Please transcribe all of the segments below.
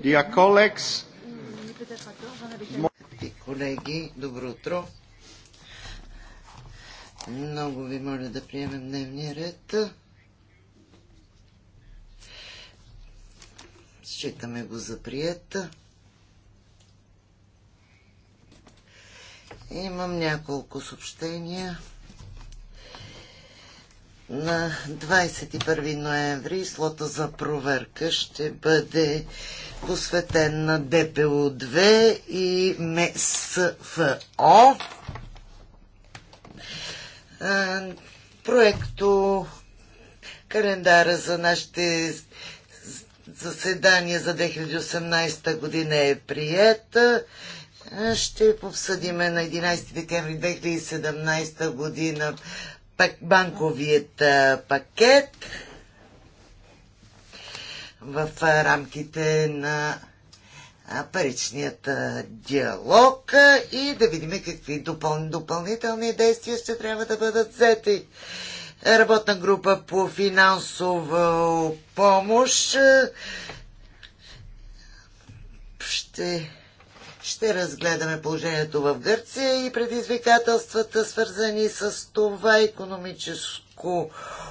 Dear colleagues, колеги, добро утро. Много ви моля да приемем дневния ред. Считаме го за приятел. Имам няколко съобщения. На 21 ноември слота за проверка ще бъде посветен на ДПО-2 и МСФО. Проекто календара за нашите заседания за 2018 година е приета. Ще обсъдиме на 11 декември 2017 година банковият пакет в рамките на паричният диалог и да видим какви допъл... допълнителни действия ще трябва да бъдат взети. Работна група по финансова помощ ще, ще разгледаме положението в Гърция и предизвикателствата, свързани с това економическо политическо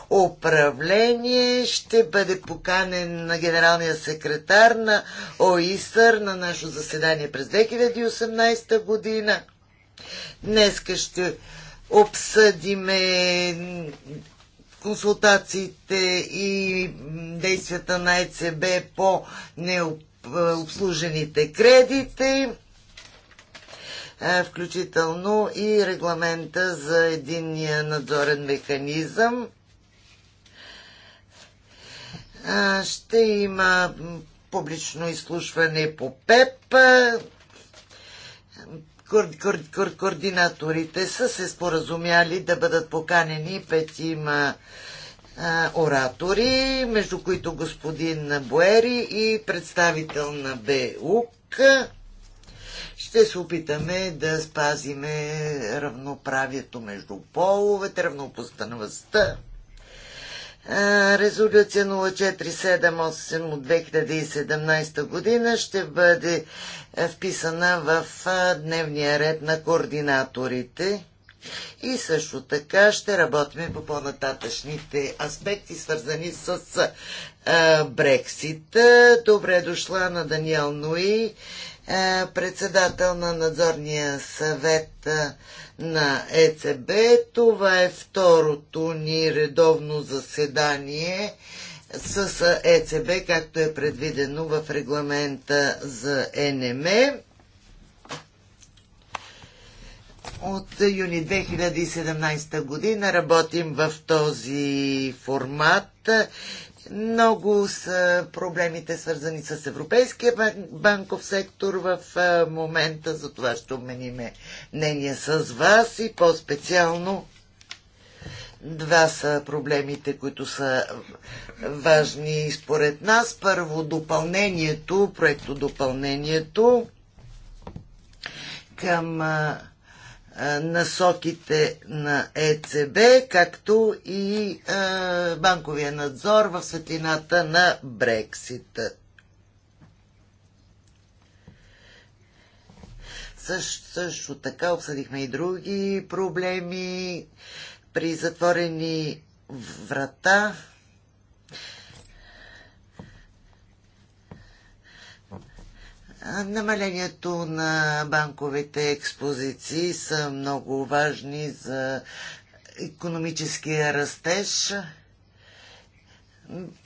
управление. Ще бъде поканен на генералния секретар на ОИСър на наше заседание през 2018 година. Днеска ще обсъдиме консултациите и действията на ЕЦБ по необслужените е, кредити. Е, включително и регламента за единния надзорен механизъм. Е, ще има публично изслушване по ПЕП. Е, координаторите са се споразумяли да бъдат поканени петима оратори, между които господин Буери и представител на БУК. Ще се опитаме да спазиме равноправието между половете, равнопостанността. Резолюция 0478 от 2017 година ще бъде е, вписана в дневния ред на координаторите. И също така ще работим по по-нататъчните аспекти, свързани с Брексит. Добре дошла на Даниел Нуи, е, председател на надзорния съвет е, на ЕЦБ. Това е второто ни редовно заседание с ЕЦБ, е както е предвидено в регламента за НМЕ. От юни 2017 година работим в този формат много са проблемите свързани с европейския банков сектор в момента, за това ще обмениме мнение с вас и по-специално два са проблемите, които са важни според нас. Първо допълнението, проекто допълнението към насоките на ЕЦБ, както и банковия надзор в светлината на Брексита. Също, също така обсъдихме и други проблеми при затворени врата. Намалението на банковите експозиции са много важни за економическия растеж.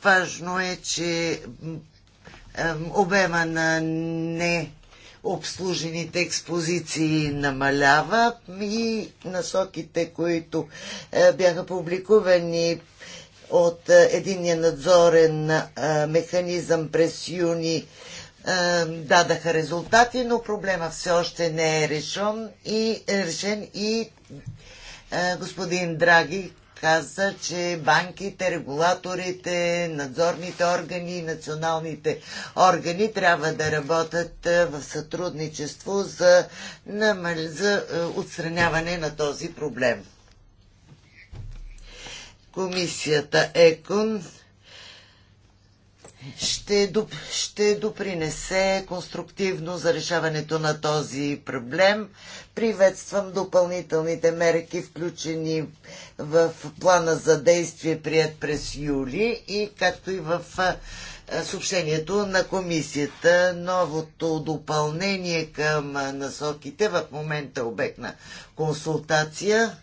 Важно е, че обема на не обслужените експозиции намалява и насоките, които е, бяха публикувани от е, единия надзорен е, механизъм през юни е, дадаха резултати, но проблема все още не е решен и, е, решен и е, господин Драги каза, че банките, регулаторите, надзорните органи и националните органи трябва да работят в сътрудничество за, за отстраняване на този проблем. Комисията ЕКОН ще, доп, ще допринесе конструктивно за решаването на този проблем. Приветствам допълнителните мерки, включени в плана за действие, прият през юли и както и в съобщението на комисията. Новото допълнение към насоките в момента е обект на консултация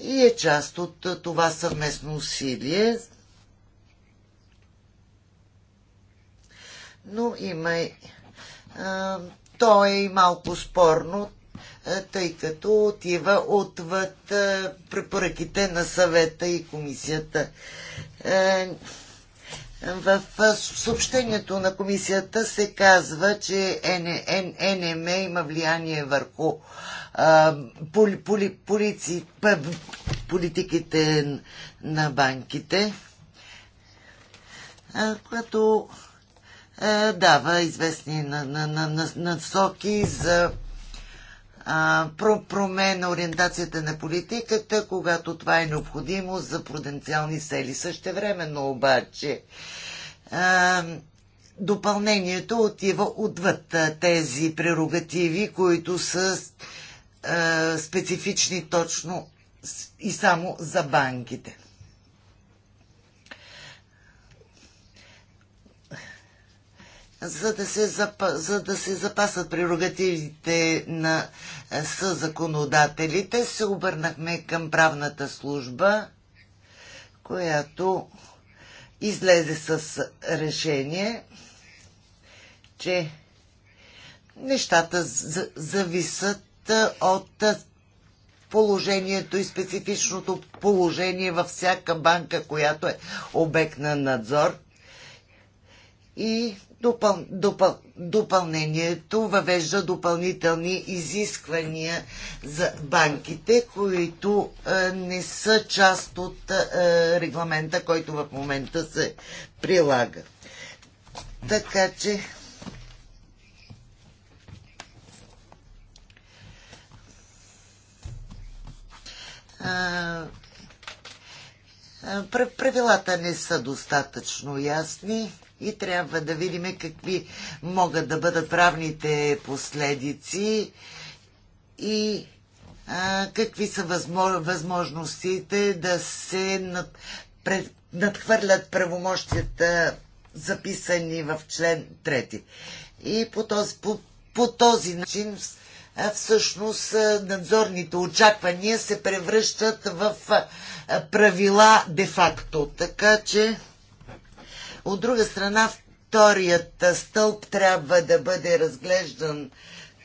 и е част от това съвместно усилие но има. и то е и малко спорно, тъй като отива отвъд препоръките на съвета и комисията. Е, в съобщението на комисията се казва, че НМ има влияние върху поли, поли, полици, политиките на банките, което е, дава известни насоки за промена ориентацията на политиката, когато това е необходимо за пруденциални сели Същевременно обаче допълнението отива отвъд тези прерогативи, които са специфични точно и само за банките. за да се, запа, за да се запасат прерогативите на е, съзаконодателите, се обърнахме към правната служба, която излезе с решение, че нещата зависят е, от положението и специфичното положение във всяка банка, която е обект на надзор. И Допъл, допъл, допълнението въвежда допълнителни изисквания за банките, които е, не са част от е, регламента, който в момента се прилага. Така че. Правилата не са достатъчно ясни и трябва да видим какви могат да бъдат правните последици и а, какви са възможностите да се над, пред, надхвърлят правомощията, записани в член 3. И по този, по, по този начин всъщност надзорните очаквания се превръщат в правила де-факто. Така че от друга страна, вторият стълб трябва да бъде разглеждан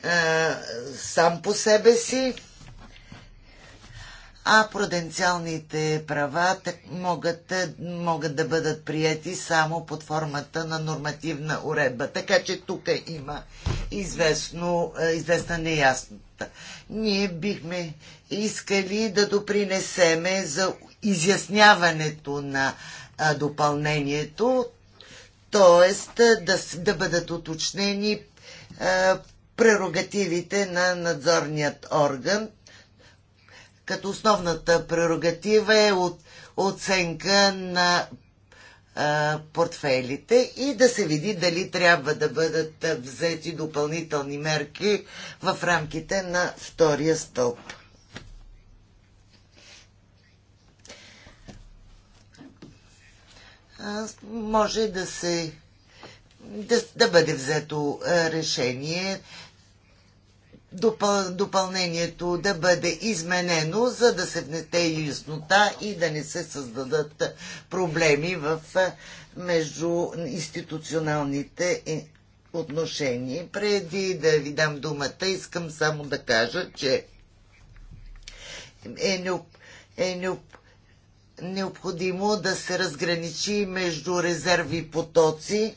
а, сам по себе си, а проденциалните права могат, могат да бъдат прияти само под формата на нормативна уредба. Така че тук има известно, известна неяснота. Ние бихме искали да допринесеме за изясняването на допълнението, Тоест да, да бъдат уточнени е, прерогативите на надзорният орган, като основната прерогатива е от, оценка на е, портфелите и да се види дали трябва да бъдат взети допълнителни мерки в рамките на втория стълб. може да се да, да бъде взето решение допъл, допълнението да бъде изменено, за да се внете яснота и да не се създадат проблеми в между институционалните е, отношения. Преди да ви дам думата, искам само да кажа, че е, необ, е необ, необходимо да се разграничи между резерви потоци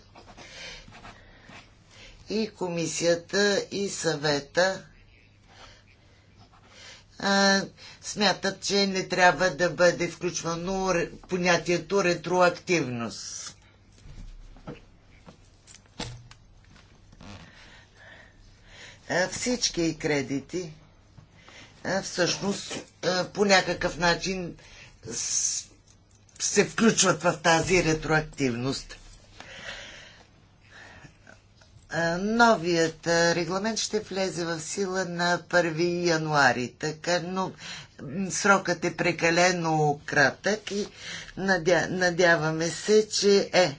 и комисията и съвета смятат, че не трябва да бъде включвано понятието ретроактивност. Всички кредити всъщност по някакъв начин се включват в тази ретроактивност. Новият регламент ще влезе в сила на 1 януари, така, но срокът е прекалено кратък и надя, надяваме се, че е,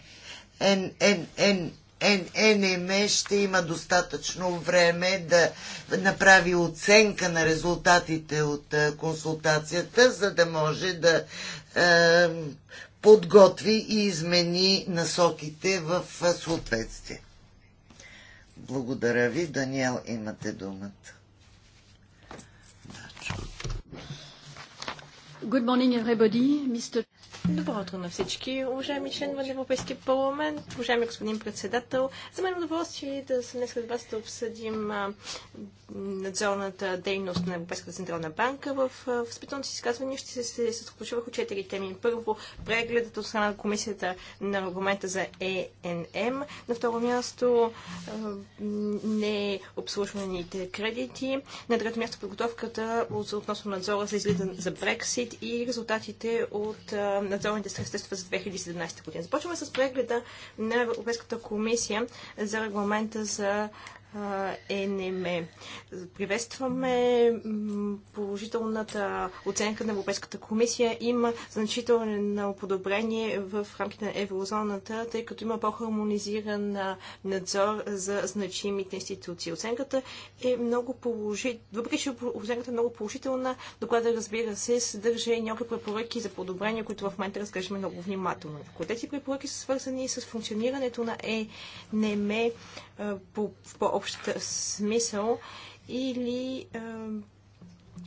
е, е, е, ННМ ще има достатъчно време да направи оценка на резултатите от е, консултацията, за да може да е, подготви и измени насоките в е, съответствие. Благодаря ви. Даниел, имате думата. Good morning, everybody. Mr. Добро утро на всички, уважаеми членове на Европейския парламент, уважаеми господин председател. За мен е удоволствие да съм днес с вас да обсъдим надзорната дейност на Европейската централна банка. В възпитаното си изказване ще се съсредоточа върху четири теми. Първо, прегледът от страна на комисията на аргумента за ЕНМ. На второ място, необслужваните кредити. На трето място, подготовката относно надзора за излизане за Брексит и резултатите от надзорните средства за 2017 година. Започваме с прегледа на Европейската комисия за регламента за е, МЕ. Приветстваме положителната оценка на Европейската комисия. Има значително подобрение в рамките на еврозоната, тъй като има по-хармонизиран надзор за значимите институции. Оценката е много положителна. Въпреки, че оценката е много положителна, доклада, разбира се, съдържа и някои препоръки за подобрения, които в момента разглеждаме много внимателно. Ако тези препоръки са свързани с функционирането на ЕНЕМЕ по, в по-общ смисъл или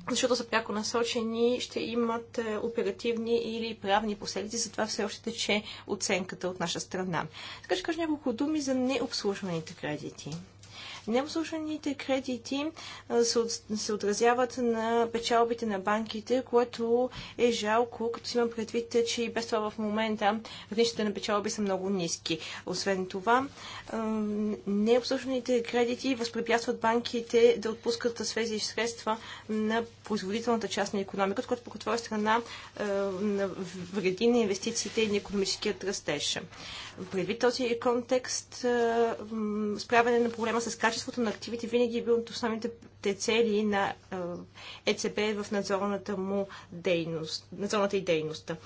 защото са пряко насочени, ще имат оперативни или правни последици, затова все още тече оценката от наша страна. Така ще кажа няколко думи за необслужваните кредити. Необслужваните кредити се отразяват на печалбите на банките, което е жалко, като си имам предвид, че и без това в момента равнищата на печалби са много ниски. Освен това, необслушаните кредити възпрепятстват банките да отпускат свежи средства на производителната част на економиката, което по твоя страна вреди на инвестициите и на економическият растеж. Предвид този контекст, справяне на проблема с качеството на активите винаги е бил от основните цели на ЕЦБ в надзорната му дейност, надзорната и дейността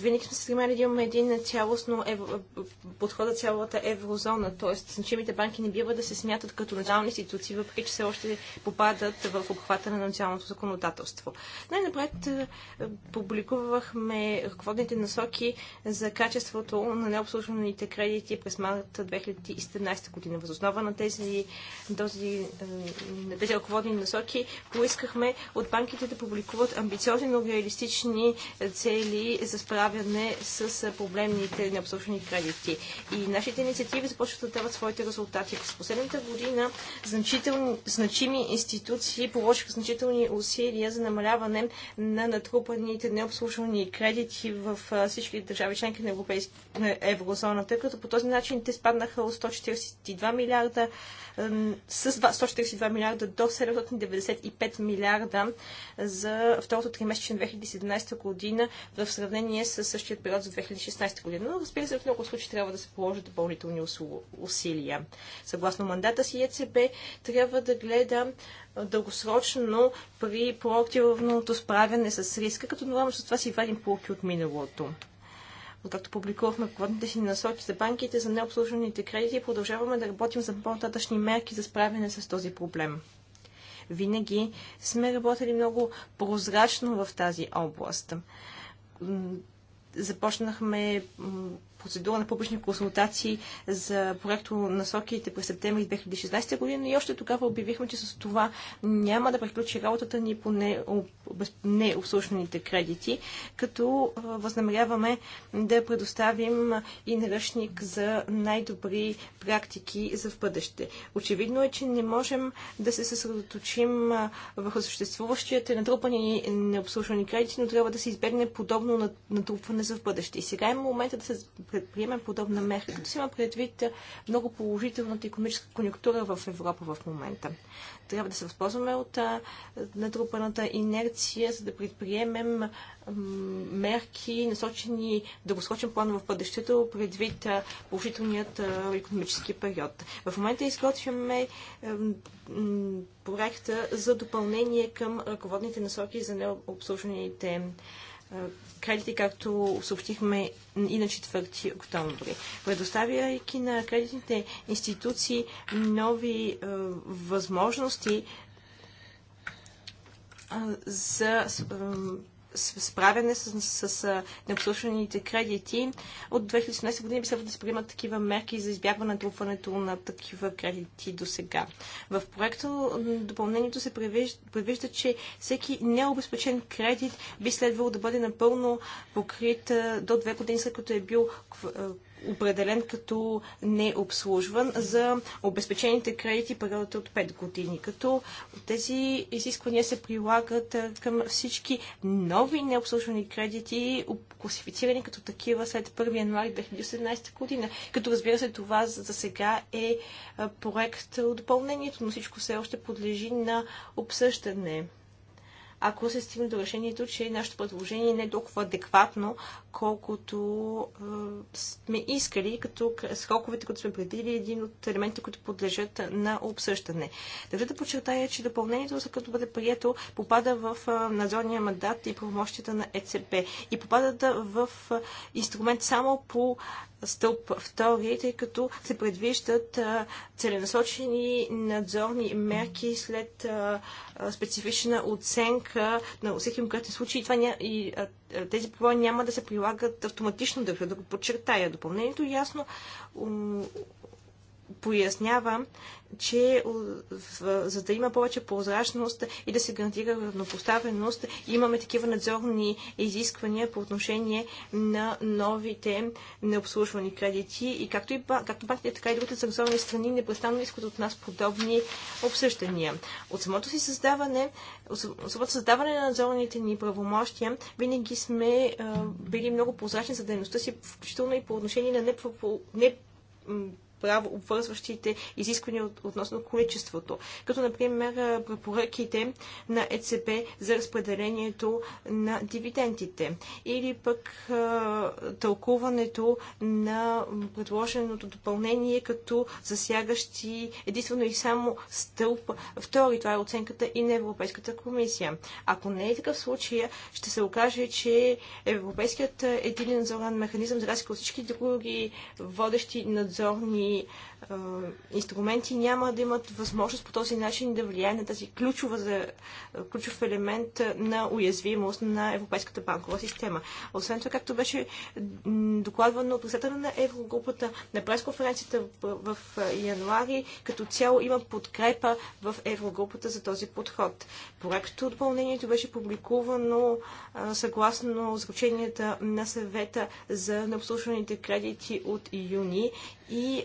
винаги сме се стремали да имаме един цялостно евро, подход за цялата еврозона, т.е. значимите банки не бива да се смятат като национални институции, въпреки че все още попадат в обхвата на националното законодателство. Най-напред е, публикувахме ръководните насоки за качеството на необслужваните кредити през март 2017 година. Възоснова на тези, този, е, на тези ръководни насоки поискахме от банките да публикуват амбициозни, но реалистични цели за справяне с проблемните необслужени кредити. И нашите инициативи започват да дават своите резултати. През последната година значими институции положиха значителни усилия за намаляване на натрупаните необслужени кредити в всички държави членки на, на еврозоната, като по този начин те спаднаха от 142 милиарда с 142 милиарда до 795 милиарда за второто тримесечие на 2017 година в сравнение сравнение с същия период за 2016 година, но разбира се, в много случаи трябва да се положат допълнителни усилия. Съгласно мандата си ЕЦБ трябва да гледа дългосрочно при проактивното справяне с риска, като нормално с това си вадим полки от миналото откакто публикувахме ръководните си насоки за банките за необслужваните кредити, продължаваме да работим за по-нататъчни мерки за справяне с този проблем. Винаги сме работили много прозрачно в тази област започнахме процедура на публични консултации за проекто сроките през септември 2016 година и още тогава обявихме, че с това няма да приключи работата ни по необслужените кредити, като възнамеряваме да предоставим и наръчник за най-добри практики за в бъдеще. Очевидно е, че не можем да се съсредоточим върху съществуващите натрупани необслужвани кредити, но трябва да се избегне подобно натрупване за в бъдеще. И сега е момента да се предприемем подобна мерка, като си има предвид много положителната економическа конъюнктура в Европа в момента. Трябва да се възползваме от натрупаната инерция, за да предприемем мерки, насочени дългосрочен план в бъдещето, предвид положителният економически период. В момента изготвяме проекта за допълнение към ръководните насоки за необслужените кредити, както съобщихме и на 4 октомври. Предоставяйки на кредитните институции нови е, възможности за справяне с, с, с необслушваните кредити, от 2018 година би следва да се приемат такива мерки за избягване натрупването на такива кредити до сега. В проекта допълнението се предвижда, предвижда, че всеки необезпечен кредит би следвало да бъде напълно покрит до две години след като е бил определен като необслужван за обезпечените кредити периодата от 5 години, като тези изисквания се прилагат към всички нови необслужвани кредити, класифицирани като такива след 1 януари 2017 година. Като разбира се, това за сега е проект от допълнението, но всичко все още подлежи на обсъждане ако се стигне до решението, че нашето предложение не е толкова адекватно, Колкото а, сме искали, като сроковете, които сме предвидили, е един от елементите, които подлежат на обсъждане. Държа да подчертая, че допълнението, за като бъде прието, попада в надзорния мандат и правомощията на ЕЦП и попада в инструмент само по стълб втори, тъй като се предвиждат а, целенасочени надзорни мерки след а, а, специфична оценка на всеки конкретен случай. Това, ня... и, тези правила няма да се прилагат автоматично, да го подчертая. Допълнението е ясно пояснява, че за да има повече прозрачност и да се гарантира равнопоставеност, имаме такива надзорни изисквания по отношение на новите необслужвани кредити. И както, и, както банките, така и другите санкционни страни непрестанно искат от нас подобни обсъждания. От самото си създаване, от самото създаване на надзорните ни правомощия, винаги сме били много прозрачни за дейността си, включително и по отношение на непропо, не право обвързващите изисквания от, относно количеството, като например препоръките на ЕЦБ за разпределението на дивидендите или пък а, тълкуването на предложеното допълнение като засягащи единствено и само стълб втори. Това е оценката и на Европейската комисия. Ако не е такъв случай, ще се окаже, че Европейският един надзорен механизъм, за разлика от всички други водещи надзорни инструменти няма да имат възможност по този начин да влияе на тази ключова за, ключов елемент на уязвимост на Европейската банкова система. Освен това, както беше докладвано от председателя на Еврогрупата на пресконференцията в, в януари, като цяло има подкрепа в Еврогрупата за този подход. Проектът отпълнението беше публикувано съгласно заключенията на съвета за необслужваните кредити от юни и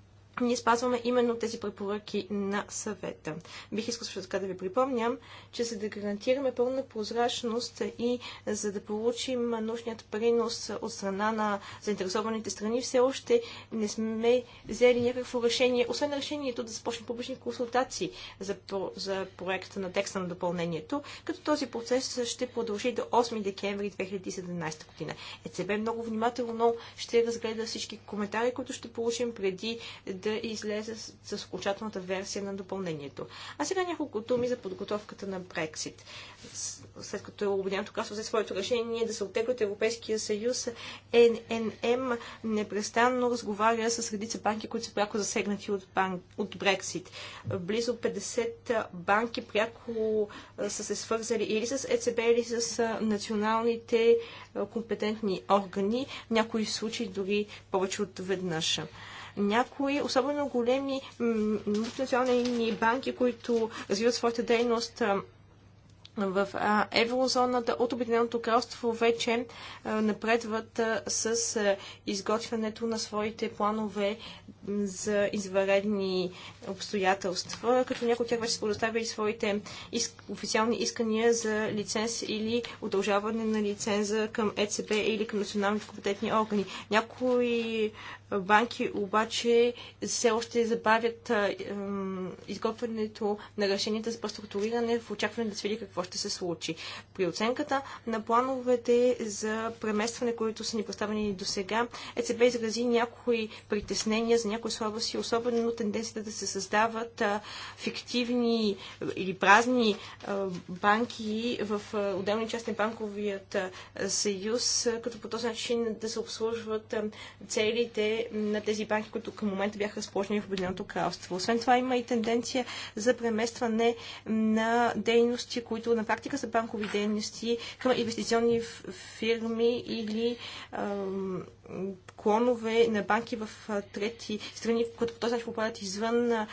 ние спазваме именно тези препоръки на съвета. Бих искал също така да ви припомням, че за да гарантираме пълна прозрачност и за да получим нужният принос от страна на заинтересованите страни, все още не сме взели някакво решение, освен решението да започнем публични консултации за, за проекта на текста на допълнението, като този процес ще продължи до 8 декември 2017 година. ЕЦБ много внимателно ще разгледа всички коментари, които ще получим преди да излезе с, с окончателната версия на допълнението. А сега няколко думи за подготовката на Брексит. След като Обединеното кралство за своето решение да се оттегли от Европейския съюз, ННМ непрестанно разговаря с редица банки, които са пряко засегнати от, банк, от Брексит. Близо 50 банки пряко са се свързали или с ЕЦБ, или с националните компетентни органи, в някои случаи дори повече от веднъж. Някои, особено големи национални банки, които развиват своята дейност в еврозоната от Обединеното кралство вече напредват с изготвянето на своите планове за изваредни обстоятелства, като някои от тях вече са предоставили своите официални искания за лиценз или удължаване на лиценза към ЕЦБ или към националните компетентни органи. Някои банки обаче все още забавят изготвянето на решенията за преструктуриране в очакване да се види какво ще се случи. При оценката на плановете за преместване, които са ни поставени до сега, ЕЦБ изрази някои притеснения за някои слабости, особено тенденцията да се създават фиктивни или празни банки в отделни части на банковият съюз, като по този начин да се обслужват целите на тези банки, които към момента бяха разположени в Обединеното кралство. Освен това има и тенденция за преместване на дейности, които на практика са банкови дейности към инвестиционни фирми или клонове на банки в трети страни, които по този начин попадат извън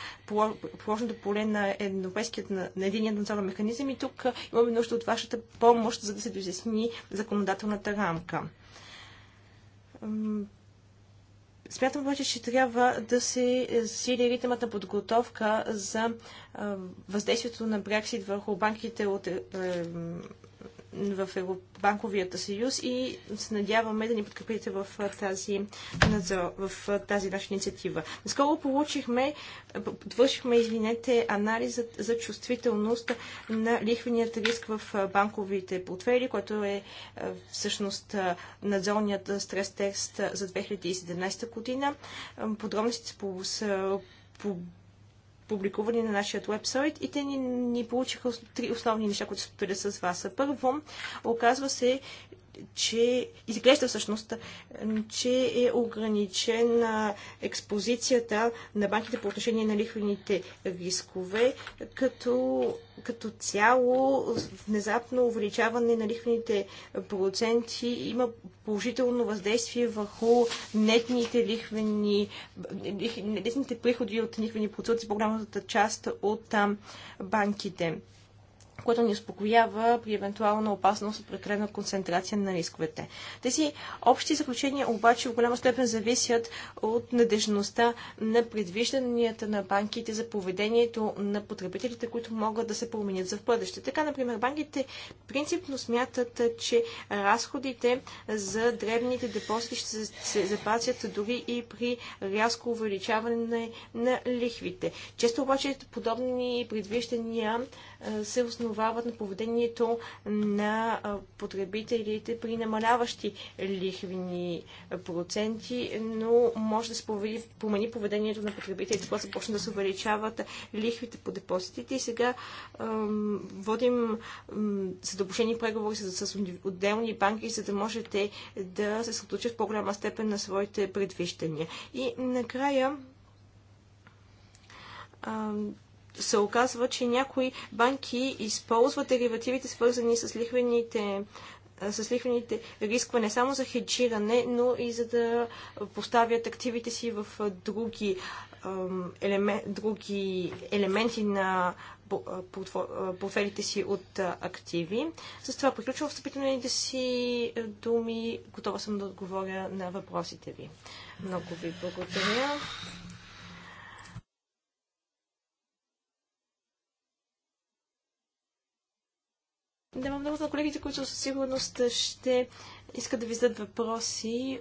положеното поле на европейският на, на единият надзорен механизъм и тук имаме нужда от вашата помощ, за да се доизясни законодателната рамка Смятам обаче, че трябва да се засили ритъмът на подготовка за въздействието на Брексит върху банките от е, в Банковията съюз и се надяваме да ни подкрепите в тази, в тази наша инициатива. Наскоро получихме, подвършихме, извинете, анализът за чувствителност на лихвеният риск в банковите портфели, който е всъщност надзорният стрес тест за 2017 година. Подробностите по публикувани на нашия вебсайт и те ни, ни получиха три основни неща, които споделя с вас. Първо, оказва се, че изглежда всъщност, че е ограничена експозицията на банките по отношение на лихвените рискове, като, като цяло внезапно увеличаване на лихвените проценти има положително въздействие върху нетните лихвени, лих, нетните приходи от лихвени проценти по голямата част от там банките което ни успокоява при евентуална опасност от прекалена концентрация на рисковете. Тези общи заключения обаче в голяма степен зависят от надежността на предвижданията на банките за поведението на потребителите, които могат да се променят за в бъдеще. Така, например, банките принципно смятат, че разходите за древните депозити ще се запазят дори и при рязко увеличаване на лихвите. Често обаче подобни предвиждания е, се основават на поведението на е, потребителите при намаляващи лихвени е, проценти, но може да се повери, промени поведението на потребителите, когато започнат да се увеличават лихвите по депозитите. И сега водим задълбочени преговори с, с отделни банки, за да можете да се съточат в по-голяма степен на своите предвиждания. И накрая се оказва, че някои банки използват деривативите, свързани с лихвените с лихвените рисква не само за хеджиране, но и за да поставят активите си в други, елемен, други елементи на портфелите си от активи. С това приключвам встъпителните си думи. Готова съм да отговоря на въпросите ви. Много ви благодаря. Да, много на колегите, които със сигурност ще искат да ви зададат въпроси.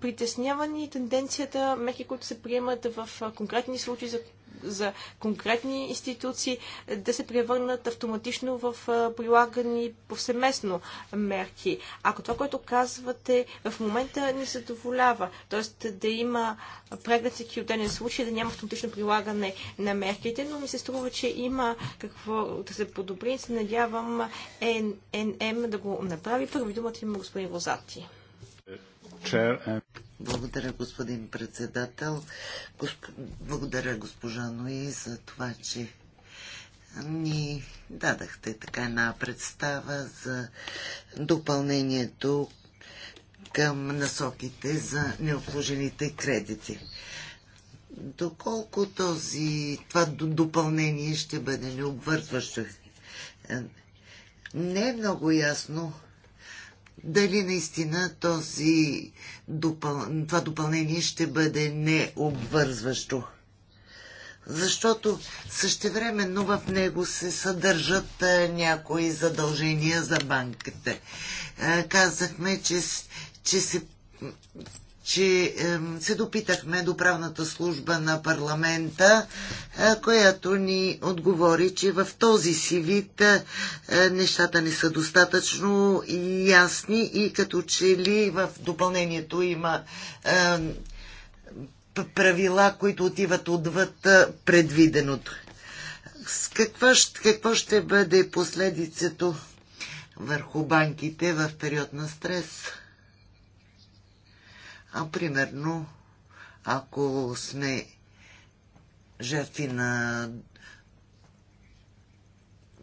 Притеснявани тенденцията мерки, които се приемат в конкретни случаи за за конкретни институции да се превърнат автоматично в прилагани повсеместно мерки. Ако това, което казвате, в момента ни се доволява, т.е. да има преглед всеки отделен случай, да няма автоматично прилагане на мерките, но ми се струва, че има какво да се подобри. и Се надявам ННМ да го направи. Първи думата има господин Возати. Uh, благодаря, господин председател. Госп... Благодаря, госпожа Нои, за това, че ни дадахте така една представа за допълнението към насоките за необслужените кредити. Доколко този, това допълнение ще бъде необвързващо? Е, не е много ясно дали наистина този, допъл... това допълнение ще бъде необвързващо. Защото същевременно в него се съдържат е, някои задължения за банките. Е, казахме, че, че се че се допитахме до правната служба на парламента, е, която ни отговори, че в този си вид е, нещата не са достатъчно ясни и като че ли в допълнението има е, правила, които отиват отвъд предвиденото. С какво, какво ще бъде последицето върху банките в период на стрес? А примерно, ако сме жертви на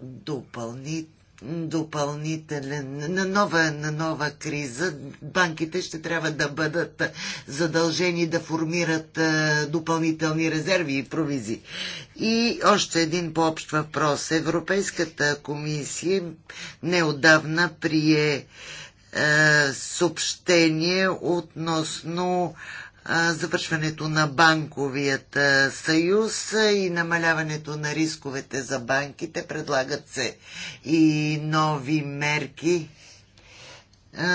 допълни... допълнителен, на нова, на нова криза. Банките ще трябва да бъдат задължени да формират допълнителни резерви и провизии. И още един по-общ въпрос. Европейската комисия неодавна прие е, съобщение относно е, завършването на банковият е, съюз и намаляването на рисковете за банките. Предлагат се и нови мерки,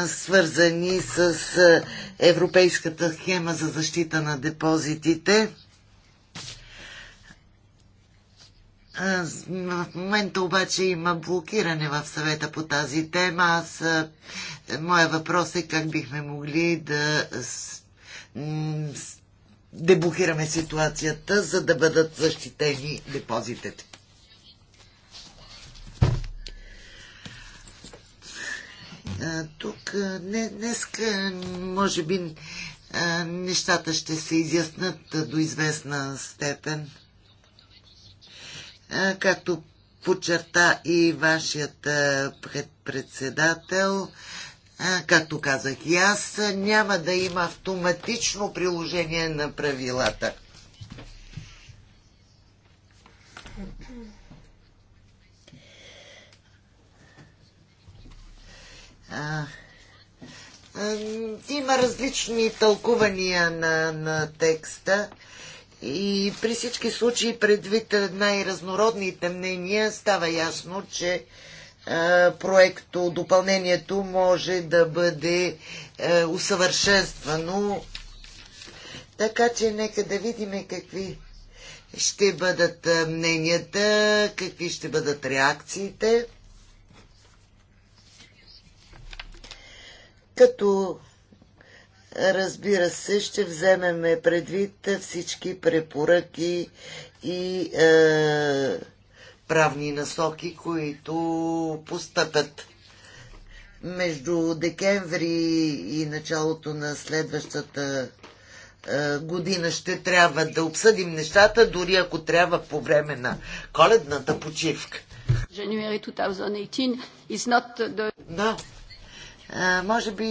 свързани с Европейската схема за защита на депозитите Е, в момента обаче има блокиране в съвета по тази тема. Аз, е, моя въпрос е как бихме могли да деблокираме ситуацията, за да бъдат защитени депозитите. Е, тук не, днеска, може би, нещата ще се изяснат до известна степен както подчерта и вашият председател, както казах и аз, няма да има автоматично приложение на правилата. има различни тълкувания на, на текста. И при всички случаи, предвид най-разнородните мнения, става ясно, че проекто, допълнението може да бъде е, усъвършенствано. Така че нека да видим какви ще бъдат мненията, какви ще бъдат реакциите. Като Разбира се, ще вземем предвид всички препоръки и е, правни насоки, които постъпят. Между декември и началото на следващата е, година ще трябва да обсъдим нещата, дори ако трябва по време на коледната почивка. January 2018 is not the... Да. А, е, може би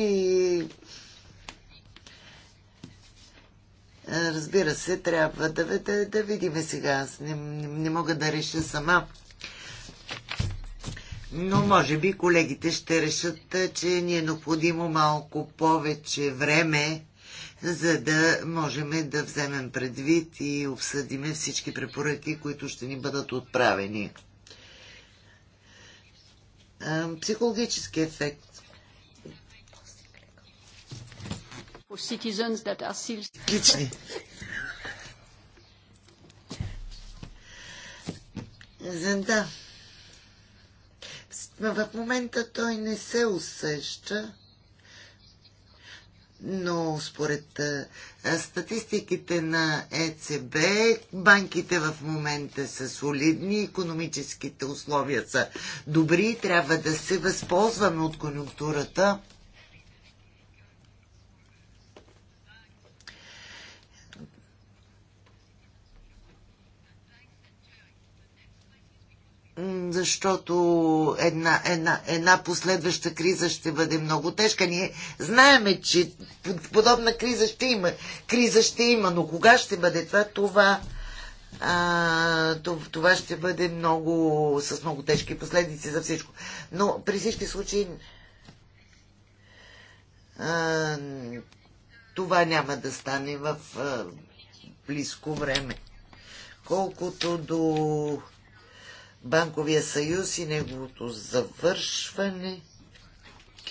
Разбира се, трябва да, да, да видим сега. Аз не, не мога да реша сама. Но може би колегите ще решат, че ни е необходимо малко повече време, за да можем да вземем предвид и обсъдиме всички препоръки, които ще ни бъдат отправени. Психологически ефект Да. В момента той не се усеща, но според статистиките на ЕЦБ, банките в момента са солидни, економическите условия са добри, трябва да се възползваме от конюнктурата защото една, една, една последваща криза ще бъде много тежка. Ние знаеме, че подобна криза ще има. Криза ще има, но кога ще бъде това, това, а, това ще бъде много, с много тежки последици за всичко. Но при всички случаи а, това няма да стане в а, близко време. Колкото до банковия съюз и неговото завършване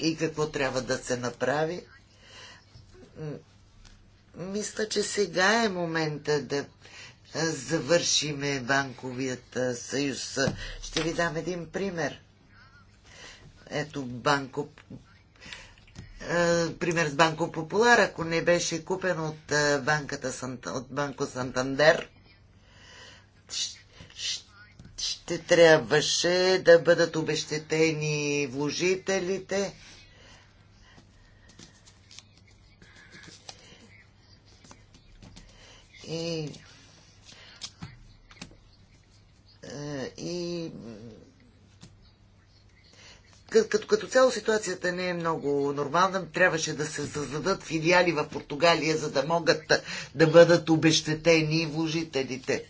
и какво трябва да се направи. Мисля, че сега е момента да завършиме банковият съюз. Ще ви дам един пример. Ето банко... Пример с Банко Популар, ако не беше купен от, банката, от Банко Сантандер, ще трябваше да бъдат обещетени вложителите. И, е, и като, като цяло ситуацията не е много нормална. Трябваше да се създадат филиали в Португалия, за да могат да бъдат обещетени вложителите.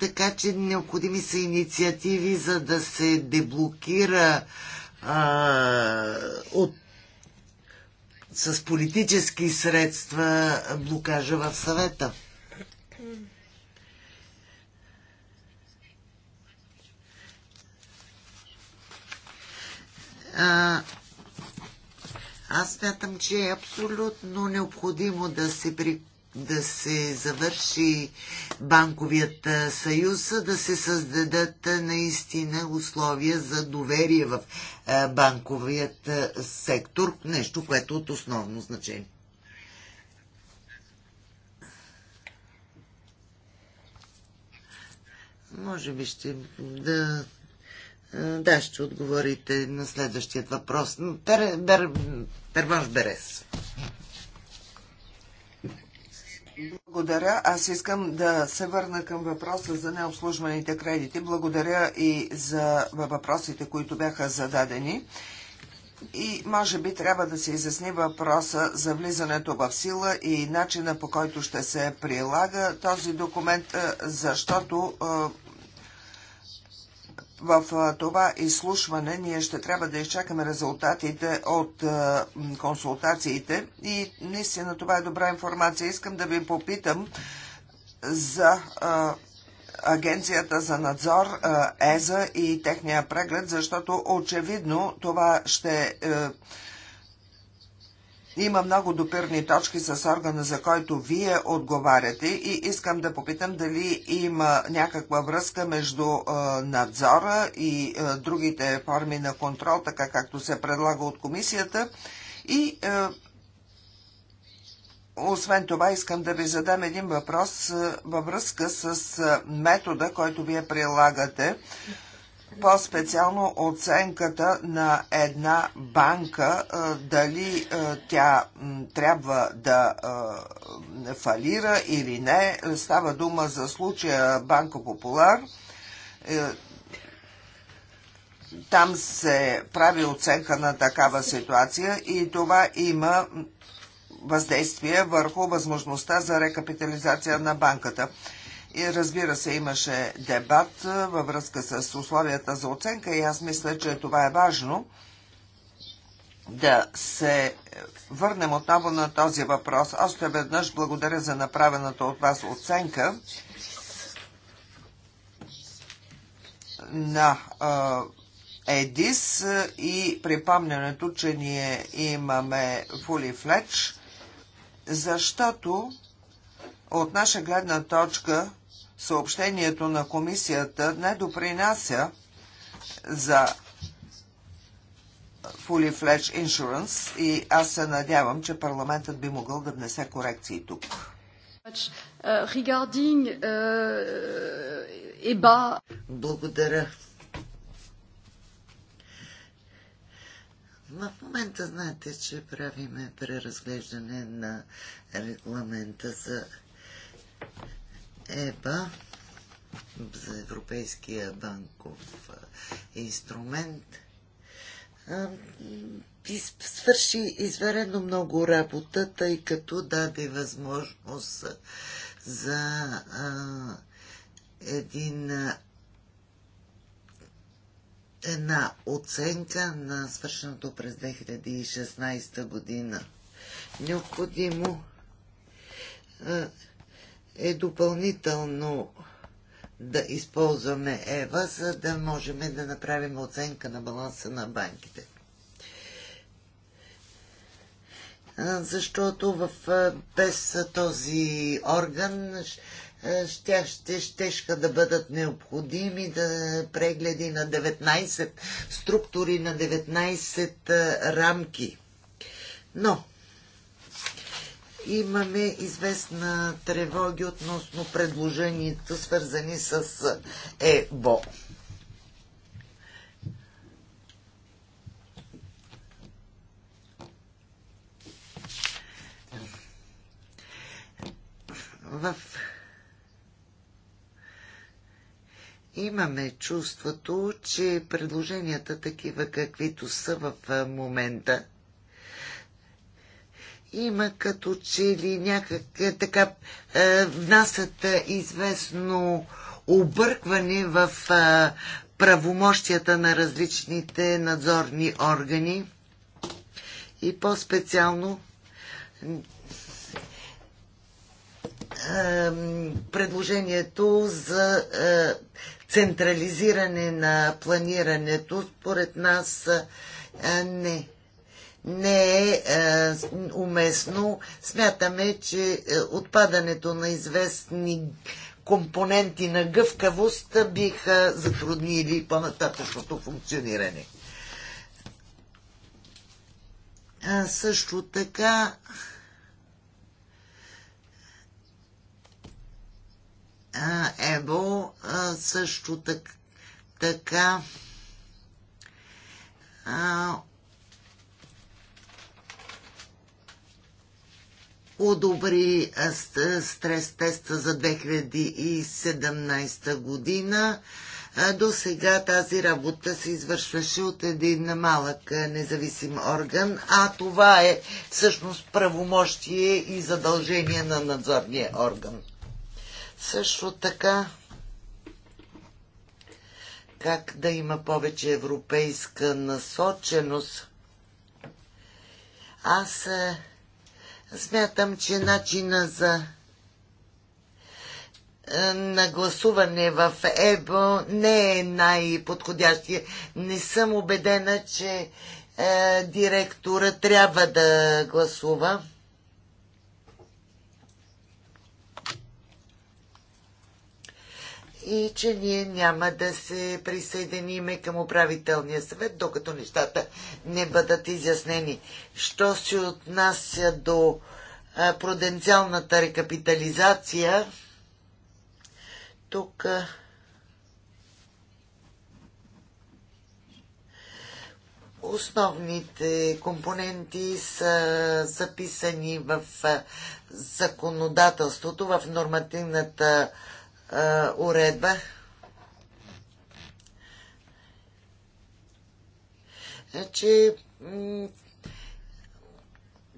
така че необходими са инициативи, за да се деблокира а, от, с политически средства блокажа в съвета. А, аз смятам, че е абсолютно необходимо да се при, да се завърши банковият съюз, да се създадат наистина условия за доверие в банковият сектор, нещо, което е от основно значение. Може би ще да да, ще отговорите на следващият въпрос. Пер, бер, Перванш Берес. Благодаря. Аз искам да се върна към въпроса за необслужваните кредити. Благодаря и за въпросите, които бяха зададени. И може би трябва да се изясни въпроса за влизането в сила и начина по който ще се прилага този документ, е, защото е, в това изслушване ние ще трябва да изчакаме резултатите от консултациите и наистина това е добра информация. Искам да ви попитам за Агенцията за надзор ЕЗА и техния преглед, защото очевидно това ще е, има много допирни точки с органа, за който вие отговаряте и искам да попитам дали има някаква връзка между надзора и другите форми на контрол, така както се предлага от комисията. И е, освен това искам да ви задам един въпрос във връзка с метода, който вие прилагате по-специално оценката на една банка, дали тя трябва да фалира или не. Става дума за случая Банка Популар. Е, там се прави оценка на такава ситуация и това има въздействие върху възможността за рекапитализация на банката. И разбира се, имаше дебат във връзка с условията за оценка и аз мисля, че това е важно да се върнем отново на този въпрос. Още веднъж благодаря за направената от вас оценка на ЕДИС и припомнянето, че ние имаме фули флеч, защото от наша гледна точка съобщението на комисията не допринася за Fully Fledged Insurance и аз се надявам, че парламентът би могъл да внесе корекции тук. Uh, Благодаря. В момента знаете, че правиме преразглеждане на регламента за ЕБА за Европейския банков инструмент свърши изверено много работа, тъй като даде възможност за един една оценка на свършеното през 2016 година. Необходимо е допълнително да използваме ЕВА, за да можем да направим оценка на баланса на банките. Защото в, без този орган ще, ще, да бъдат необходими да прегледи на 19 структури, на 19 рамки. Но имаме известна тревоги относно предложението, свързани с ЕБО. В... Имаме чувството, че предложенията такива каквито са в момента има като че ли някак е, така е, внасят е, известно объркване в е, правомощията на различните надзорни органи и по-специално предложението за е, централизиране на планирането, според нас не не е, е, уместно. Смятаме, че е, отпадането на известни компоненти на гъвкавост биха затруднили по-нататъчното функциониране. също така ЕБО също така одобри стрес теста за 2017 година. До сега тази работа се извършваше от един малък независим орган, а това е всъщност правомощие и задължение на надзорния орган. Също така, как да има повече европейска насоченост? Аз Смятам, че начина за е, на гласуване в ЕБО не е най-подходящия. Не съм убедена, че е, директора трябва да гласува. и че ние няма да се присъединиме към управителния съвет, докато нещата не бъдат изяснени. Що се отнася до пруденциалната рекапитализация, тук основните компоненти са записани в законодателството, в нормативната уредба. Значи,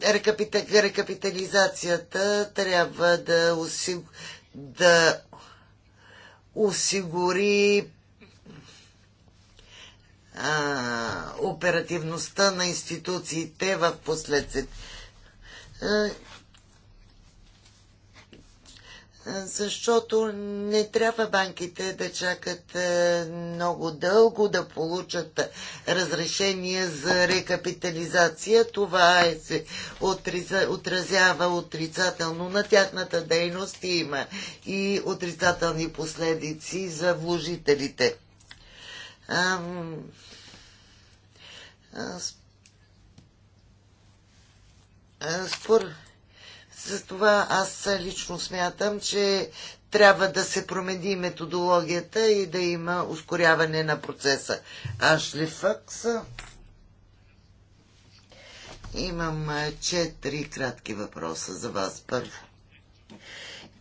рекапитализацията трябва да, да осигури а, оперативността на институциите в последствие защото не трябва банките да чакат е, много дълго да получат разрешение за рекапитализация. Това е, се отразява отрицателно на тяхната дейност и има и отрицателни последици за вложителите. Ам... Спор... Затова аз лично смятам, че трябва да се промени методологията и да има ускоряване на процеса. ли факса? Имам е, четири кратки въпроса за вас първо.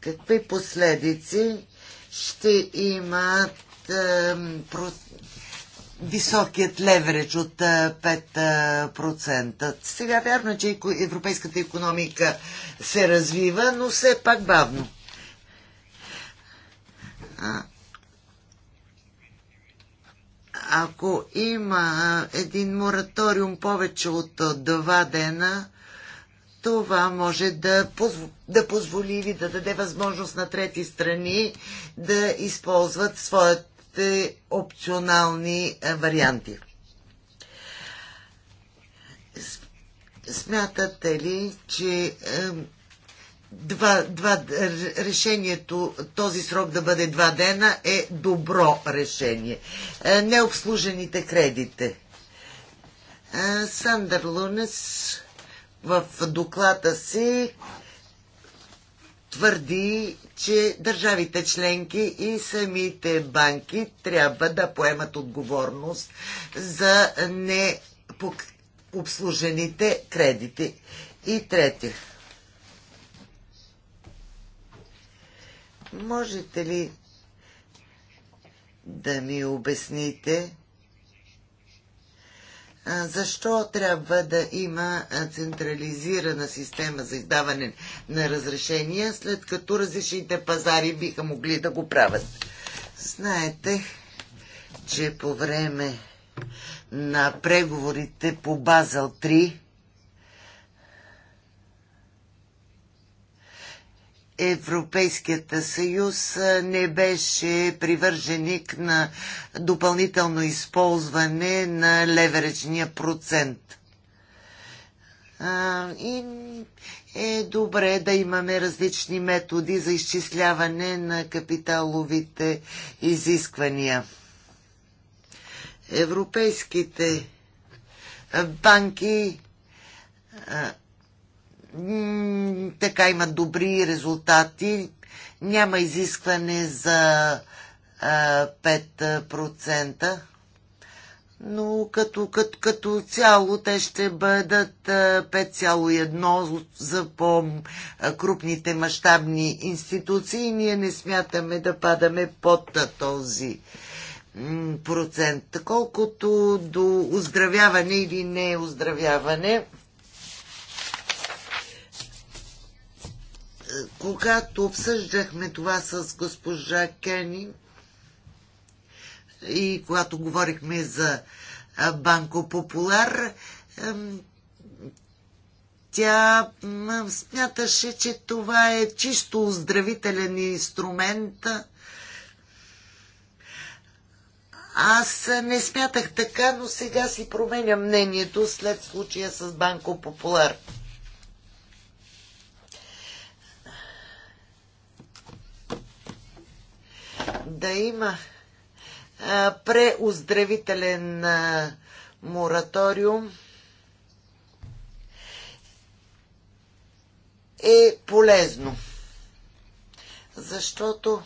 Какви последици ще имат високият леверидж от 5%. Сега вярно е, че европейската економика се развива, но все пак бавно. Ако има един мораториум повече от два дена, това може да, позв... да позволи или да даде възможност на трети страни да използват своят още опционални е, варианти. Смятате ли, че е, два, два, решението този срок да бъде два дена е добро решение. Е, необслужените кредите. Сандър Лунес в доклада си твърди, че държавите членки и самите банки трябва да поемат отговорност за необслужените кредити. И трети. Можете ли да ми обясните защо трябва да има централизирана система за издаване на разрешения, след като различните пазари биха могли да го правят. Знаете, че по време на преговорите по Базал 3 Европейският съюз не беше привърженик на допълнително използване на леверечния процент. и е добре да имаме различни методи за изчисляване на капиталовите изисквания. Европейските банки така има добри резултати. Няма изискване за 5%, но като, като, като цяло те ще бъдат 5,1% за по-крупните мащабни институции. Ние не смятаме да падаме под този процент. Колкото до оздравяване или не оздравяване, когато обсъждахме това с госпожа Кени и когато говорихме за Банко Популар, тя смяташе, че това е чисто оздравителен инструмент. Аз не смятах така, но сега си променя мнението след случая с Банко Популар. да има преоздравителен мораториум е полезно. Защото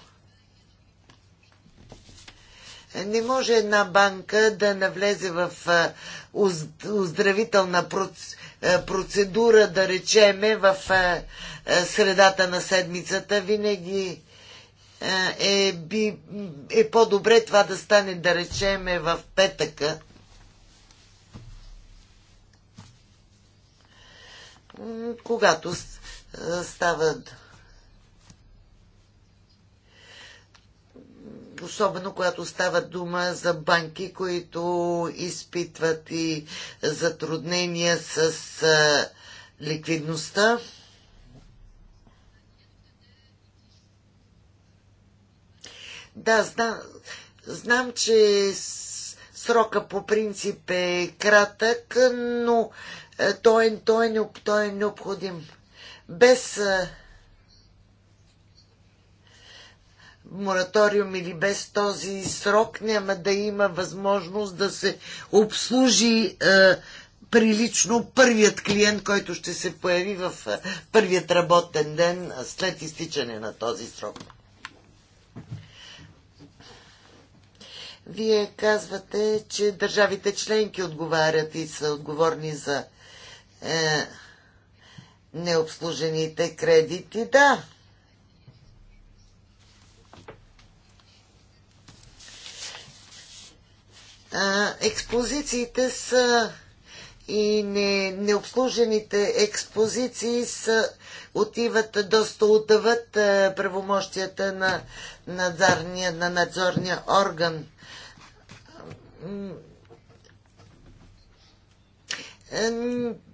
не може една банка да навлезе в оздравителна процедура, да речеме, в средата на седмицата. Винаги е, е, би, е по-добре това да стане, да речеме, в петъка. Когато стават особено когато става дума за банки, които изпитват и затруднения с ликвидността. Да, знам, знам че срока по принцип е кратък, но той, е, той, той е, е необходим. Без е, мораториум или без този срок няма да има възможност да се обслужи е, прилично първият клиент, който ще се появи в е, първият работен ден след изтичане на този срок. Вие казвате, че държавите членки отговарят и са отговорни за е, необслужените кредити. Да. А, експозициите са и не, необслужените експозиции са, отиват доста отдават е, правомощията на, надзорния, на надзорния орган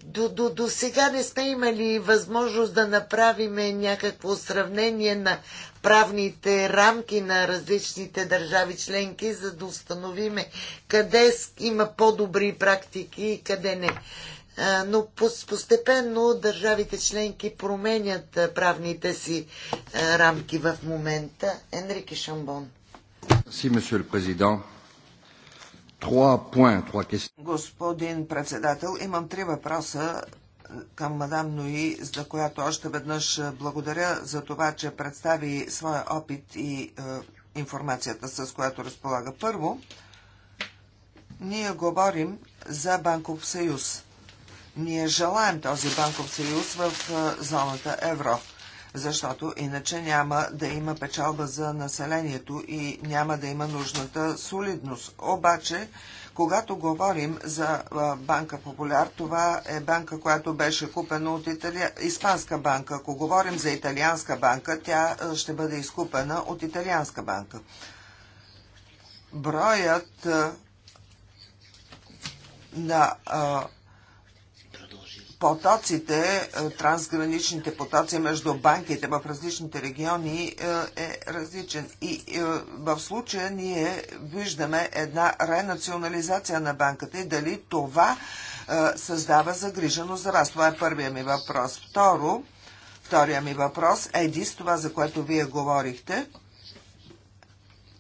до, до, до сега не сме имали възможност да направим някакво сравнение на правните рамки на различните държави членки, за да установиме къде има по-добри практики и къде не. Но постепенно държавите членки променят правните си рамки в момента. Енрике Шамбон. Си, месье президент. Господин председател, имам три въпроса е, към мадам Нуи, за която още веднъж е, благодаря за това, че представи своя опит и е, информацията, с която разполага. Първо, ние говорим за банков съюз. Ние желаем този банков съюз в е, зоната евро защото иначе няма да има печалба за населението и няма да има нужната солидност. Обаче, когато говорим за банка Популяр, това е банка, която беше купена от италия... Испанска банка. Ако говорим за италианска банка, тя ще бъде изкупена от италианска банка. Броят на потоците, е, трансграничните потоци между банките в различните региони е, е различен. И е, в случая ние виждаме една ренационализация на банката и дали това създава загриженост за вас. Това е първия ми въпрос. Второ, втория ми въпрос е това, за което вие говорихте.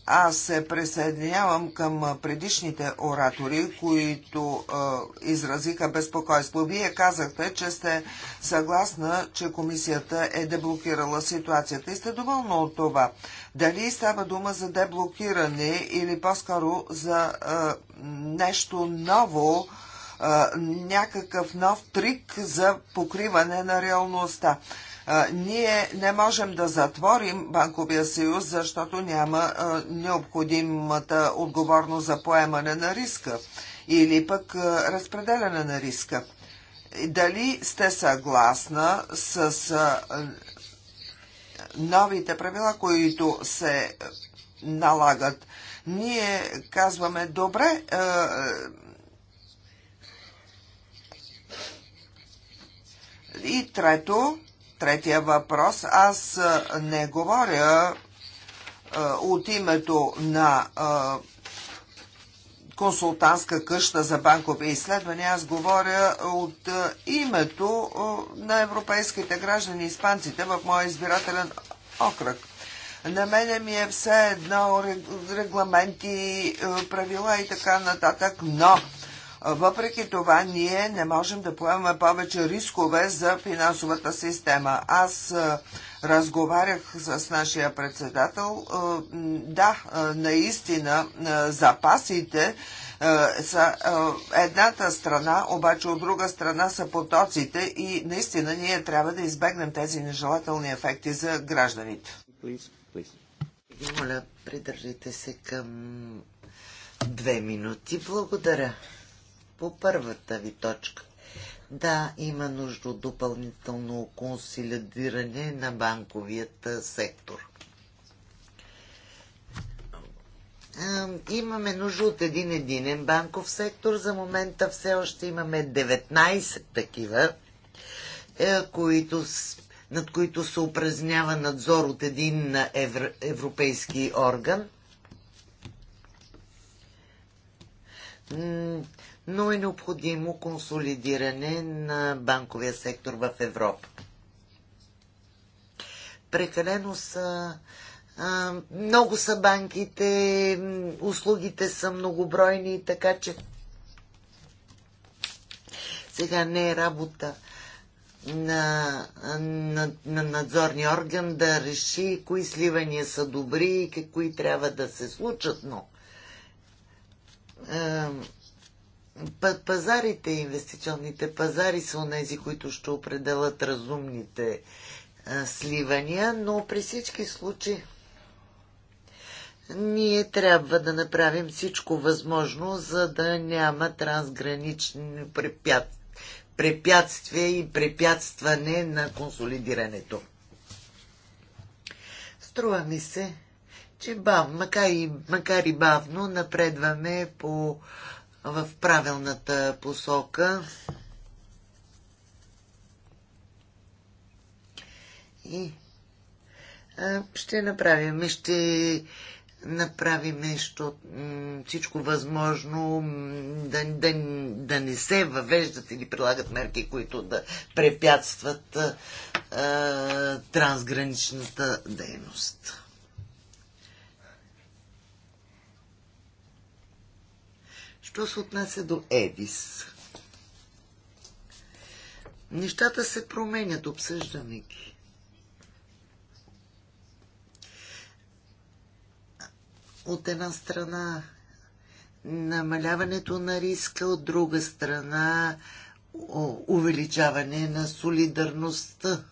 Аз се присъединявам към предишните оратори, които а, изразиха безпокойство. Вие казахте, че сте съгласна, че комисията е деблокирала ситуацията и сте доволна от това. Дали става дума за деблокиране или по-скоро за а, нещо ново, а, някакъв нов трик за покриване на реалността? Ние не можем да затворим Банковия съюз, защото няма необходимата отговорност за поемане на риска или пък разпределяне на риска. Дали сте съгласна с новите правила, които се налагат? Ние казваме, добре, и трето, третия въпрос. Аз не говоря от името на консултантска къща за банкови изследвания. Аз говоря от името на европейските граждани, испанците в моя избирателен окръг. На мене ми е все едно регламенти, правила и така нататък, но въпреки това, ние не можем да поемаме повече рискове за финансовата система. Аз разговарях с нашия председател. Да, наистина запасите са едната страна, обаче от друга страна са потоците и наистина ние трябва да избегнем тези нежелателни ефекти за гражданите. Моля, придържите се към две минути. Благодаря по първата ви точка. Да, има нужда от допълнително консолидиране на банковият сектор. Имаме нужда от един единен банков сектор. За момента все още имаме 19 такива, е, които, над които се упражнява надзор от един европейски орган но е необходимо консолидиране на банковия сектор в Европа. Прекалено са много са банките, услугите са многобройни, така че сега не е работа на, на, на надзорния орган да реши кои сливания са добри и кои трябва да се случат, но пазарите, инвестиционните пазари са онези, които ще определят разумните сливания, но при всички случаи ние трябва да направим всичко възможно, за да няма трансгранични препятствия и препятстване на консолидирането. Струва ми се, че бав, макар и, макар и бавно напредваме по в правилната посока. И ще направим, ще направим нещо, всичко възможно да, да, да не се въвеждат или прилагат мерки, които да препятстват а, трансграничната дейност. Що се отнася до Едис? Нещата се променят, обсъждаме ги. От една страна намаляването на риска, от друга страна увеличаване на солидарността.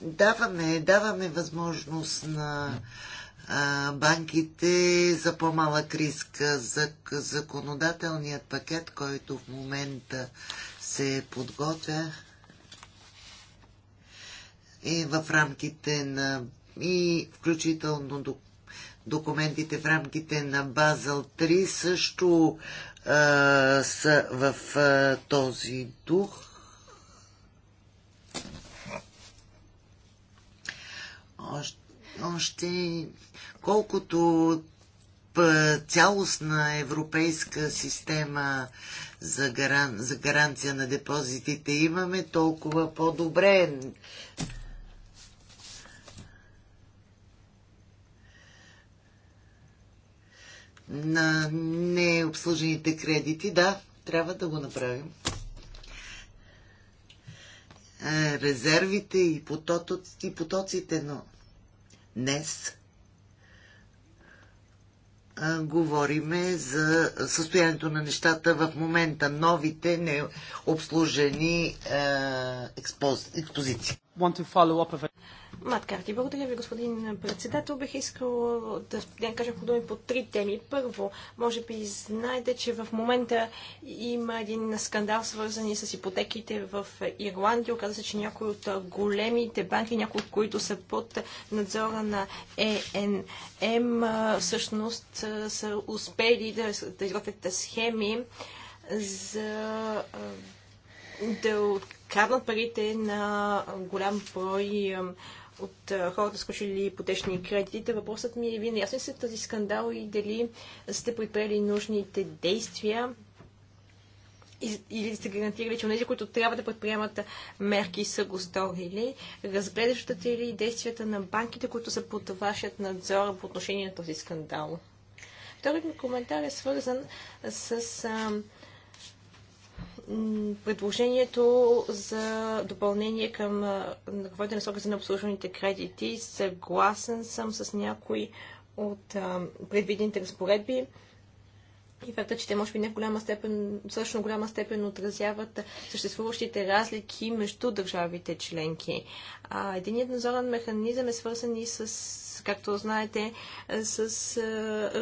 Даваме, даваме възможност на банките за по-малък риск, за законодателният пакет, който в момента се подготвя и е в рамките на и включително документите в рамките на Базъл 3 също а, са в а, този дух. Още, още колкото цялостна европейска система за, гаран, за гаранция на депозитите имаме, толкова по-добре. На необслужените кредити, да, трябва да го направим. Резервите и, потоците, и потоците, но днес говориме за състоянието на нещата в момента, новите необслужени е, експоз... експозиции want to follow up of it. Мат Карти, благодаря ви, господин председател. Бих искал да, да кажа по думи по три теми. Първо, може би знаете, че в момента има един скандал, свързан с ипотеките в Ирландия. Оказа се, че някои от големите банки, някои от които са под надзора на ЕНМ, всъщност са успели да, да изготвят схеми за да краднат парите на голям брой от хората, сключили потечни кредитите. Въпросът ми е, вие наясно ли сте този скандал и дали сте предприели нужните действия или сте гарантирали, че тези, които трябва да предприемат мерки, са го сторили? Разгледащата ли действията на банките, които са под вашият надзор по отношение на този скандал? Вторият ми коментар е свързан с предложението за допълнение към на срока за необслужваните кредити. Съгласен съм с някои от предвидените разпоредби и факта, че те може би не в голяма степен, всъщност голяма степен отразяват съществуващите разлики между държавите членки. единият надзорен механизъм е свързан и с Както знаете, е, с е,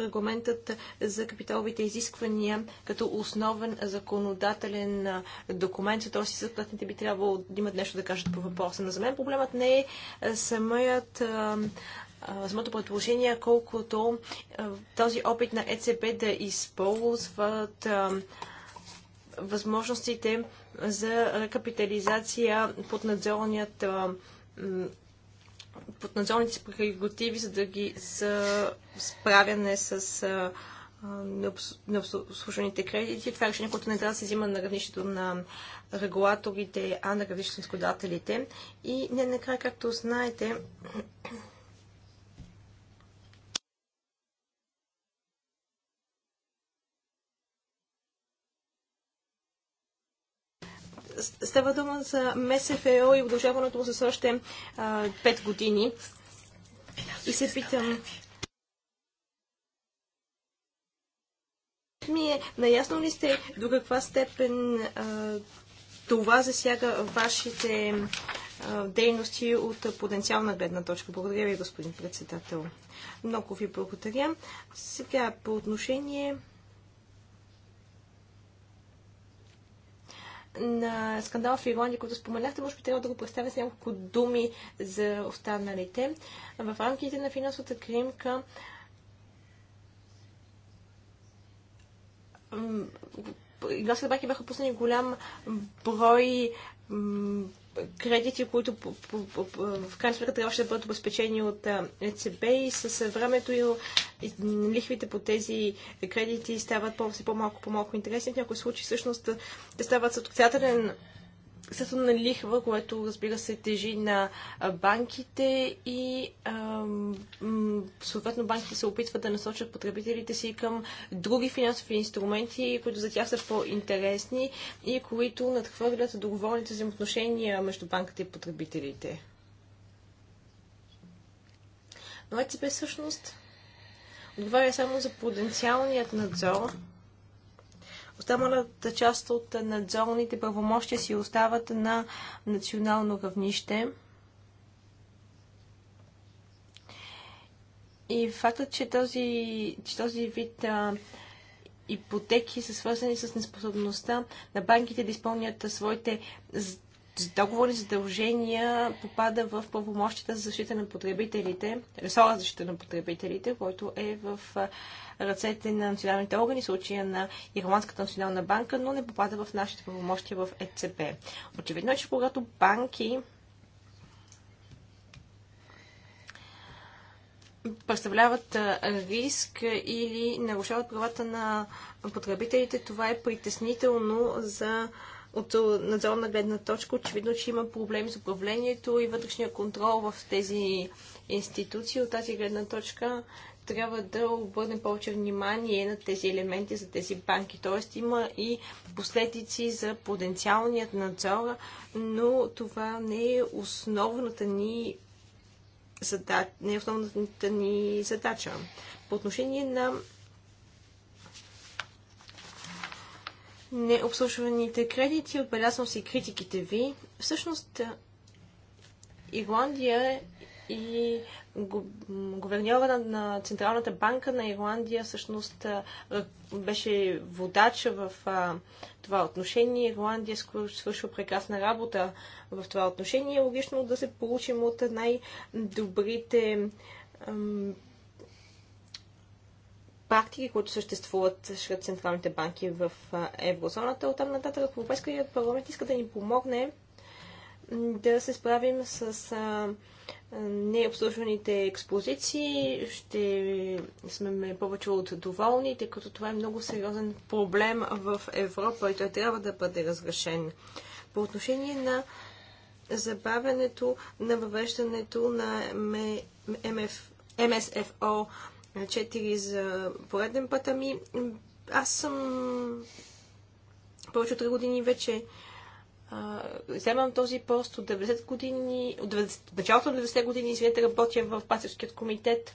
регламентът за капиталовите изисквания като основен законодателен е, документ, т.е. съответните би трябвало да имат нещо да кажат по въпроса. Но за мен проблемът не е самият самото предположение, колкото този опит на ЕЦБ да използват възможностите за рекапитализация под надзорният поднадзорните си прерогативи, за да ги за справяне с а, необслужените кредити. Това е решение, което не трябва да се взима на равнището на регулаторите, а на равнището на изкодателите. И не накрая, както знаете, Става дума за МСФО и удължаването му с още а, 5 години. И се питам, ми е, наясно ли сте до каква степен а, това засяга вашите а, дейности от потенциална гледна точка? Благодаря ви, господин председател. Много ви благодаря. Сега по отношение на скандала в Ирландия, който споменахте, може би трябва да го представя с няколко думи за останалите. В рамките на финансовата кримка Ирландските банки бяха пуснали голям брой кредити, които в крайна сметка трябваше да бъдат обезпечени от ЕЦБ и с времето и лихвите по тези кредити стават по-малко по-малко интересни. В някои случаи всъщност те стават с отрицателен на лихва, което разбира се тежи на банките и съответно банките се опитват да насочат потребителите си към други финансови инструменти, които за тях са по-интересни и които надхвърлят договорните взаимоотношения между банката и потребителите. Но ЕЦБ всъщност отговаря само за потенциалният надзор Останалата част от надзорните правомощия си остават на национално равнище. И фактът, че този, че този вид а, ипотеки са свързани с неспособността на банките да изпълнят своите за задължения попада в правомощите за защита на потребителите, ресора за защита на потребителите, който е в ръцете на националните органи, случая на Ирландската национална банка, но не попада в нашите правомощия в ЕЦП. Очевидно е, че когато банки представляват риск или нарушават правата на потребителите, това е притеснително за от надзорна гледна точка, очевидно, че има проблеми с управлението и вътрешния контрол в тези институции. От тази гледна точка трябва да обърнем повече внимание на тези елементи за тези банки. Тоест има и последици за потенциалният надзор, но това не е основната ни задача. Не е основната ни задача. По отношение на необслужваните кредити. Отбелязвам си критиките ви. Всъщност, Ирландия и гуверньора на Централната банка на Ирландия всъщност беше водача в това отношение. Ирландия свършва прекрасна работа в това отношение. Логично да се получим от най-добрите практики, които съществуват сред централните банки в еврозоната. Оттам нататък Европейският парламент иска да ни помогне да се справим с а, необслужваните експозиции. Ще сме повече от доволни, тъй като това е много сериозен проблем в Европа и той трябва да бъде разрешен. По отношение на забавянето на въвеждането на МФ, МСФО 4 за пореден път. Ами, аз съм повече от 3 години вече вземам този пост от 90 години, от 90, началото на 90 години, извинете, работя в Пасевският комитет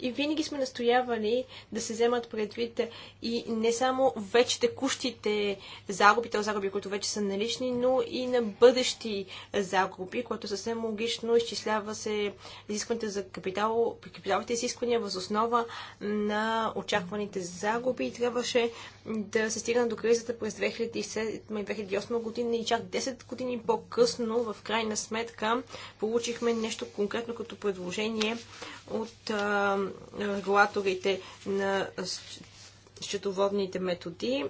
и винаги сме настоявали да се вземат предвид и не само вече текущите загуби, то загуби, които вече са налични, но и на бъдещи загуби, което съвсем логично изчислява се изискването за капитал, капиталните изисквания въз основа на очакваните загуби и трябваше да се стигна до кризата през 2007 2008 година и чак 10 години по-късно, в крайна сметка, получихме нещо конкретно като предложение от регулаторите на счетоводните методи,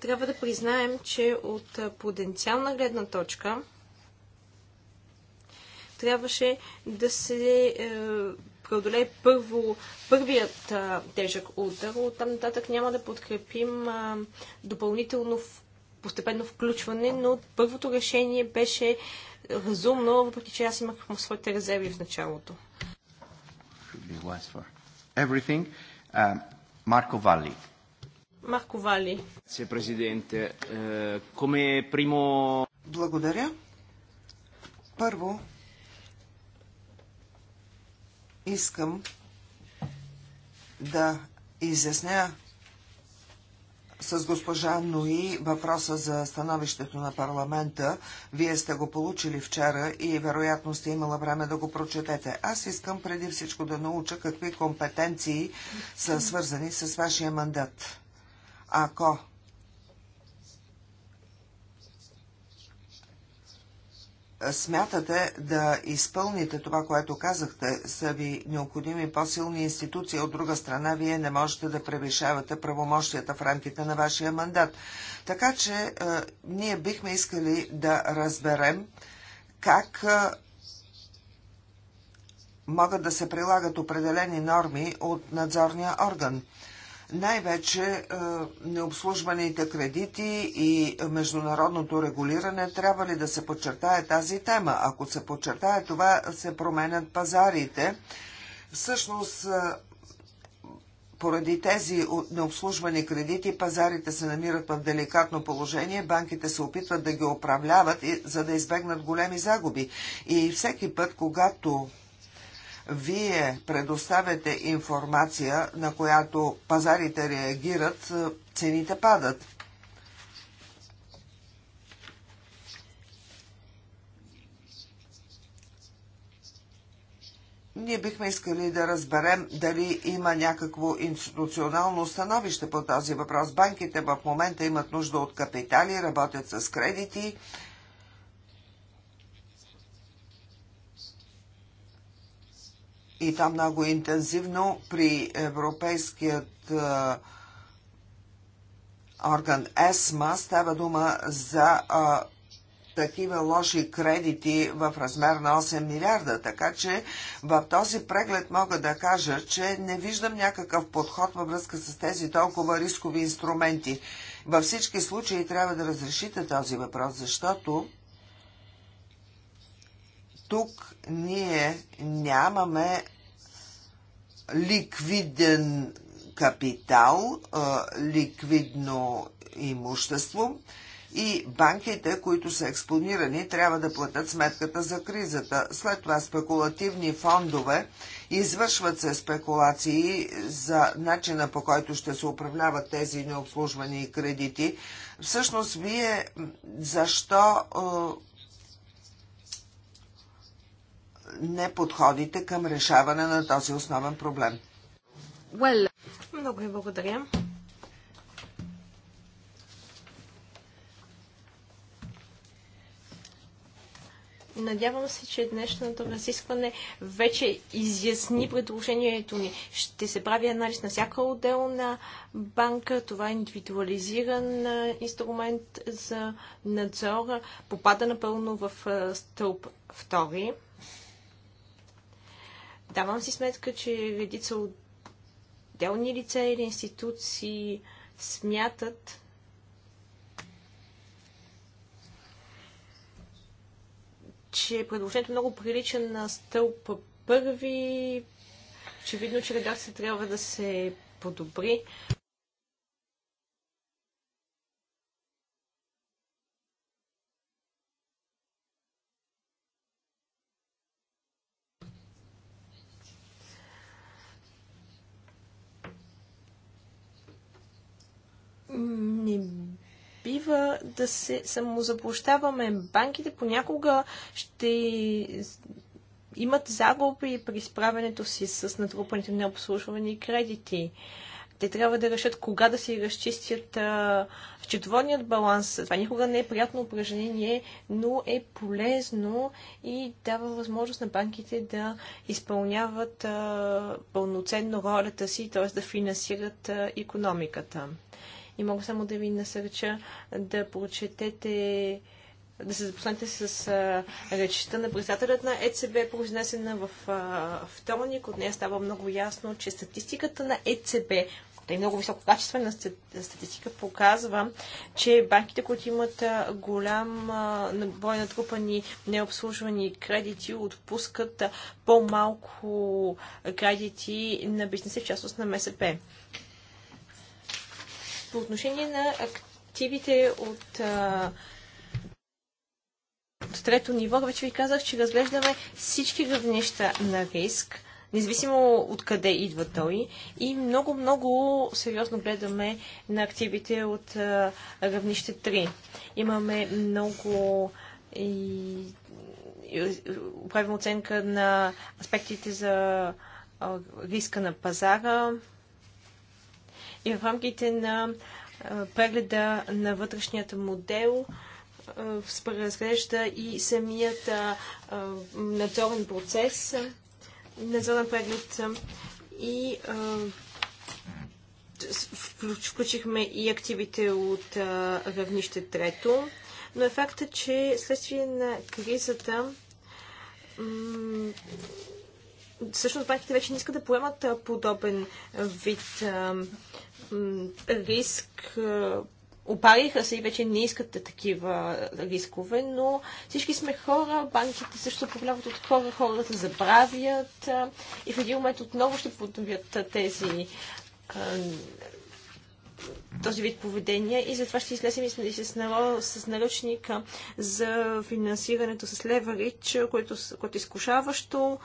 трябва да признаем, че от потенциална гледна точка трябваше да се е, преодолее първо, първият а, тежък удар. Оттам нататък няма да подкрепим а, допълнително в, постепенно включване, но първото решение беше разумно, въпреки че аз имах своите резерви в началото this was for everything. Um, Marco Valli. Марко Вали. Eh, Благодаря. Първо, искам да изясня с госпожа Нуи въпроса за становището на парламента. Вие сте го получили вчера и вероятно сте имала време да го прочетете. Аз искам преди всичко да науча какви компетенции са свързани с вашия мандат. Ако смятате да изпълните това, което казахте, са ви необходими по-силни институции, от друга страна вие не можете да превишавате правомощията в рамките на вашия мандат. Така че е, ние бихме искали да разберем как е, могат да се прилагат определени норми от надзорния орган. Най-вече е, необслужваните кредити и международното регулиране трябва ли да се подчертае тази тема? Ако се подчертае това, се променят пазарите. Всъщност, е, поради тези необслужвани кредити пазарите се намират в деликатно положение, банките се опитват да ги управляват, за да избегнат големи загуби. И всеки път, когато вие предоставяте информация, на която пазарите реагират, цените падат. Ние бихме искали да разберем дали има някакво институционално становище по този въпрос. Банките в момента имат нужда от капитали, работят с кредити и то много интензивно при Европейският е, орган ЕСМА става дума за е, такива лоши кредити в размер на 8 милиарда. Така че в този преглед мога да кажа, че не виждам някакъв подход във връзка с тези толкова рискови инструменти. Във всички случаи трябва да разрешите този въпрос, защото тук ние нямаме ликвиден капитал, ликвидно имущество и банките, които са експонирани, трябва да платят сметката за кризата. След това спекулативни фондове извършват се спекулации за начина по който ще се управляват тези необслужвани кредити. Всъщност, вие защо не подходите към решаване на този основен проблем? Well. Много ви благодаря. Надявам се, че днешното разискване вече изясни предложението ни. Ще се прави анализ на всяка отделна банка. Това е индивидуализиран инструмент за надзора. Попада напълно в стълб втори. Давам си сметка, че редица отделни лица или институции смятат, че предложението е много прилича на стълб първи. Очевидно, че редакцията трябва да се подобри. не бива да се самозаблуждаваме. Банките понякога ще имат загуби при справянето си с натрупаните необслужвани кредити. Те трябва да решат кога да си разчистят счетоводният баланс. Това никога не е приятно упражнение, но е полезно и дава възможност на банките да изпълняват а, пълноценно ролята си, т.е. да финансират а, економиката и мога само да ви насърча да прочетете да се запознаете с а, речта на председателят на ЕЦБ, произнесена в а, вторник. От нея става много ясно, че статистиката на ЕЦБ, която е много висококачествена статистика, показва, че банките, които имат а, голям а, набой натрупани необслужвани кредити, отпускат по-малко кредити на бизнеса, в частност на МСП. По отношение на активите от от трето ниво, вече ви казах, че разглеждаме всички равнища на риск, независимо откъде идва той. И много-много сериозно гледаме на активите от равнище 3. Имаме много и, и правим оценка на аспектите за риска на пазара, и в рамките на прегледа на вътрешният модел разглежда и самият надзорен процес, надзорен преглед и включихме и активите от равнище трето. Но е факта, че следствие на кризата всъщност банките вече не искат да поемат подобен вид риск. Опариха се и вече не искат такива рискове, но всички сме хора, банките също управляват от хора, хората забравят и в един момент отново ще подновят тези този вид поведение и затова ще излезем и с, с наръчника за финансирането с леверидж, което, което е изкушаващо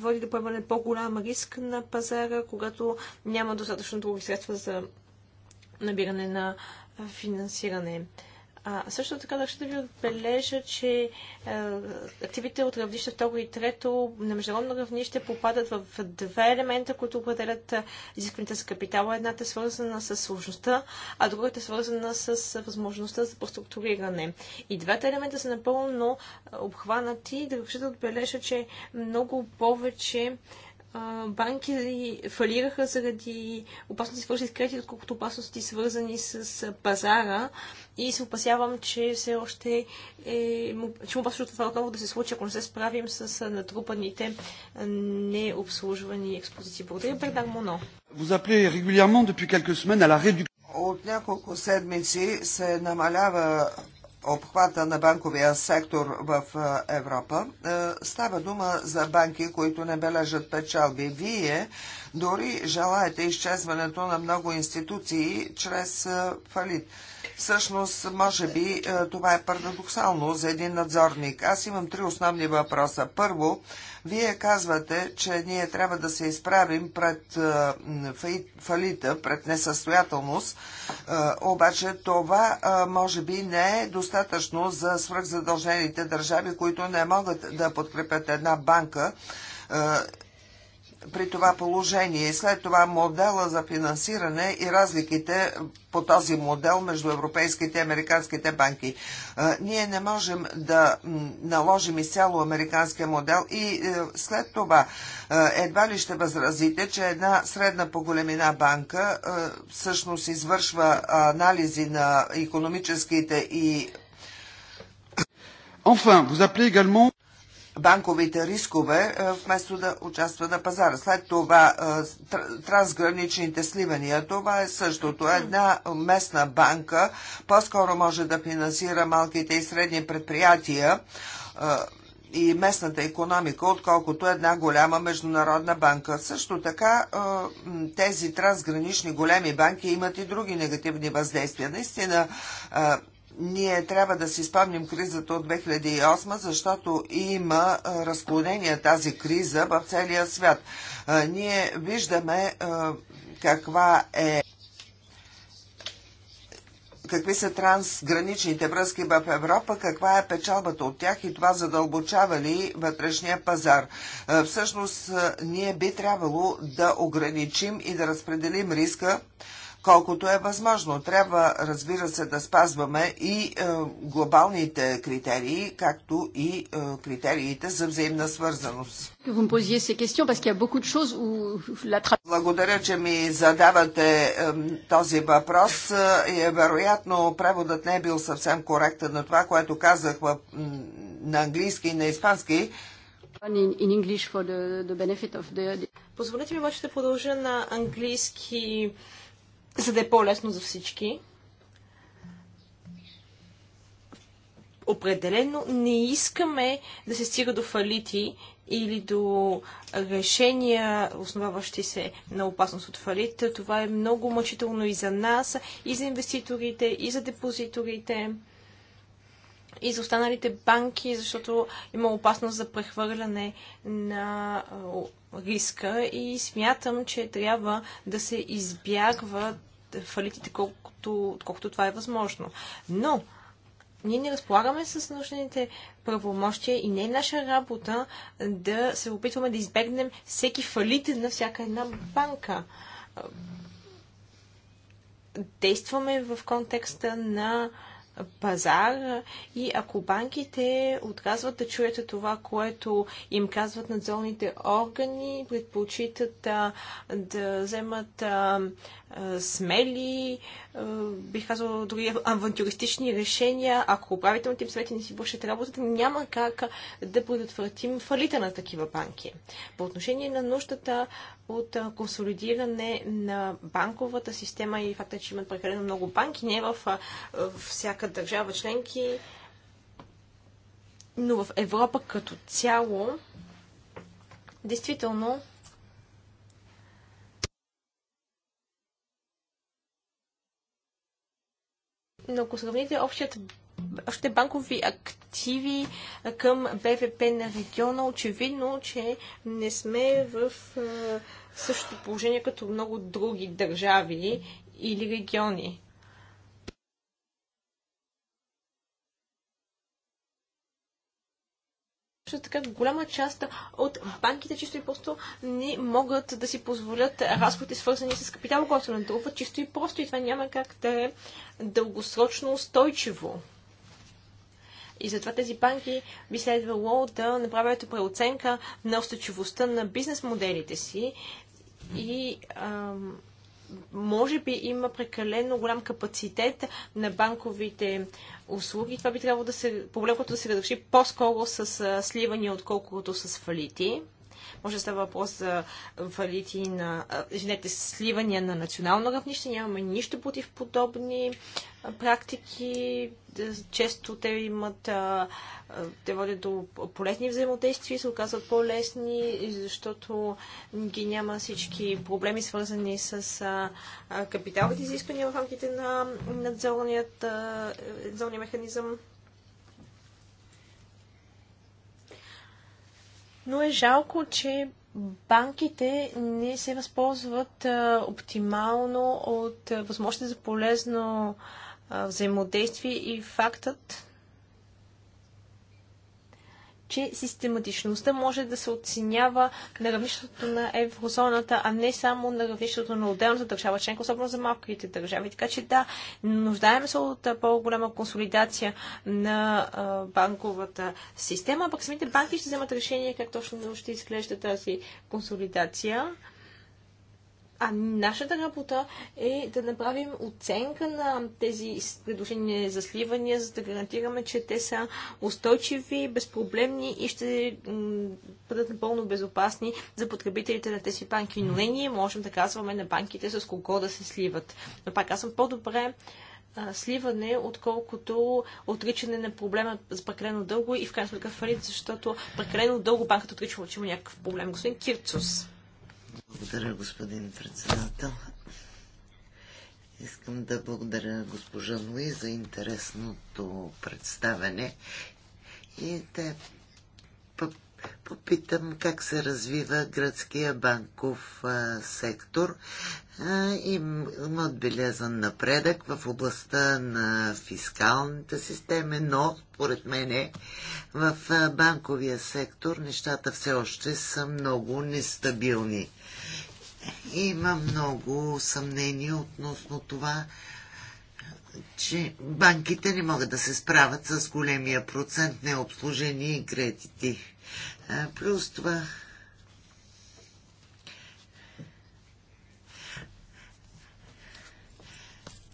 води до поемане по-голям риск на пазара, когато няма достатъчно други средства за набиране на финансиране. А, също така държа да ви отбележа, че е, активите от равнище второ и трето на международно равнище попадат в две елемента, които определят е, изискванията за капитала. Едната е свързана с сложността, а другата е свързана с е, възможността за преструктуриране. И двата елемента са напълно е, обхванати. Държа да отбележа, че много повече банки фалираха заради опасности свързани с кредит, отколкото опасности свързани с пазара. И се опасявам, че все още е, че му опасвам това отново да се случи, ако не се справим с натрупаните необслужвани експозиции. Благодаря, Бердар Моно. От няколко седмици се намалява обхвата на банковия сектор в е, Европа. Е, става дума за банки, които не бележат печалби. Вие дори желаете изчезването на много институции чрез е, фалит. Всъщност, може би, е, това е парадоксално за един надзорник. Аз имам три основни въпроса. Първо, вие казвате, че ние трябва да се изправим пред е, фалита, пред несъстоятелност, е, обаче това може би не е достатъчно за свръхзадължените държави, които не могат да подкрепят една банка при това положение и след това модела за финансиране и разликите по този модел между европейските и американските банки. Ние не можем да наложим изцяло американския модел и е, след това е, едва ли ще възразите, че една средна по големина банка е, всъщност извършва анализи на економическите и Enfin, vous appelez également банковите рискове, е, вместо да участва на пазара. След това е, трансграничните сливания, това е същото. Една местна банка по-скоро може да финансира малките и средни предприятия е, и местната економика, отколкото една голяма международна банка. Също така тези трансгранични големи банки имат и други негативни въздействия. Наистина ние трябва да си спомним кризата от 2008, защото има разклонение тази криза в целия свят. Ние виждаме каква е какви са трансграничните връзки в Европа, каква е печалбата от тях и това задълбочава ли вътрешния пазар. Всъщност, ние би трябвало да ограничим и да разпределим риска колкото е възможно. Трябва, разбира се, да спазваме и е, глобалните критерии, както и е, критериите за взаимна свързаност. Благодаря, че ми задавате е, този въпрос. Е, е, вероятно, преводът не е бил съвсем коректен на това, което казах в, на английски и на испански. Позволете ми обаче да продължа на английски за да е по-лесно за всички. Определено не искаме да се стига до фалити или до решения, основаващи се на опасност от фалит. Това е много мъчително и за нас, и за инвеститорите, и за депозиторите, и за останалите банки, защото има опасност за прехвърляне на риска и смятам, че трябва да се избягват фалитите, колкото, колкото това е възможно. Но ние не разполагаме с нужните правомощия и не е наша работа да се опитваме да избегнем всеки фалит на всяка една банка. Действаме в контекста на пазар и ако банките отказват да чуят това, което им казват надзорните органи, предпочитат да вземат а, смели, бих казал, дори авантюристични решения. Ако управителните им съвети не си вършат работата, няма как да предотвратим фалита на такива банки. По отношение на нуждата от консолидиране на банковата система и факта, че имат прекалено много банки, не е в всяка държава членки, но в Европа като цяло, действително Но ако сравните общият общите банкови активи към БВП на региона, очевидно, че не сме в същото положение като много други държави или региони. Също така голяма част от банките чисто и просто не могат да си позволят разходите свързани с капитал, който натрупват чисто и просто и това няма как да е дългосрочно устойчиво. И затова тези банки би следвало да направят преоценка на устойчивостта на бизнес моделите си и ам, може би има прекалено голям капацитет на банковите услуги. Това би трябвало да се, проблем, да се разреши по-скоро с сливания, отколкото с фалити. Може да става въпрос за валити на, извинете, сливания на национално равнище. Нямаме нищо против подобни практики. Често те имат, те водят до полезни взаимодействия, се оказват по-лесни, защото ги няма всички проблеми, свързани с капиталните изисквания в рамките на надзорният, надзорния механизъм. но е жалко, че банките не се възползват а, оптимално от възможности за полезно а, взаимодействие и фактът, че систематичността може да се оценява на равнището на еврозоната, а не само на равнището на отделната държава членка, особено за малките държави. Така че да, нуждаем се от по-голяма консолидация на банковата система, а пък самите банки ще вземат решение как точно ще изглежда тази консолидация. А нашата работа е да направим оценка на тези предложения за сливания, за да гарантираме, че те са устойчиви, безпроблемни и ще бъдат напълно безопасни за потребителите на тези банки. Но не ние можем да казваме на банките с кого да се сливат. Но пак аз съм по-добре сливане, отколкото отричане на проблема за прекалено дълго и в крайна сметка фалит, защото прекалено дълго банката отрича, че има някакъв проблем. Господин Кирцус. Благодаря, господин председател. Искам да благодаря госпожа Нуи за интересното представене и да попитам как се развива гръцкия банков сектор. има отбелязан напредък в областта на фискалната система, но според мене в банковия сектор нещата все още са много нестабилни. Има много съмнения относно това, че банките не могат да се справят с големия процент необслужени кредити. Плюс това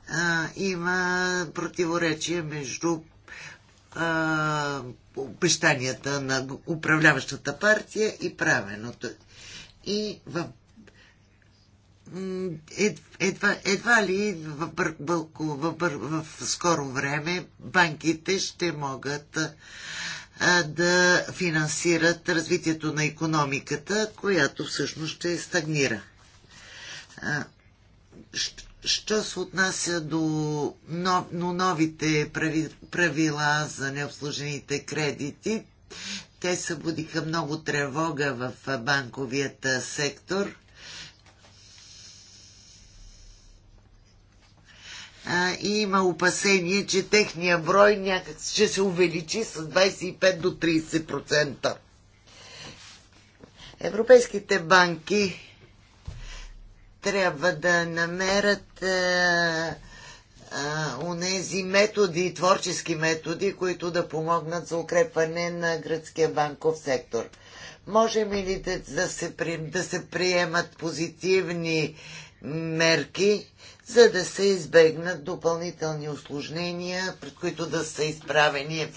а, има противоречие между а, обещанията на управляващата партия и правеното. И в ед, едва, едва ли в, бър, бълко, в, бър, в скоро време банките ще могат а, да финансират развитието на економиката, която всъщност ще стагнира. А, що се отнася до нов, но новите прави, правила за необслужените кредити, те събудиха много тревога в банковият сектор – а, и има опасение, че техния брой някак ще се увеличи с 25 до 30%. Европейските банки трябва да намерят а, унези методи, творчески методи, които да помогнат за укрепване на гръцкия банков сектор. Можем ли да, да, се, да се приемат позитивни мерки за да се избегнат допълнителни осложнения, пред които да са изправени е,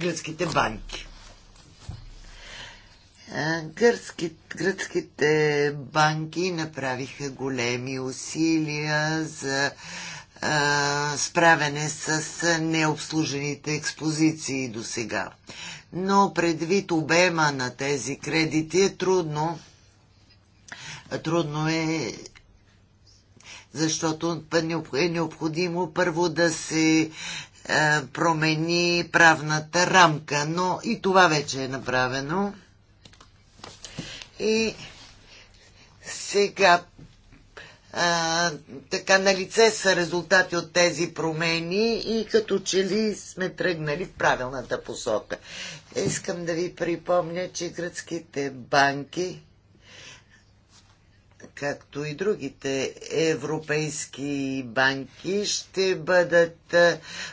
гръцките банки. Гръцки, гръцките банки направиха големи усилия за а, справяне с необслужените експозиции до сега. Но предвид обема на тези кредити е трудно. Трудно е защото е необходимо първо да се е, промени правната рамка, но и това вече е направено. И сега а, така на лице са резултати от тези промени и като че ли сме тръгнали в правилната посока. Искам да ви припомня, че гръцките банки както и другите европейски банки, ще бъдат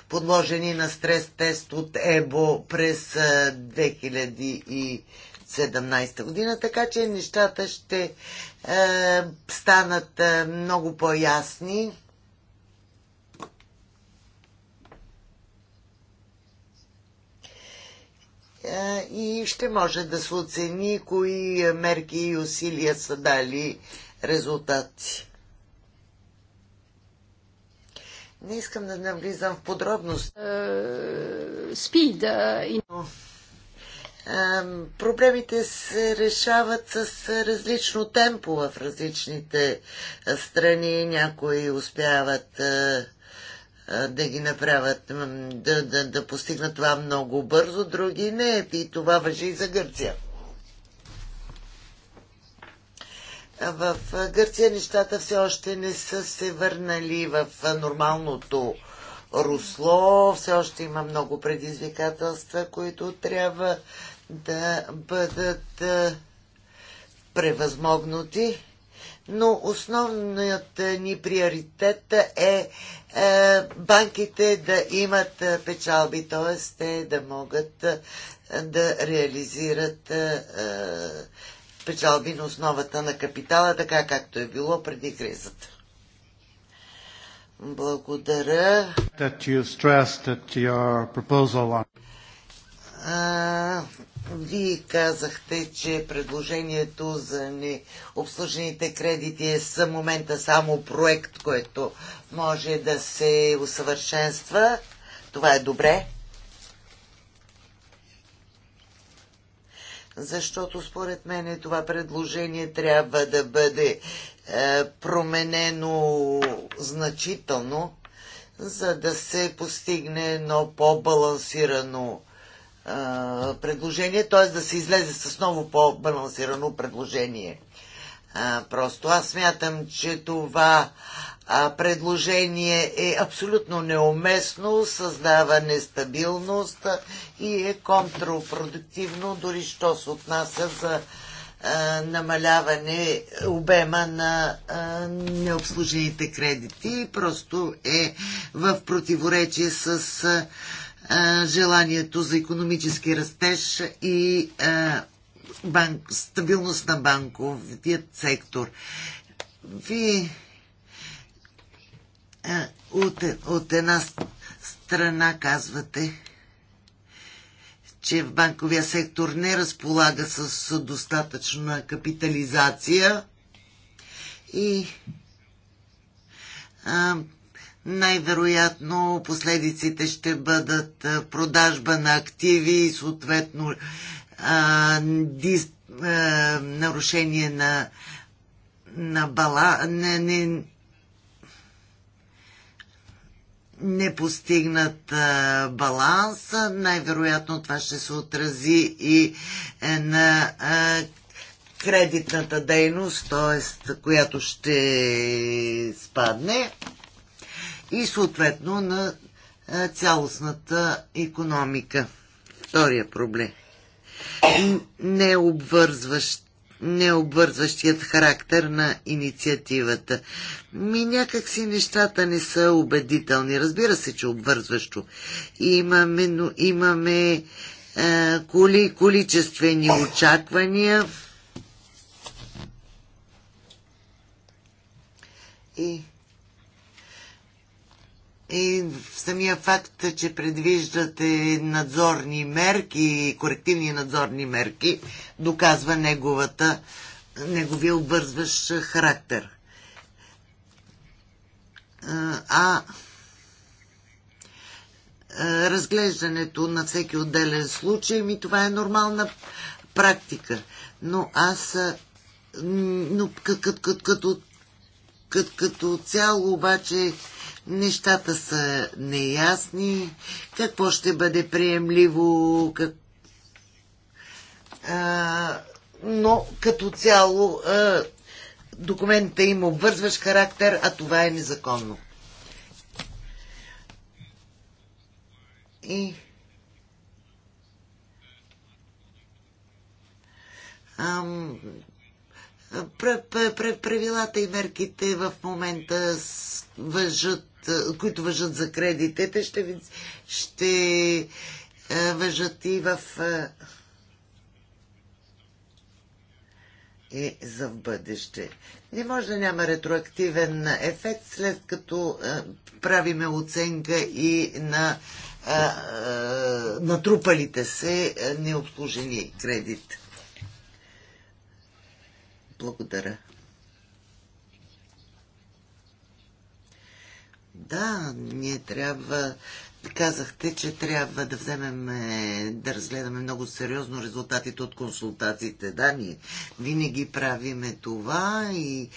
подложени на стрес-тест от ЕБО през 2017 година, така че нещата ще станат много по-ясни и ще може да се оцени кои мерки и усилия са дали резултати. Не искам да навлизам в подробност. Спида е, е, и... проблемите се решават с различно темпо в различните страни. Някои успяват да ги направят, да, да, да постигнат това много бързо, други не. И това въжи и за Гърция. В Гърция нещата все още не са се върнали в нормалното русло. Все още има много предизвикателства, които трябва да бъдат превъзмогнати но основният е, ни приоритет е, е банките да имат е, печалби, т.е. те да могат да реализират печалби на основата на капитала, така както е било преди кризата. Благодаря. That you that your proposal... Вие казахте, че предложението за необслужените кредити е за момента само проект, който може да се усъвършенства. Това е добре. Защото според мен това предложение трябва да бъде е, променено значително, за да се постигне едно по-балансирано предложение, т.е. да се излезе с ново по-балансирано предложение. А, просто аз смятам, че това а, предложение е абсолютно неуместно, създава нестабилност и е контрпродуктивно, дори що се отнася за а, намаляване обема на а, необслужените кредити. Просто е в противоречие с желанието за економически растеж и банк, стабилност на банковият сектор. Вие от, от една страна казвате, че в банковия сектор не разполага с достатъчна капитализация и а, най-вероятно последиците ще бъдат продажба на активи и съответно а, дис, а, нарушение на, на бала, не, не, не постигнат а, баланс. Най-вероятно това ще се отрази и е, на а, кредитната дейност, т.е. която ще спадне и съответно на цялостната економика. Втория проблем. Необвързващ необвързващият характер на инициативата. Ми някак си нещата не са убедителни. Разбира се, че обвързващо. Имаме, но имаме е, коли, количествени очаквания. И и самия факт, че предвиждате надзорни мерки, корективни надзорни мерки, доказва неговата, неговия обвързващ характер. А разглеждането на всеки отделен случай, ми това е нормална практика. Но аз, но като, като, като, като цяло обаче Нещата са неясни. Какво ще бъде приемливо? Как... А, но като цяло а, документа има обвързващ характер, а това е незаконно. И... Ам, правилата и мерките в момента въжат които въжат за кредитите, ще, ще въжат и в и за в бъдеще. Не може да няма ретроактивен ефект, след като е, правиме оценка и на е, е, натрупалите се необслужени кредит. Благодаря. Да, ние трябва Казахте, че трябва да вземем, да разгледаме много сериозно резултатите от консултациите. Да, ние винаги правиме това и,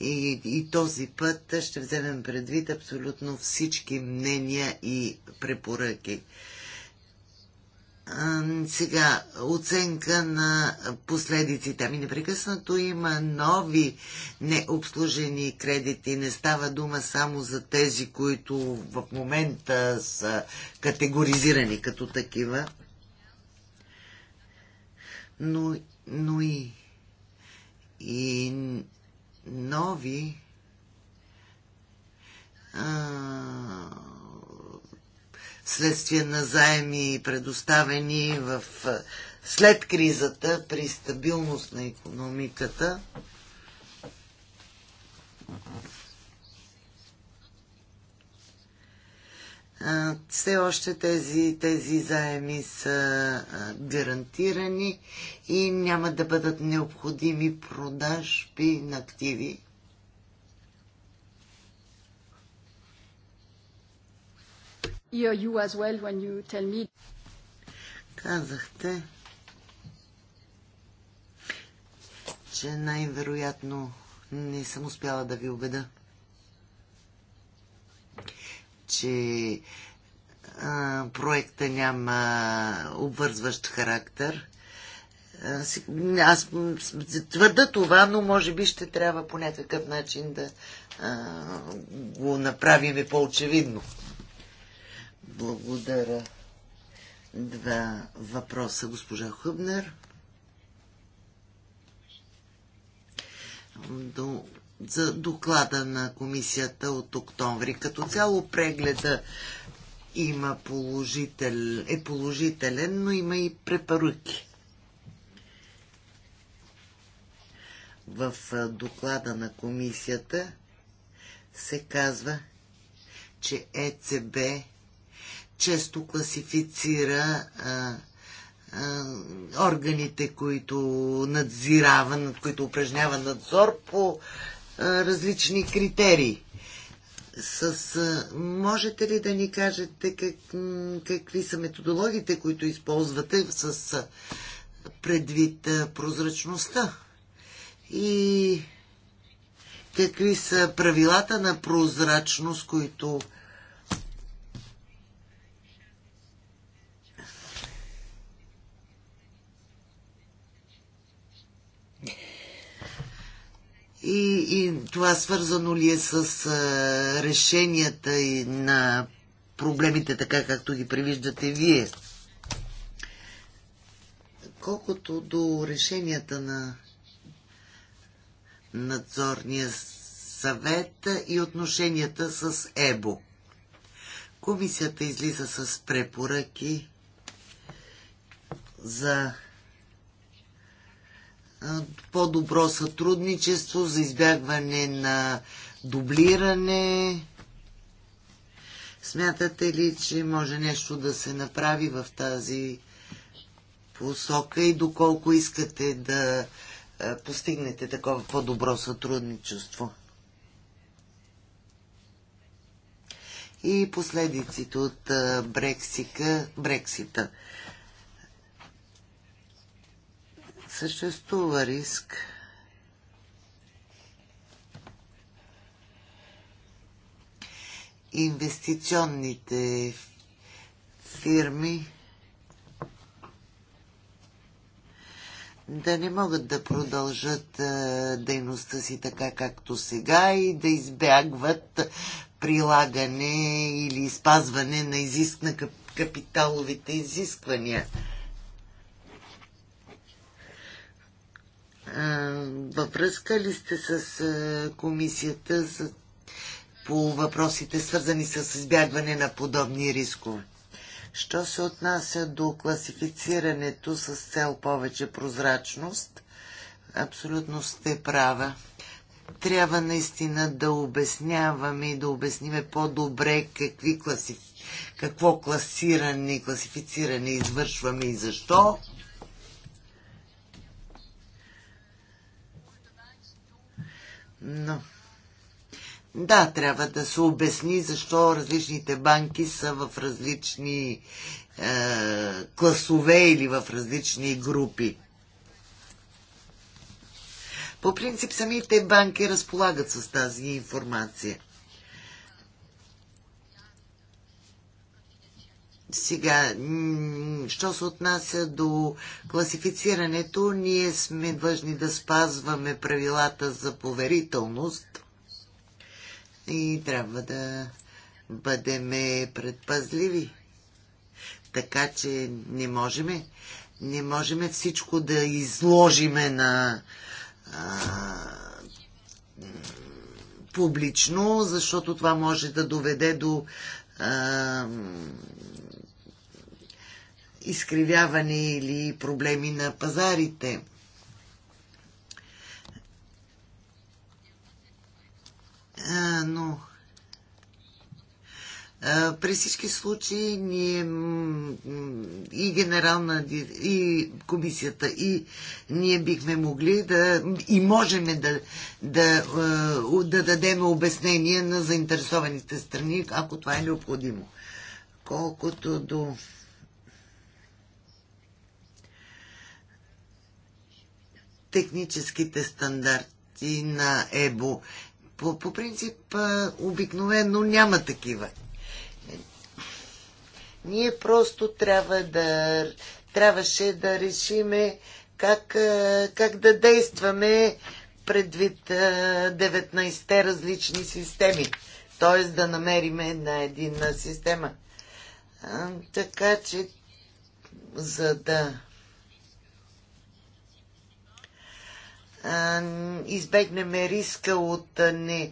и, и този път ще вземем предвид абсолютно всички мнения и препоръки сега оценка на последиците. Ами непрекъснато има нови необслужени кредити. Не става дума само за тези, които в момента са категоризирани като такива. Но, но и, и нови а, следствие на заеми предоставени в, след кризата при стабилност на економиката. все още тези, тези заеми са гарантирани и няма да бъдат необходими продажби на активи. Казахте, че най-вероятно не съм успяла да ви убеда, че а, проекта няма обвързващ характер. Аз, аз твърда това, но може би ще трябва по някакъв начин да а, го направим по-очевидно. Благодаря. Два въпроса, госпожа Хъбнер. До, за доклада на комисията от октомври. Като цяло прегледа има положител, е положителен, но има и препоръки. В доклада на комисията се казва, че ЕЦБ често класифицира а, а, органите, които надзирава, над които упражнява надзор по а, различни критерии. С, а, можете ли да ни кажете как, какви са методологиите, които използвате с а, предвид а, прозрачността? И какви са правилата на прозрачност, които и това свързано ли е с а, решенията и на проблемите, така както ги превиждате вие? Колкото до решенията на надзорния съвет и отношенията с ЕБО. Комисията излиза с препоръки за по-добро сътрудничество, за избягване на дублиране. Смятате ли, че може нещо да се направи в тази посока и доколко искате да постигнете такова по-добро сътрудничество? И последиците от Брексика, Брексита. съществува риск инвестиционните фирми да не могат да продължат дейността си така както сега и да избягват прилагане или спазване на, изиск, на капиталовите изисквания. във връзка ли сте с комисията за, по въпросите свързани с избягване на подобни рискове? Що се отнася до класифицирането с цел повече прозрачност, абсолютно сте права. Трябва наистина да обясняваме и да обясниме по-добре какви класиф... какво класиране и класифициране извършваме и защо Но да, трябва да се обясни защо различните банки са в различни е, класове или в различни групи. По принцип самите банки разполагат с тази информация. Сега, що се отнася до класифицирането, ние сме длъжни да спазваме правилата за поверителност и трябва да бъдем предпазливи. Така че не можем, не можем всичко да изложиме на а, публично, защото това може да доведе до а, изкривяване или проблеми на пазарите. А, но а, при всички случаи ние и генерална и комисията и ние бихме могли да и можем да, да, да дадем обяснение на заинтересованите страни, ако това е необходимо. Колкото до техническите стандарти на ЕБО. По, по принцип, обикновено няма такива. Ние просто трябва да, трябваше да решиме как, как да действаме предвид 19-те различни системи. Т.е. да намерим една единна система. Така че, за да избегнем риска от не,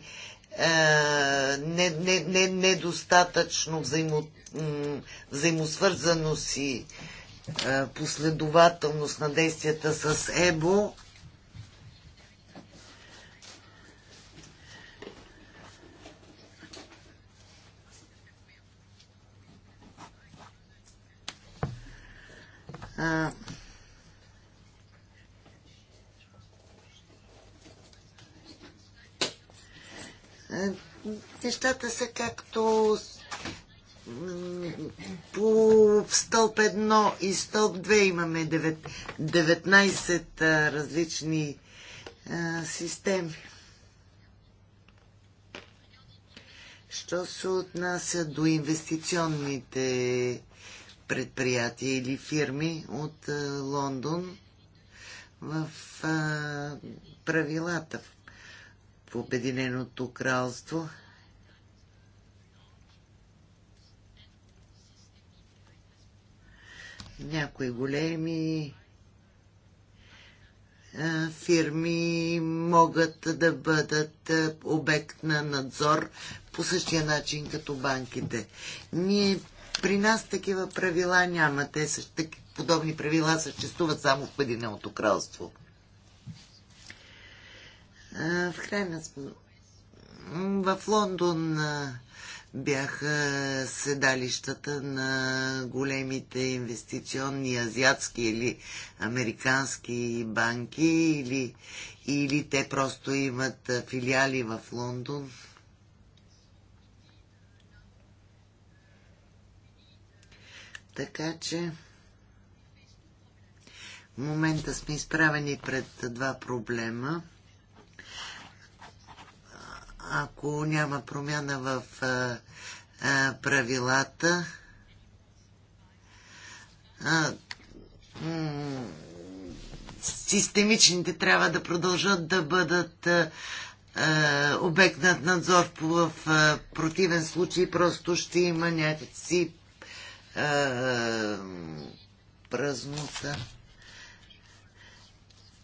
не, не, не, недостатъчно взаимо, взаимосвързаност и последователност на действията с ЕБО. А, нещата са както по стълб 1 и стълб 2 имаме 19 различни системи. Що се отнася до инвестиционните предприятия или фирми от Лондон в правилата, в Обединеното кралство. Някои големи фирми могат да бъдат обект на надзор по същия начин като банките. Ние при нас такива правила няма. Те са, подобни правила съществуват само в Единеното кралство. В крайна в Лондон бяха седалищата на големите инвестиционни азиатски или американски банки или, или те просто имат филиали в Лондон? Така че в момента сме изправени пред два проблема – ако няма промяна в правилата, системичните трябва да продължат да бъдат обект на надзор в противен случай просто ще има някакси празнота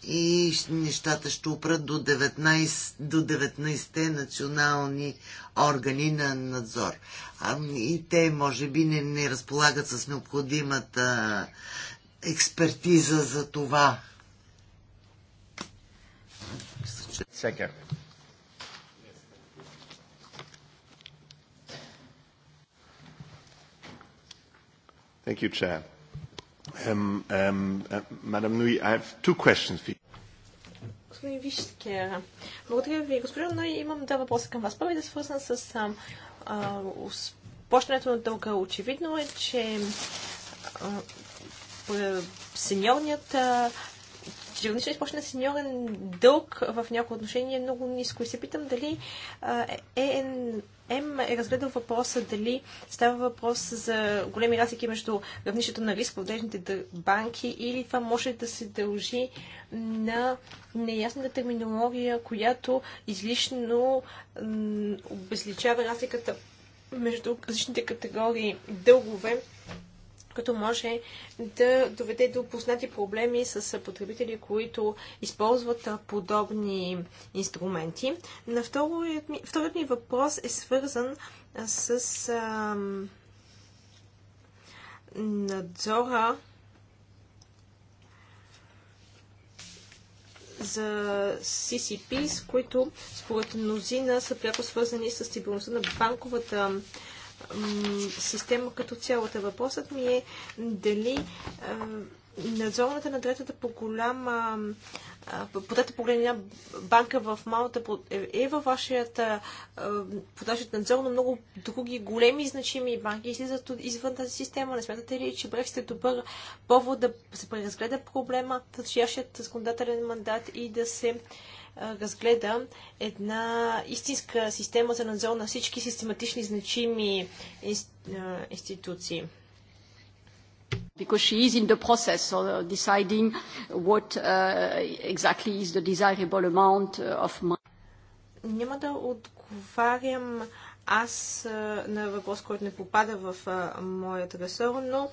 и нещата ще опрат до 19, до 19-те национални органи на надзор. А, и те, може би, не, не разполагат с необходимата експертиза за това. Всяка. Thank you, Chair. Um, um, uh, Madam Nui, I have two questions for you. Господин Вишкер, благодаря ви. Господин Ной, имам два въпроса към вас. Първият е свързан с а, плащането на дълга. Очевидно е, че а, сеньорният ще изплащане на сеньорен дълг в някои отношения е много ниско. И се питам дали ЕНМ е, М е разгледал въпроса дали става въпрос за големи разлики между равнището на риск в дежните банки или това може да се дължи на неясната терминология, която излишно обезличава разликата между различните категории дългове като може да доведе до познати проблеми с потребители, които използват подобни инструменти. На вторият ми, вторият ми въпрос е свързан с а, надзора за CCP, с които според мнозина са пряко свързани с стабилността на банковата система като цялата. Въпросът ми е дали надзорната на третата по голяма по трета по големина банка в Малта е, е във вашият под надзор, но много други големи значими банки излизат извън тази система. Не смятате ли, че Брексит е добър повод да се преразгледа проблема, търсящият законодателен мандат и да се разгледа една истинска система за надзор на всички систематични значими институции. Because she is in the process of deciding what uh, exactly is the desirable amount uh, of money. Няма да отговарям аз на въпрос, който не попада в моят ресор, но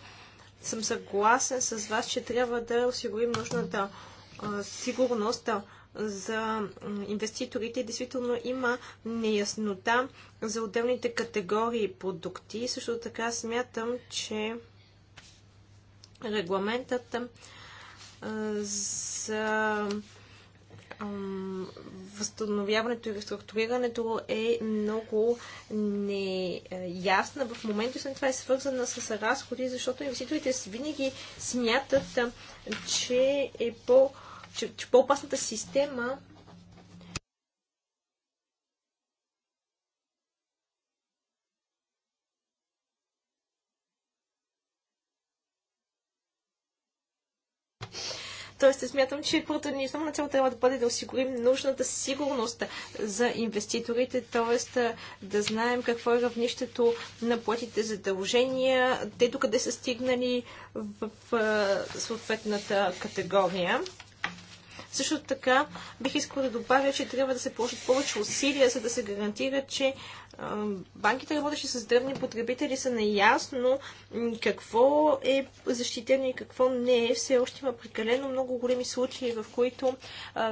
съм съгласен с вас, че трябва да осигурим нужната сигурност за инвеститорите. Действително има неяснота за отделните категории продукти. Също така смятам, че регламентът за възстановяването и реструктурирането е много неясна в момента след това е свързана с разходи, защото инвеститорите винаги смятат, че е по- че, че по-опасната система Тоест, смятам, че първата ни цел трябва да бъде да осигурим нужната сигурност за инвеститорите, т.е. да знаем какво е равнището на платите задължения, те докъде са стигнали в, в съответната категория. Също така бих искала да добавя, че трябва да се положат повече усилия, за да се гарантира, че банките, работещи с древни потребители, са наясно какво е защитено и какво не е. Все още има прекалено много големи случаи, в които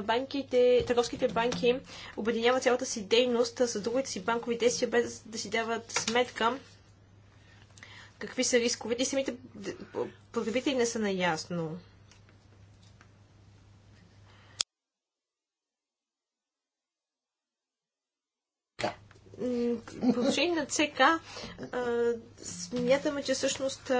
банките, търговските банки обединяват цялата си дейност с другите си банкови действия, без да си дават сметка какви са рисковете и самите потребители не са наясно. по отношение на ЦК, смятаме, че всъщност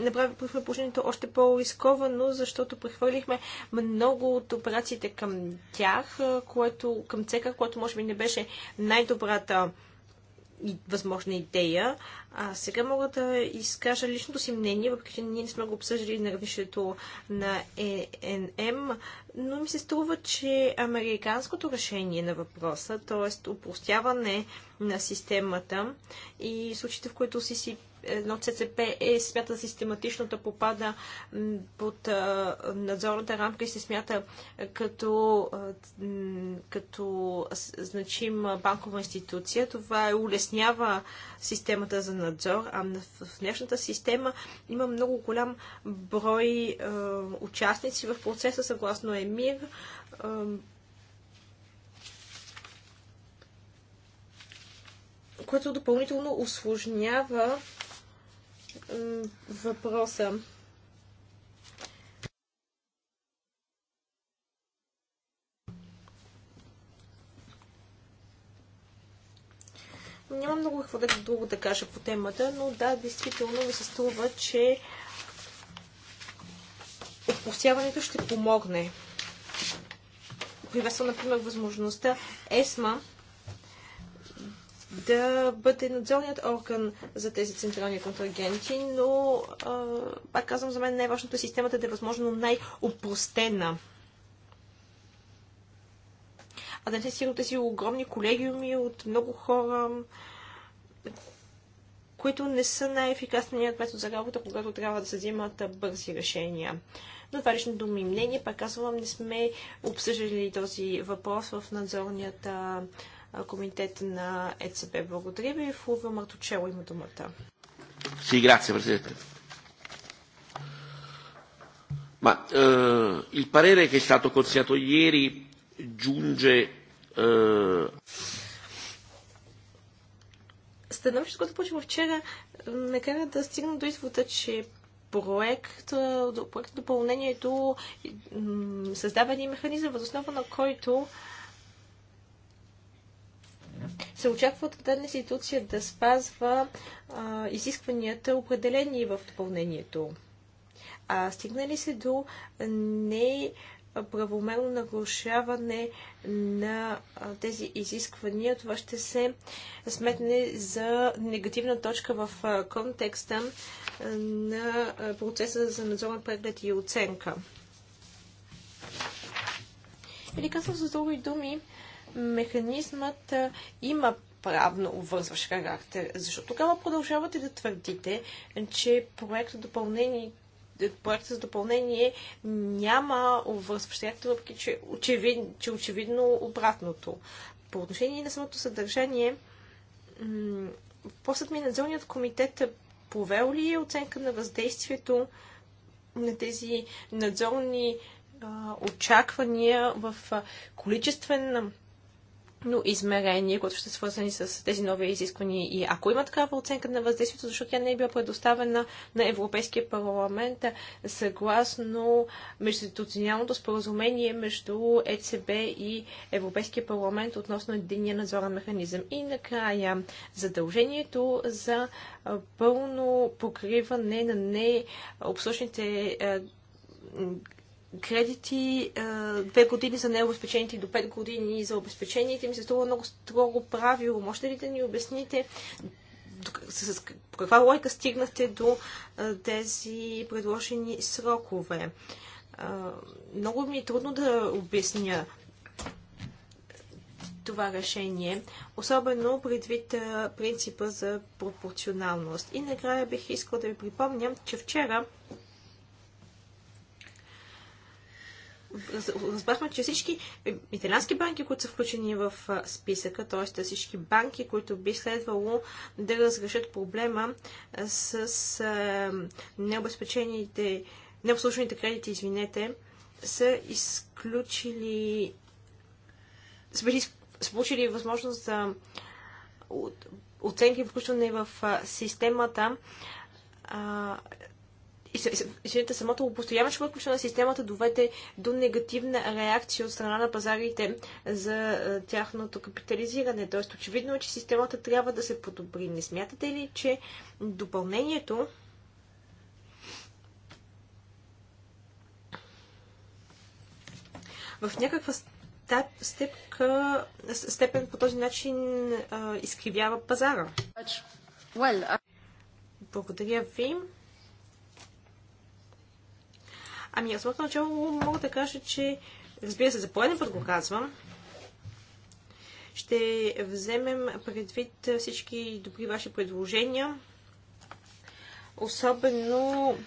направихме положението още по-рисковано, защото прехвърлихме много от операциите към тях, което, към ЦК, което може би не беше най-добрата възможна идея. А сега мога да изкажа личното си мнение, въпреки че ние не сме го обсъждали на равнището на ЕНМ, но ми се струва, че американското решение на въпроса, т.е. упростяване на системата и случаите, в които си си едно ЦЦП е смята систематично да попада под надзорната рамка и се смята като, като значим банкова институция. Това е, улеснява системата за надзор, а в днешната система има много голям брой участници в процеса, съгласно ЕМИР. което допълнително осложнява въпроса. Няма много какво да друго да кажа по темата, но да, действително ми се струва, че опростяването ще помогне. Приветствам, например, възможността ЕСМА да бъде надзорният орган за тези централни контрагенти, но, а, пак казвам, за мен най-важното е системата да е възможно най-опростена. А да не се от тези огромни колегиуми от много хора, които не са най-ефикасният метод за работа, когато трябва да се взимат бързи решения. Но това личното ми мнение, пак казвам, не сме обсъждали този въпрос в надзорният Comitet na ECB. Благодаря ви. Фулва Мартучело има думата. Си, грация, президент. Ma eh, е, il parere che è stato consegnato ieri giunge е, Становището, което почва вчера, кара да стигна до извода, че проект, е, проект допълнението създава един механизъм, възоснова на който се очаква от тази институция да спазва а, изискванията, определени в допълнението. А стигнали се до не правомерно нарушаване на тези изисквания, това ще се сметне за негативна точка в контекста на процеса за надзорен преглед и оценка. Или казвам с други думи, механизмът има правно обвързващ характер. Защото тогава продължавате да твърдите, че проектът допълнение проект за допълнение няма обвързващ характер, въпреки че, очевид, че очевидно обратното. По отношение на самото съдържание, После ми надзорният комитет повел ли е оценка на въздействието на тези надзорни а, очаквания в количествен но измерения, които ще са е свързани с тези нови изисквания. И ако има такава оценка на въздействието, защото тя не е била предоставена на Европейския парламент, съгласно междуинституционалното споразумение между ЕЦБ и Европейския парламент относно единния надзорен механизъм. И накрая задължението за пълно покриване на необслужните кредити, две години за необезпечените и до 5 години за обезпечените ми се струва много строго правило. Можете ли да ни обясните с каква лойка стигнахте до тези предложени срокове? Много ми е трудно да обясня това решение, особено предвид принципа за пропорционалност. И накрая бих искал да ви припомня, че вчера разбрахме, че всички италиански банки, които са включени в списъка, т.е. всички банки, които би следвало да разрешат проблема с необезпечените, необслужените кредити, извинете, са изключили са, били, са получили възможност за оценки включване в системата извините, самото обостояване на системата доведе до негативна реакция от страна на пазарите за е, тяхното капитализиране. Тоест, очевидно е, че системата трябва да се подобри. Не смятате ли, че допълнението в някаква степка, степен по този начин а, е, изкривява пазара? Well, I... Uh Благодаря ви. Ами, аз от начало мога да кажа, че, разбира се, за поеден път го казвам, ще вземем предвид всички добри ваши предложения, особено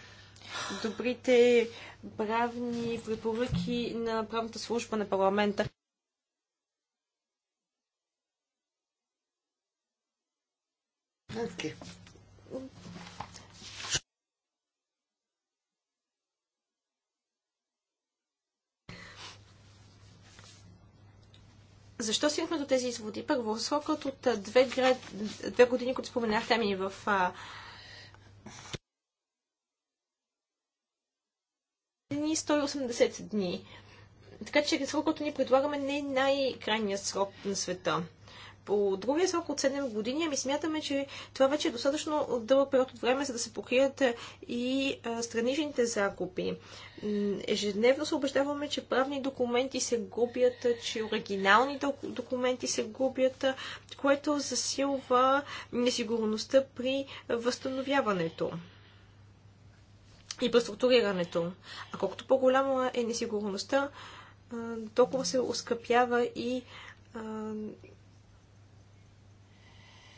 добрите правни препоръки на правната служба на парламента. Защо стигнахме до тези изводи? Първо, срокът от две, две години, които споменахте ми в дни, 180 дни. Така че срокът, който ни предлагаме, не е най-крайният срок на света по другия срок от 7 години, ами смятаме, че това вече е достатъчно дълъг период от време, за да се покрият и страничните загуби. Ежедневно се обещаваме, че правни документи се губят, че оригинални документи се губят, което засилва несигурността при възстановяването и преструктурирането. А колкото по-голяма е несигурността, толкова се оскъпява и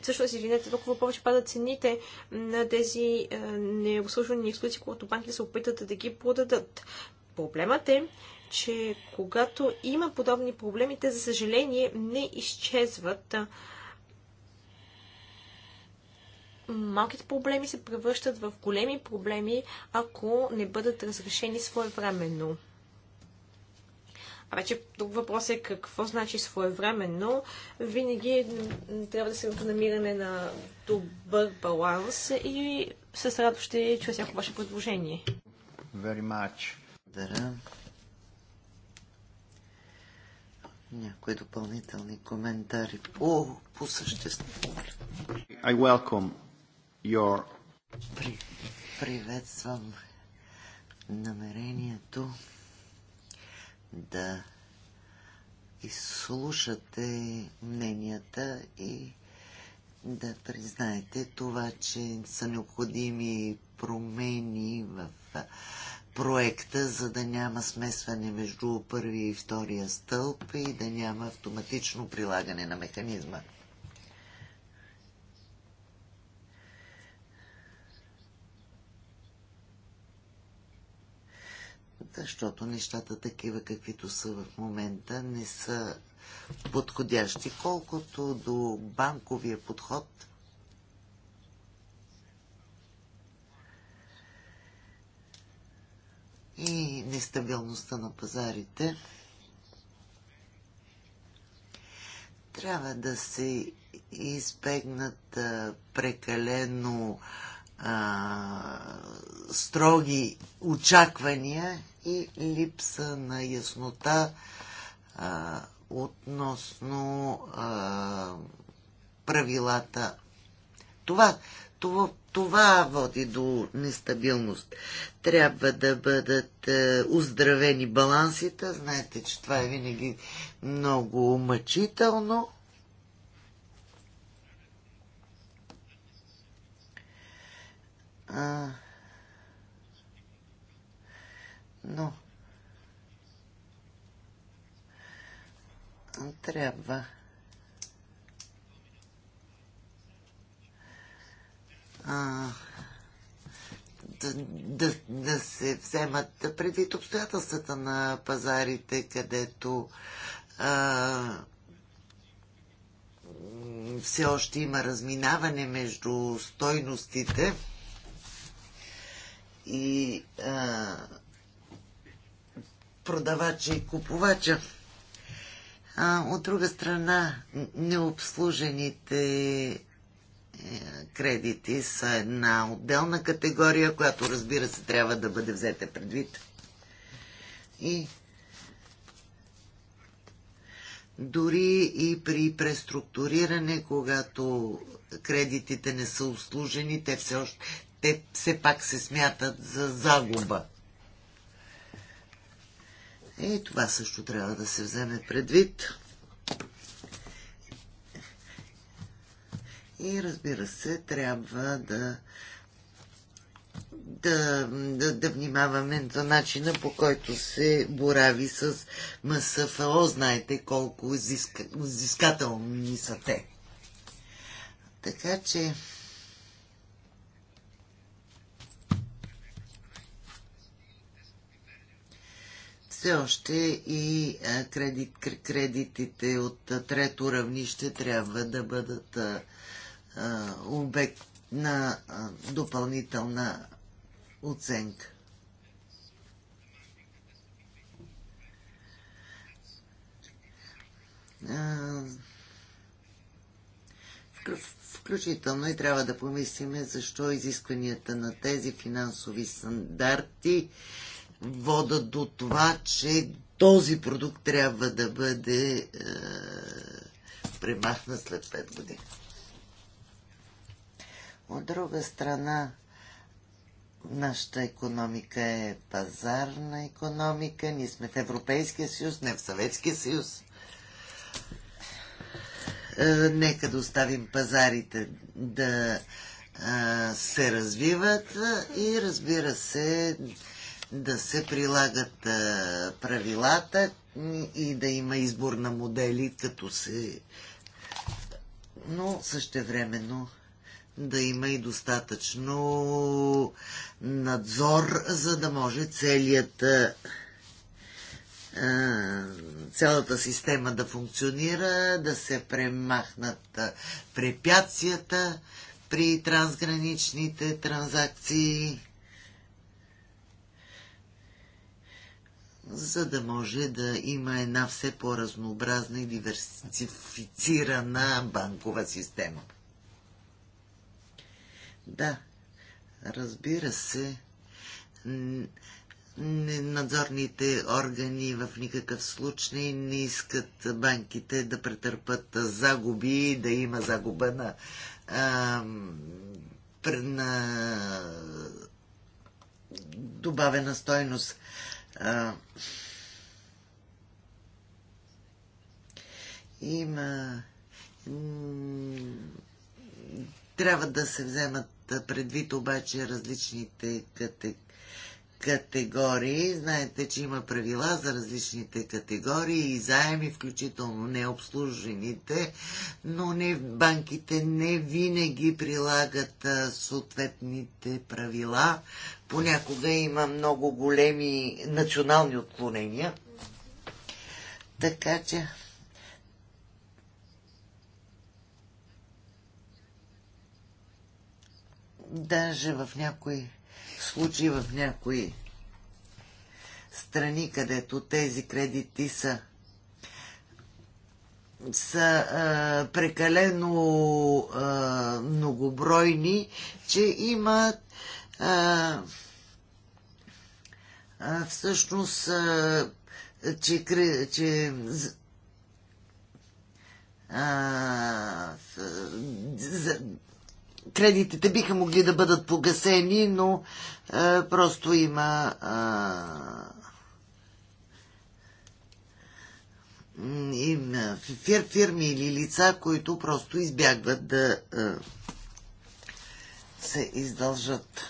също си извинете, толкова повече падат цените на тези е, необслужвани екскурзии, когато банките се опитат да ги продадат. Проблемът е, че когато има подобни проблеми, те, за съжаление, не изчезват. Малките проблеми се превръщат в големи проблеми, ако не бъдат разрешени своевременно. А вече друг въпрос е какво значи своевременно. Винаги трябва да се до намиране на добър баланс и с радост ще чуя всяко ваше предложение. Very much. Дара. Някои допълнителни коментари по, по същество. I welcome your... При, приветствам намерението да изслушате мненията и да признаете това, че са необходими промени в проекта, за да няма смесване между първи и втория стълб и да няма автоматично прилагане на механизма. защото нещата такива, каквито са в момента, не са подходящи. Колкото до банковия подход, и нестабилността на пазарите, трябва да се избегнат прекалено а, строги очаквания и липса на яснота а, относно а, правилата. Това, това, това води до нестабилност. Трябва да бъдат а, е, оздравени балансите. Знаете, че това е винаги много мъчително. А но трябва а, да, да, да се вземат предвид обстоятелствата на пазарите, където а, все още има разминаване между стойностите и а, продавача и купувача. А, от друга страна, необслужените е, кредити са една отделна категория, която разбира се трябва да бъде взета предвид. И дори и при преструктуриране, когато кредитите не са обслужени, те все, още, те все пак се смятат за загуба. Е, това също трябва да се вземе предвид. И разбира се, трябва да да, да, да внимаваме за начина по който се борави с МСФО. Знаете колко изиска, изискателни са те. Така че все още и кредит, кредитите от трето равнище трябва да бъдат обект на допълнителна оценка. Включително и трябва да помислиме защо изискванията на тези финансови стандарти водат до това, че този продукт трябва да бъде е, премахнат след 5 години. От друга страна, Нашата економика е пазарна економика. Ние сме в Европейския съюз, не в Съветския съюз. Е, нека да оставим пазарите да е, се развиват и разбира се, да се прилагат правилата и да има избор на модели, като се... Но същевременно да има и достатъчно надзор, за да може целият цялата система да функционира, да се премахнат препятствията при трансграничните транзакции. за да може да има една все по-разнообразна и диверсифицирана банкова система. Да, разбира се, надзорните органи в никакъв случай не искат банките да претърпат загуби, да има загуба на, а, на добавена стойност има. Трябва да се вземат предвид обаче различните категории. Знаете, че има правила за различните категории и заеми, включително необслужените, но не, банките не винаги прилагат съответните правила понякога има много големи национални отклонения. Така че даже в някои случаи, в някои страни, където тези кредити са са а, прекалено а, многобройни, че имат всъщност, че, че а, за, кредитите биха могли да бъдат погасени, но а, просто има а, фир, фирми или лица, които просто избягват да а, се издължат.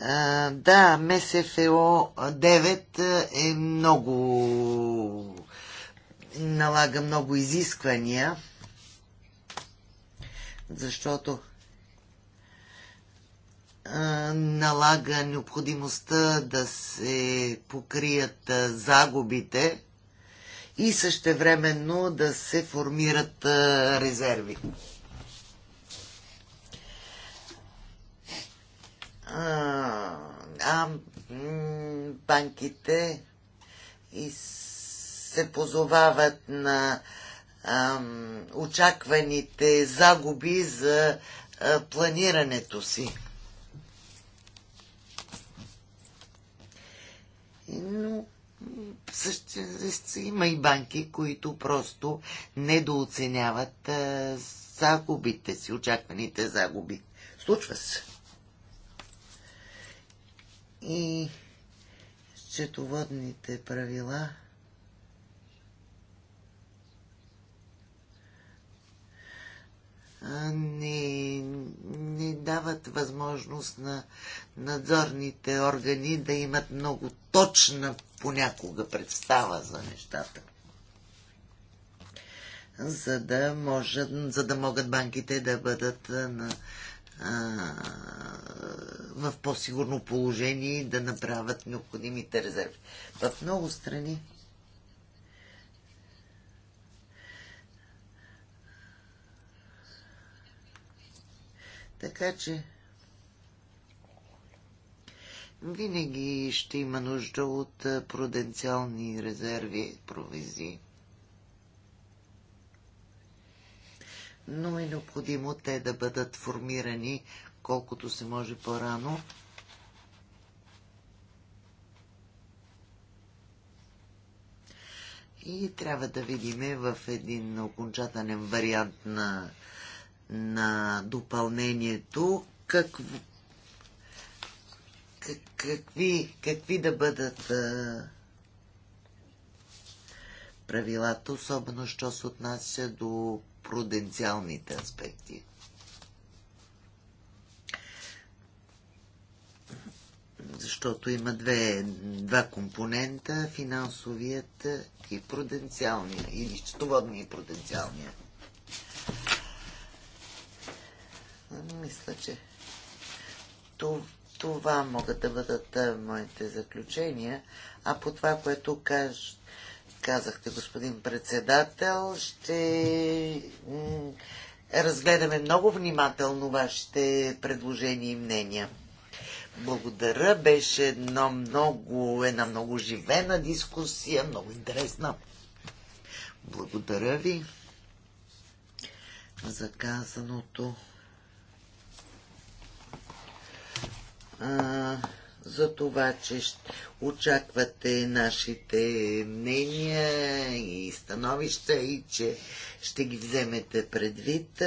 да, МСФО 9 е много налага много изисквания, защото налага необходимостта да се покрият загубите и същевременно да се формират резерви. а, а банките и се позовават на а, очакваните загуби за а, планирането си. Но също, има и банки, които просто недооценяват а, загубите си, очакваните загуби. Случва се. счетоводните правила не, не дават възможност на надзорните органи да имат много точна понякога представа за нещата. За да, може, за да могат банките да бъдат на в по-сигурно положение и да направят необходимите резерви. В много страни Така че винаги ще има нужда от пруденциални резерви, провизии. но е необходимо те да бъдат формирани колкото се може по-рано. И трябва да видим в един окончателен вариант на, на допълнението какво, какви, какви да бъдат а, правилата, особено що се отнася до пруденциалните аспекти. Защото има две, два компонента финансовият и пруденциалния, или счетоводния и пруденциалния. Мисля, че това могат да бъдат моите заключения, а по това, което каж, казахте, господин председател. Ще разгледаме много внимателно вашите предложения и мнения. Благодаря. Беше една много, една много живена дискусия, много интересна. Благодаря ви за казаното. А за това, че очаквате нашите мнения и становища и че ще ги вземете предвид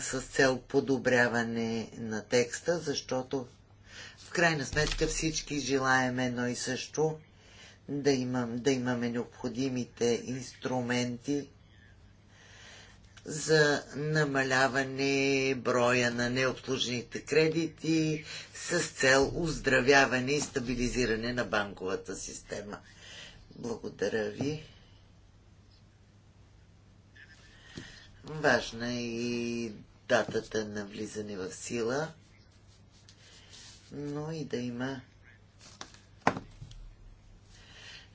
с цел подобряване на текста, защото в крайна сметка всички желаем едно и също да, имам, да имаме необходимите инструменти за намаляване броя на необслужените кредити с цел оздравяване и стабилизиране на банковата система. Благодаря ви. Важна е и датата на влизане в сила, но и да има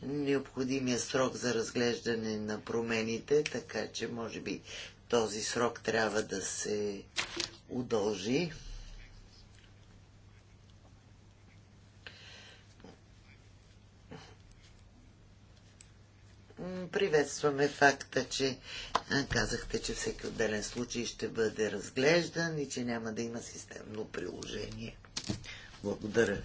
необходимия срок за разглеждане на промените, така че може би този срок трябва да се удължи. Приветстваме факта, че казахте, че всеки отделен случай ще бъде разглеждан и че няма да има системно приложение. Благодаря ви.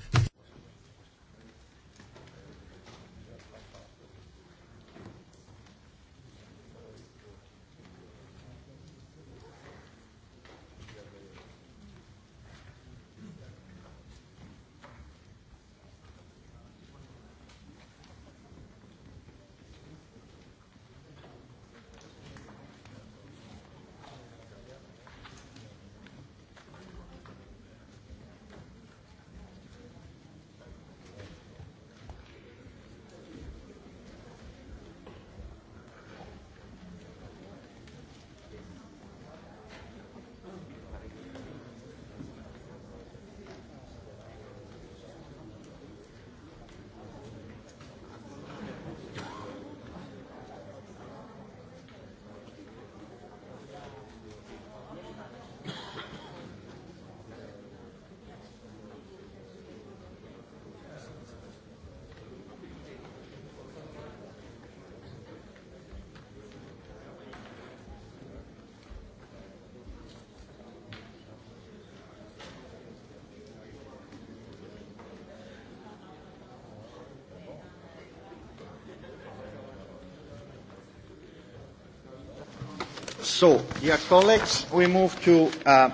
So, dear colleagues, we move to, uh...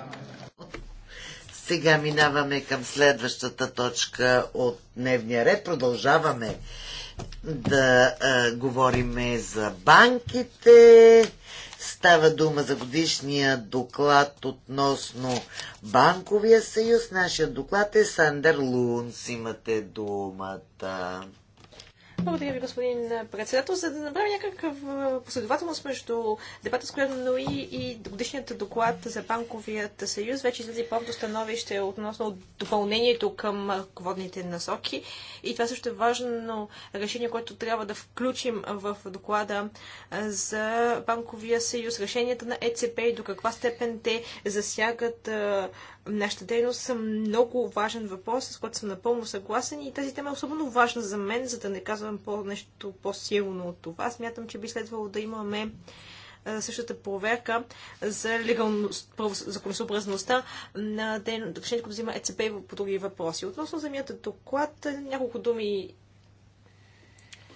Сега минаваме към следващата точка от дневния ред. Продължаваме да говорим за банките. Става дума за годишния доклад относно Банковия съюз. Нашия доклад е Сандър Лунс. Имате думата. Благодаря ви, господин председател. За да направя някакъв последователност между дебата с която Нои и годишният доклад за банковият съюз, вече излезе повдо становище относно допълнението към водните насоки. И това също е важно решение, което трябва да включим в доклада за банковия съюз, решенията на ЕЦП и до каква степен те засягат нашата дейност са е много важен въпрос, с който съм напълно съгласен и тази тема е особено важна за мен, за да не казвам по- нещо по-силно от това. Смятам, че би следвало да имаме същата проверка за легалност, законосъобразността на решението, което взима ЕЦБ по други въпроси. Относно земята доклад, няколко думи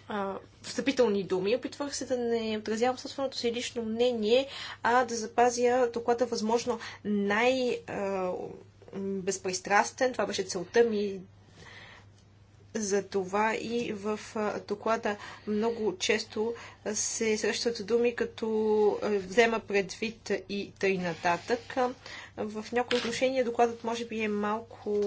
а, встъпителни думи. Опитвах се да не отразявам собственото си лично мнение, а да запазя доклада възможно най- безпристрастен. Това беше целта ми за това и в доклада много често се срещат думи като взема предвид и тъй нататък. В някои отношения докладът може би е малко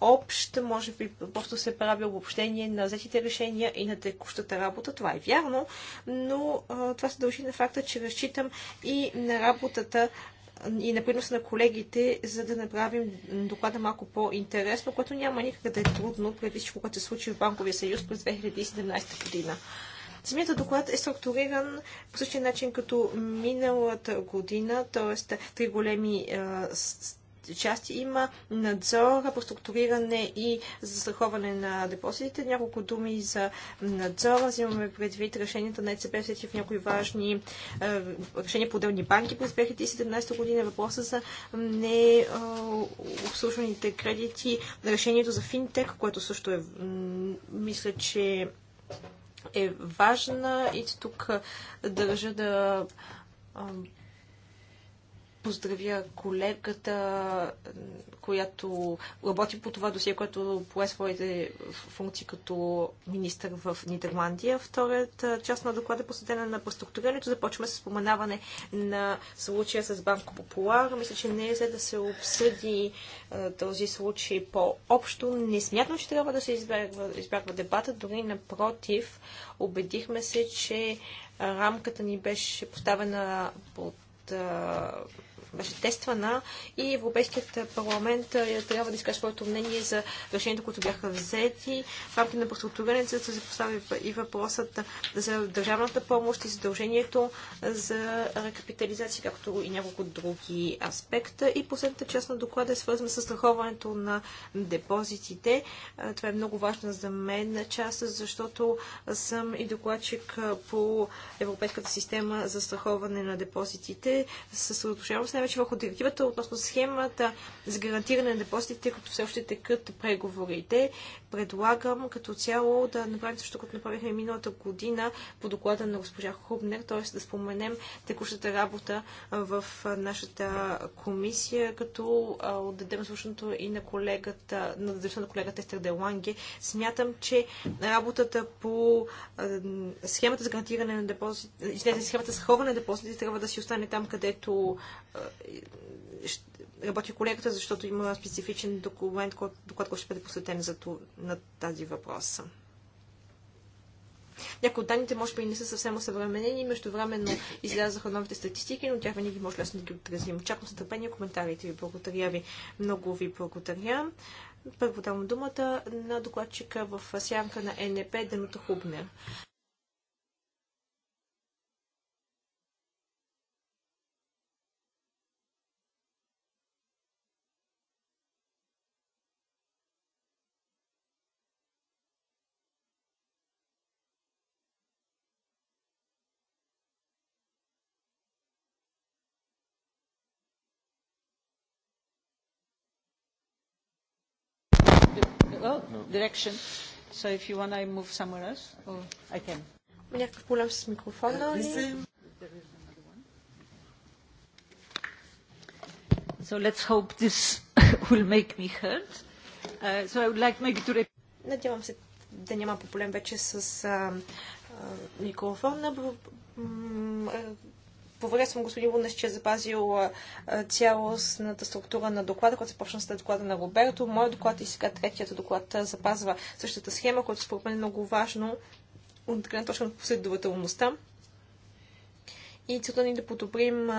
общ, може би просто се прави обобщение на взетите решения и на текущата работа. Това е вярно, но това се дължи на факта, че разчитам и на работата и на приноса на колегите, за да направим доклада малко по-интересно, което няма никак да е трудно преди всичко, което се случи в Банковия съюз през 2017 година. Самият доклад е структуриран по същия начин като миналата година, т.е. три големи части има надзор по структуриране и застраховане на депозитите. Няколко думи за надзора. Взимаме предвид решенията на ЕЦБ в някои важни е, решения по отделни банки през 2017 година. Въпроса за обслужваните кредити, решението за финтек, което също е, мисля, че е важна и тук държа да поздравя колегата, която работи по това досие, което пое своите функции като министър в Нидерландия. Втората част на доклада е посветена на преструктурирането. Започваме с споменаване на случая с Банко Популар. Мисля, че не е за да се обсъди този случай по-общо. Не смятам, че трябва да се избягва, избягва дебата. Дори напротив, убедихме се, че рамката ни беше поставена под беше тествана и Европейският парламент е, трябва да изкаже своето мнение за решението, които бяха взети. В рамките на преструктурирането се постави и въпросът за държавната помощ и задължението за рекапитализация, както и няколко други аспекта. И последната част на доклада е свързана с страховането на депозитите. Е, това е много важна за мен част, защото съм и докладчик по Европейската система за страховане на депозитите. Съсредоточавам се вече върху директивата относно схемата за гарантиране на депозитите, като все още текат преговорите. Предлагам като цяло да направим също, като направихме миналата година по доклада на госпожа Хубнер, т.е. да споменем текущата работа в нашата комисия, като отдадем слушното и на колегата, на на колегата Естер Деланге. Смятам, че работата по схемата за гарантиране на депозитите, схемата за хора на депозитите трябва да си остане там, където работи колегата, защото има специфичен документ, доклад, който ще бъде посветен за ту, на тази въпрос. Някои от данните може би не са съвсем съвременени, междувременно излязаха новите статистики, но тях винаги може лесно да ги отразим. Очаквам с търпение коментарите ви. Благодаря ви. Много ви благодаря. Първо давам думата на докладчика в сянка на НП Деното Хубнер. no, direction. So if you want, I move somewhere else, or I can. Някакъв проблем с микрофона ли? So let's hope this will make me heard. Uh, so I would like maybe to repeat. Надявам се да няма проблем вече с а, а, микрофона. Повресвам господин Лунес, че е запазил цялостната структура на доклада, който започна след доклада на Роберто. Моят доклад и сега третият доклад запазва същата схема, която според мен е много важно от гледна точка на последователността. И целта ни е да подобрим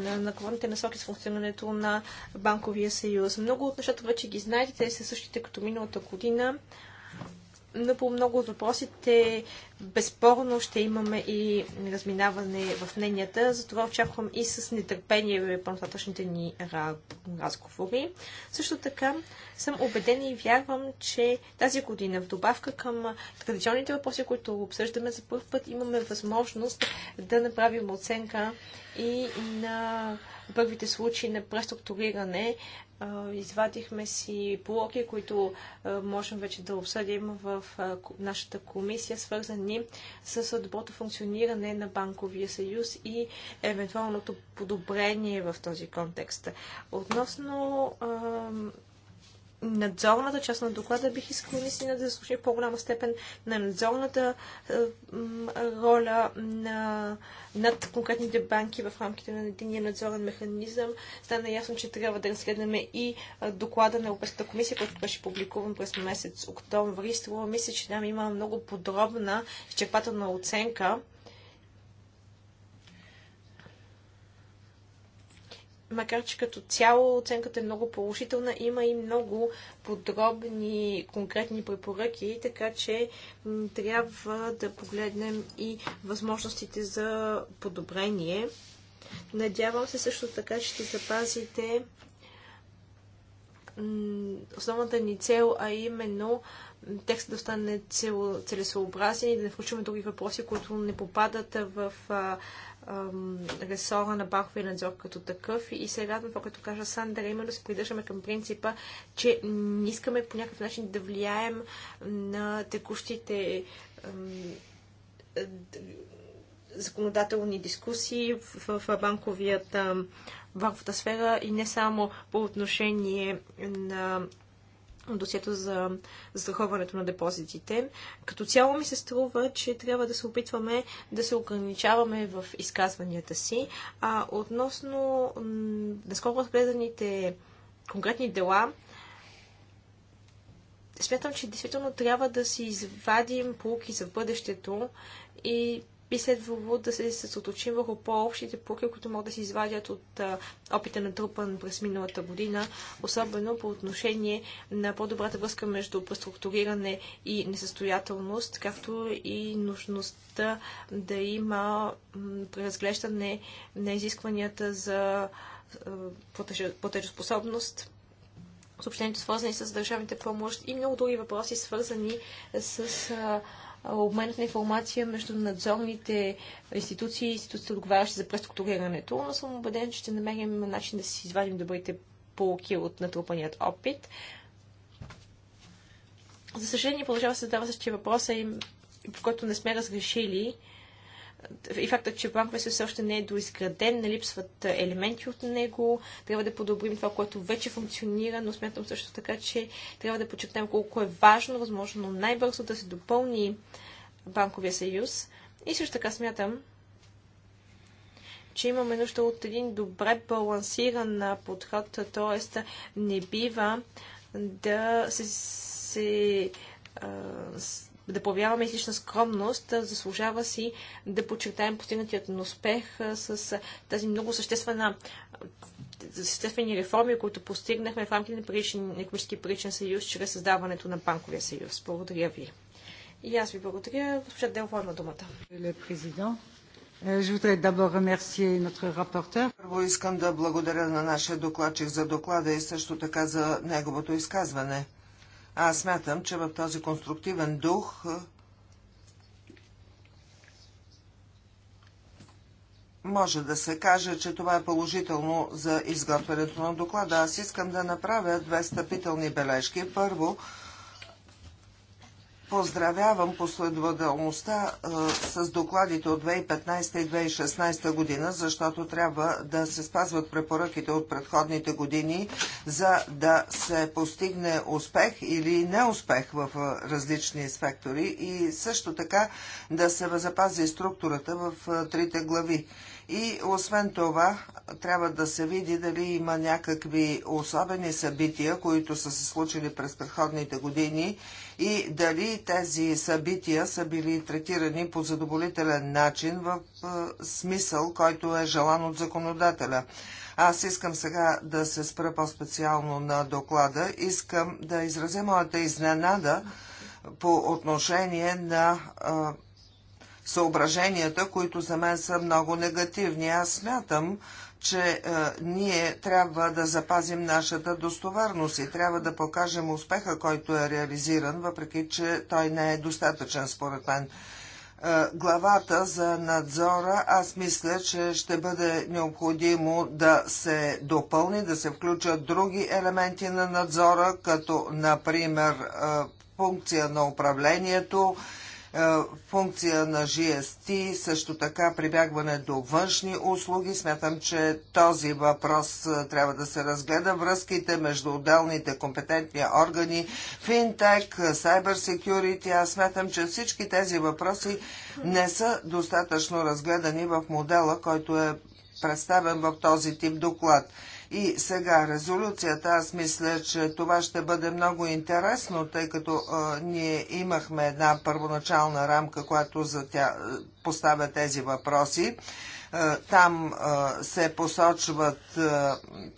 наклонните насоки с функционирането на Банковия съюз. Много от нещата вече ги знаете, те са същите като миналата година но по много от въпросите безспорно ще имаме и разминаване в мненията, затова очаквам и с нетърпение по-нататъчните ни разговори. Също така съм убедена и вярвам, че тази година в добавка към традиционните въпроси, които обсъждаме за първ път, имаме възможност да направим оценка и на първите случаи на преструктуриране Извадихме си блоки, които можем вече да обсъдим в нашата комисия, свързани с доброто функциониране на банковия съюз и евентуалното подобрение в този контекст. Относно надзорната част на доклада бих искала наистина да заслужи в по-голяма степен на надзорната е, роля на, над конкретните банки в рамките на единия надзорен механизъм. Стана ясно, че трябва да разгледаме и е, доклада на Европейската комисия, който беше публикуван през месец октомври. Струва мисля, че там има много подробна, изчерпателна оценка макар че като цяло оценката е много положителна, има и много подробни, конкретни препоръки, така че трябва да погледнем и възможностите за подобрение. Надявам се също така, че ще запазите основната ни цел, а именно текстът да стане цел, целесообразен и да не включваме други въпроси, които не попадат в а, ресора на банковия надзор като такъв и сега, това, което кажа Сандър, именно се придържаме към принципа, че не искаме по някакъв начин да влияем на текущите законодателни дискусии в, в банковията банковата сфера и не само по отношение на досието за застраховането на депозитите. Като цяло ми се струва, че трябва да се опитваме да се ограничаваме в изказванията си. А относно наскоро разгледаните конкретни дела, смятам, че действително трябва да си извадим полуки за бъдещето и би следвало да се съсредоточим върху по-общите поки, които могат да се извадят от опита на трупан през миналата година, особено по отношение на по-добрата връзка между преструктуриране и несъстоятелност, както и нужността да има преразглеждане на изискванията за платежоспособност съобщението, свързани с държавните помощи и много други въпроси, свързани с а, обменът на информация между надзорните институции и институциите, отговарящи за преструктурирането, но съм убеден, че ще намерим начин да си извадим добрите полки от натрупаният опит. За съжаление, продължава се задава същия въпрос, в който не сме разрешили и факта, че банковия съюз още не е доизграден, не липсват елементи от него, трябва да подобрим това, което вече функционира, но смятам също така, че трябва да подчертаем колко е важно, възможно най-бързо да се допълни банковия съюз. И също така смятам, че имаме нужда от един добре балансиран подход, т.е. не бива да се, се а, да проявяваме излишна скромност, заслужава си да подчертаем постигнатият на успех с тази много съществена съществени реформи, които постигнахме в рамките на, економически паричен съюз, чрез създаването на банковия съюз. Благодаря ви. И аз ви благодаря. Госпожа Делфо има думата. Е, Първо искам да благодаря на нашия докладчик за доклада и също така за неговото изказване. Аз смятам, че в този конструктивен дух може да се каже, че това е положително за изготвянето на доклада. Аз искам да направя две стъпителни бележки. Първо, Поздравявам последователността с докладите от 2015 и 2016 година, защото трябва да се спазват препоръките от предходните години, за да се постигне успех или неуспех в различни спектори, и също така да се запази структурата в трите глави. И освен това, трябва да се види дали има някакви особени събития, които са се случили през предходните години и дали тези събития са били третирани по задоволителен начин в е, смисъл, който е желан от законодателя. Аз искам сега да се спра по-специално на доклада. Искам да изразя моята изненада по отношение на е, съображенията, които за мен са много негативни. Аз смятам, че е, ние трябва да запазим нашата достоверност и трябва да покажем успеха, който е реализиран, въпреки че той не е достатъчен според мен е, главата за надзора, аз мисля, че ще бъде необходимо да се допълни, да се включат други елементи на надзора, като например е, функция на управлението, е, функция на GST, също така прибягване до външни услуги. Смятам, че този въпрос е, трябва да се разгледа. Връзките между отделните компетентни органи, финтек, cyber security. Аз смятам, че всички тези въпроси не са достатъчно разгледани в модела, който е представен в този тип доклад. И сега резолюцията, аз мисля, че това ще бъде много интересно, тъй като а, ние имахме една първоначална рамка, която за тя поставя тези въпроси. Е, там е, се посочват е,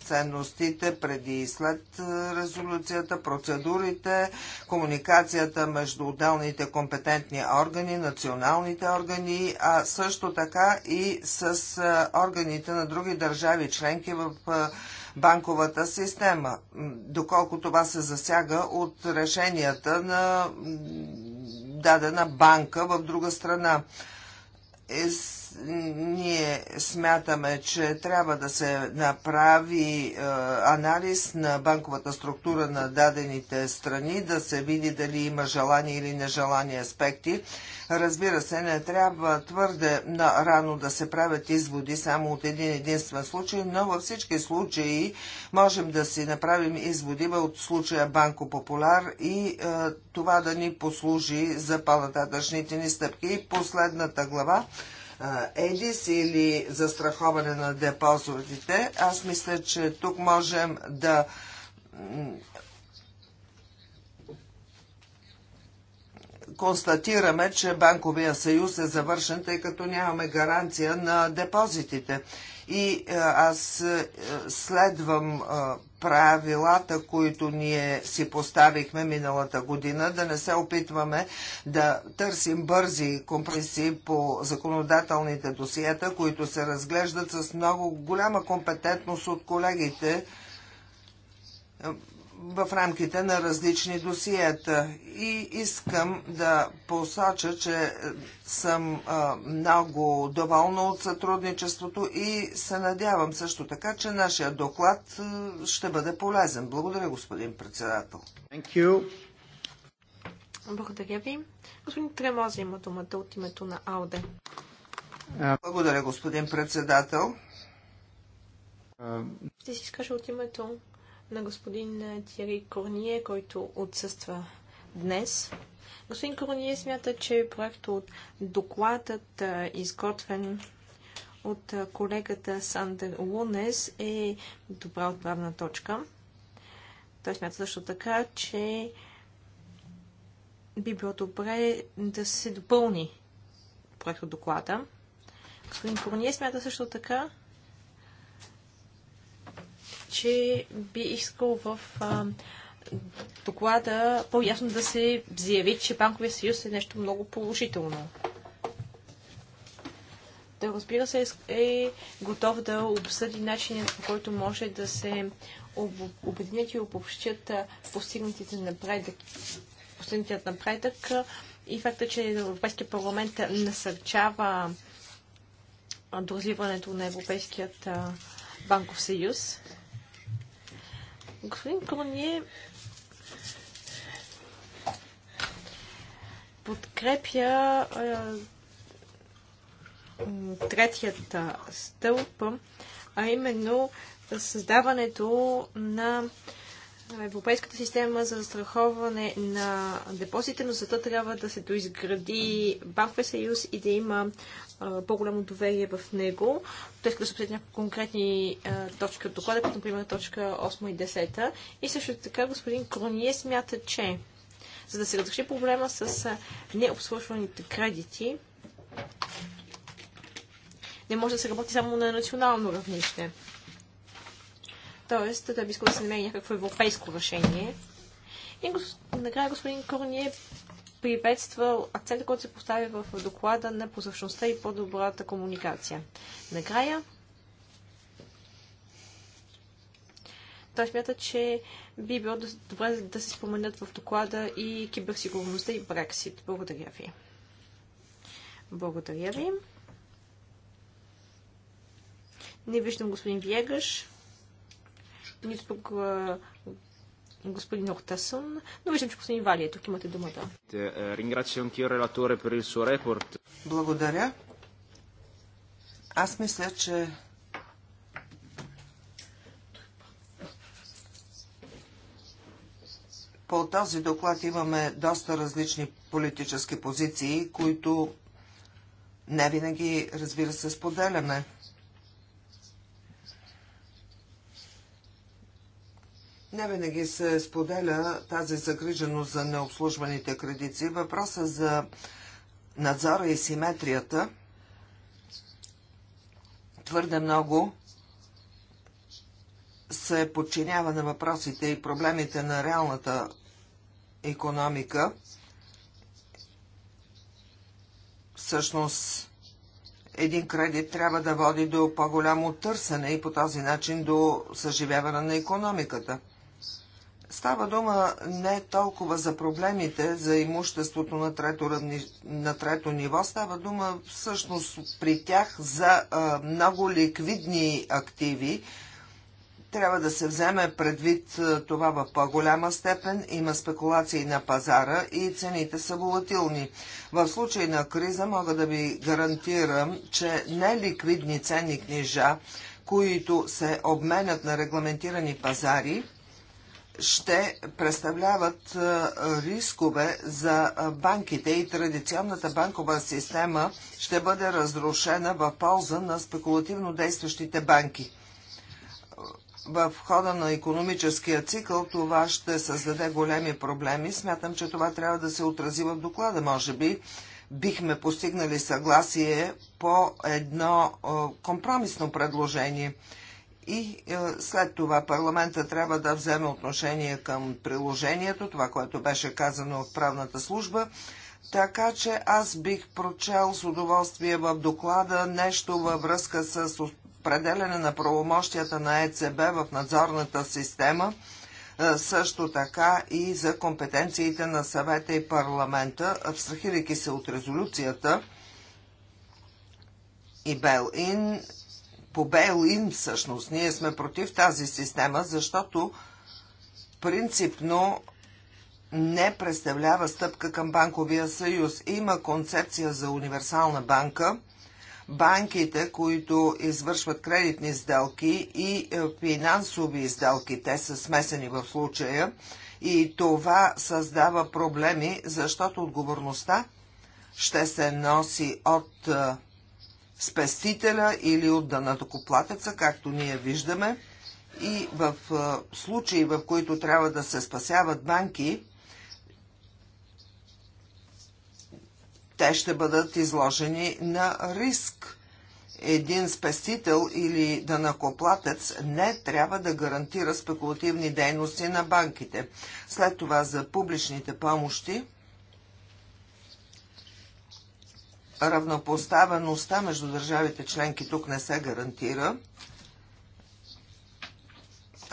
ценностите преди и след резолюцията, процедурите, комуникацията между отделните компетентни органи, националните органи, а също така и с органите на други държави членки в банковата система, доколко това се засяга от решенията на дадена банка в друга страна ние смятаме, че трябва да се направи е, анализ на банковата структура на дадените страни, да се види дали има желание или нежелани аспекти. Разбира се, не трябва твърде на, рано да се правят изводи само от един единствен случай, но във всички случаи можем да си направим изводи от случая Банко Популяр и е, това да ни послужи за по-нататъчните ни стъпки. И последната глава ЕЛИС или застраховане на депозитите. Аз мисля, че тук можем да констатираме, че банковия съюз е завършен, тъй като нямаме гаранция на депозитите. И аз следвам правилата, които ние си поставихме миналата година, да не се опитваме да търсим бързи компромиси по законодателните досиета, които се разглеждат с много голяма компетентност от колегите в рамките на различни досиета. И искам да посоча, че съм много доволна от сътрудничеството и се надявам също така, че нашия доклад ще бъде полезен. Благодаря, господин председател. Благодаря ви. Господин Тремоза има думата от името на АОДЕ. Благодаря, господин председател. Ще си изкажа от името на господин Тири Корние, който отсъства днес. Господин Корние смята, че проект от докладът, изготвен от колегата Сандер Лунес, е добра отправна точка. Той смята също така, че би било добре да се допълни проект от доклада. Господин Корние смята също така, че би искал в а, доклада по-ясно да се заяви, че банковия съюз е нещо много положително. Да, разбира се, е готов да обсъди начинът, по който може да се обединят и обобщат постигнатите напредък, постигнатият напредък и факта, че Европейския парламент насърчава доразвиването на Европейският банков съюз. Господин Кроние подкрепя третият стълб, а именно създаването на е, европейската система за застраховане на депозите, но за това трябва да се доизгради банков съюз и да има по-голямо доверие в него. Той като да се обсъдят някои конкретни а, точки от доклада, като например точка 8 и 10. И също така господин Кроние смята, че за да се разреши проблема с необслужваните кредити, не може да се работи само на национално равнище. Тоест, да би искал да се намери някакво европейско решение. И гос... накрая господин Корние приветства акцента, който се поставя в доклада на прозрачността и по-добрата комуникация. Накрая, той смята, че би било добре да се споменат в доклада и киберсигурността и Брексит. Благодаря ви. Благодаря ви. Не виждам господин Виегаш дори пък господин Охтасън, но виждам, че господин Валия, е тук имате думата. Е, е, Благодаря. Аз мисля, че по този доклад имаме доста различни политически позиции, които не винаги, разбира се, споделяме. Не винаги се споделя тази загриженост за необслужваните кредици. Въпроса за надзора и симетрията твърде много се подчинява на въпросите и проблемите на реалната економика. Всъщност, един кредит трябва да води до по-голямо търсене и по този начин до съживяване на економиката. Става дума не толкова за проблемите за имуществото на трето, равни, на трето ниво, става дума всъщност при тях за а, много ликвидни активи. Трябва да се вземе предвид това в по-голяма степен. Има спекулации на пазара и цените са волатилни. В случай на криза мога да ви гарантирам, че неликвидни ценни книжа, които се обменят на регламентирани пазари, ще представляват рискове за банките и традиционната банкова система ще бъде разрушена в полза на спекулативно действащите банки. В хода на економическия цикъл това ще създаде големи проблеми. Смятам, че това трябва да се отрази в доклада. Може би бихме постигнали съгласие по едно компромисно предложение – и е, след това парламента трябва да вземе отношение към приложението, това, което беше казано от правната служба. Така че аз бих прочел с удоволствие в доклада нещо във връзка с определене на правомощията на ЕЦБ в надзорната система, е, също така и за компетенциите на съвета и парламента, абстрахирайки се от резолюцията и Бел-Ин по бейлин всъщност. Ние сме против тази система, защото принципно не представлява стъпка към банковия съюз. Има концепция за универсална банка. Банките, които извършват кредитни сделки и е, финансови сделки, те са смесени в случая. И това създава проблеми, защото отговорността ще се носи от е, спестителя или от данатокоплатеца, както ние виждаме. И в случаи, в които трябва да се спасяват банки, те ще бъдат изложени на риск. Един спестител или данакоплатец не трябва да гарантира спекулативни дейности на банките. След това за публичните помощи равнопоставеността между държавите членки тук не се гарантира.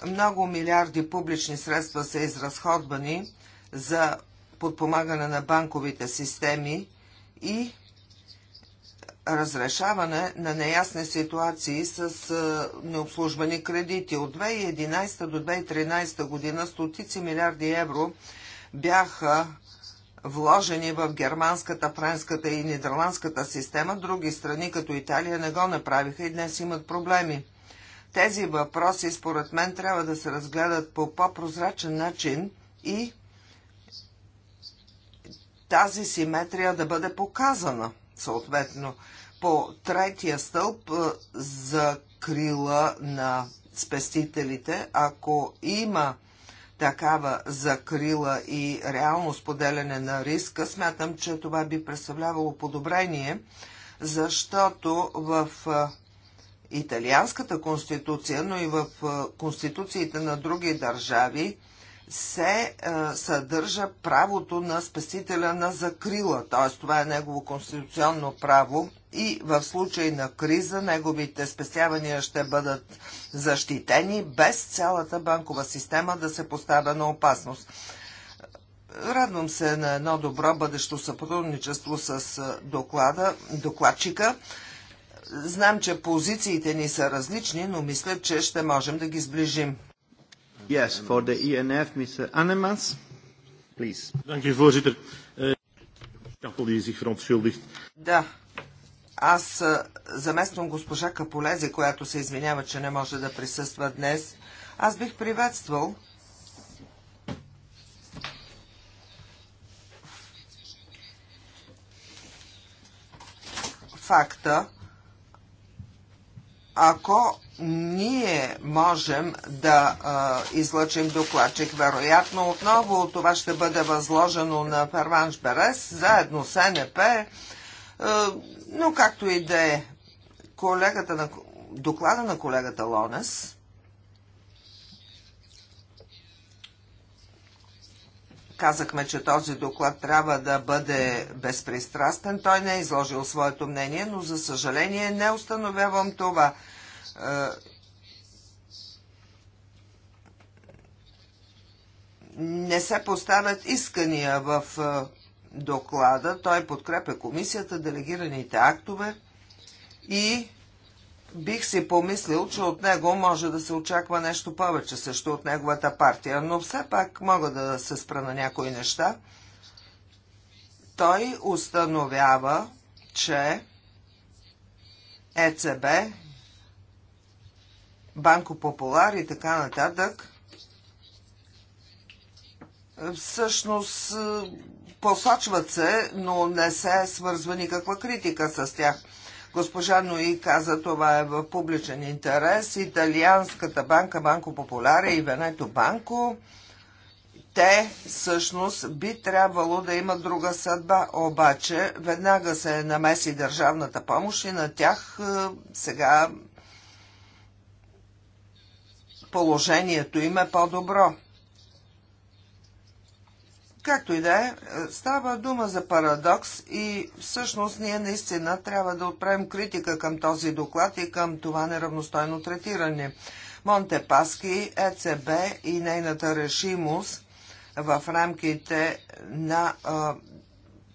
Много милиарди публични средства са изразходвани за подпомагане на банковите системи и разрешаване на неясни ситуации с необслужвани кредити. От 2011 до 2013 година стотици милиарди евро бяха вложени в германската, френската и нидерландската система, други страни като Италия не го направиха и днес имат проблеми. Тези въпроси, според мен, трябва да се разгледат по по-прозрачен начин и тази симетрия да бъде показана, съответно, по третия стълб е, за крила на спестителите, ако има такава закрила и реално споделяне на риска, смятам, че това би представлявало подобрение, защото в италианската конституция, но и в конституциите на други държави се съдържа правото на спасителя на закрила, т.е. това е негово конституционно право и в случай на криза неговите спестявания ще бъдат защитени без цялата банкова система да се поставя на опасност. Радвам се на едно добро бъдещо сътрудничество с доклада, докладчика. Знам, че позициите ни са различни, но мисля, че ще можем да ги сближим. Yes, for the ENF, Mr. Anemans, Please. Thank you, voorzitter. Uh, eh, die zich verontschuldigt. Да, аз замествам госпожа Каполези, която се извинява, че не може да присъства днес. Аз бих приветствал факта, ако ние можем да а, излъчим докладчик. Вероятно, отново това ще бъде възложено на Перванш Берес, заедно с НП, е, но както и да е, колегата на, доклада на колегата Лонес казахме, че този доклад трябва да бъде безпристрастен. Той не е изложил своето мнение, но за съжаление не установявам това. Е, не се поставят искания в е, доклада. Той подкрепя комисията, делегираните актове и бих си помислил, че от него може да се очаква нещо повече също от неговата партия, но все пак мога да се спра на някои неща. Той установява, че ЕЦБ, Банко Популар и така нататък – всъщност посочват се, но не се свързва никаква критика с тях. Госпожа Нои каза, това е в публичен интерес. Италианската банка Банко Популяре и Венето Банко, те всъщност би трябвало да имат друга съдба, обаче веднага се намеси държавната помощ и на тях е, сега положението им е по-добро. Както и да е, става дума за парадокс и всъщност ние наистина трябва да отправим критика към този доклад и към това неравностойно третиране. Монте Паски, ЕЦБ и нейната решимост в рамките на а,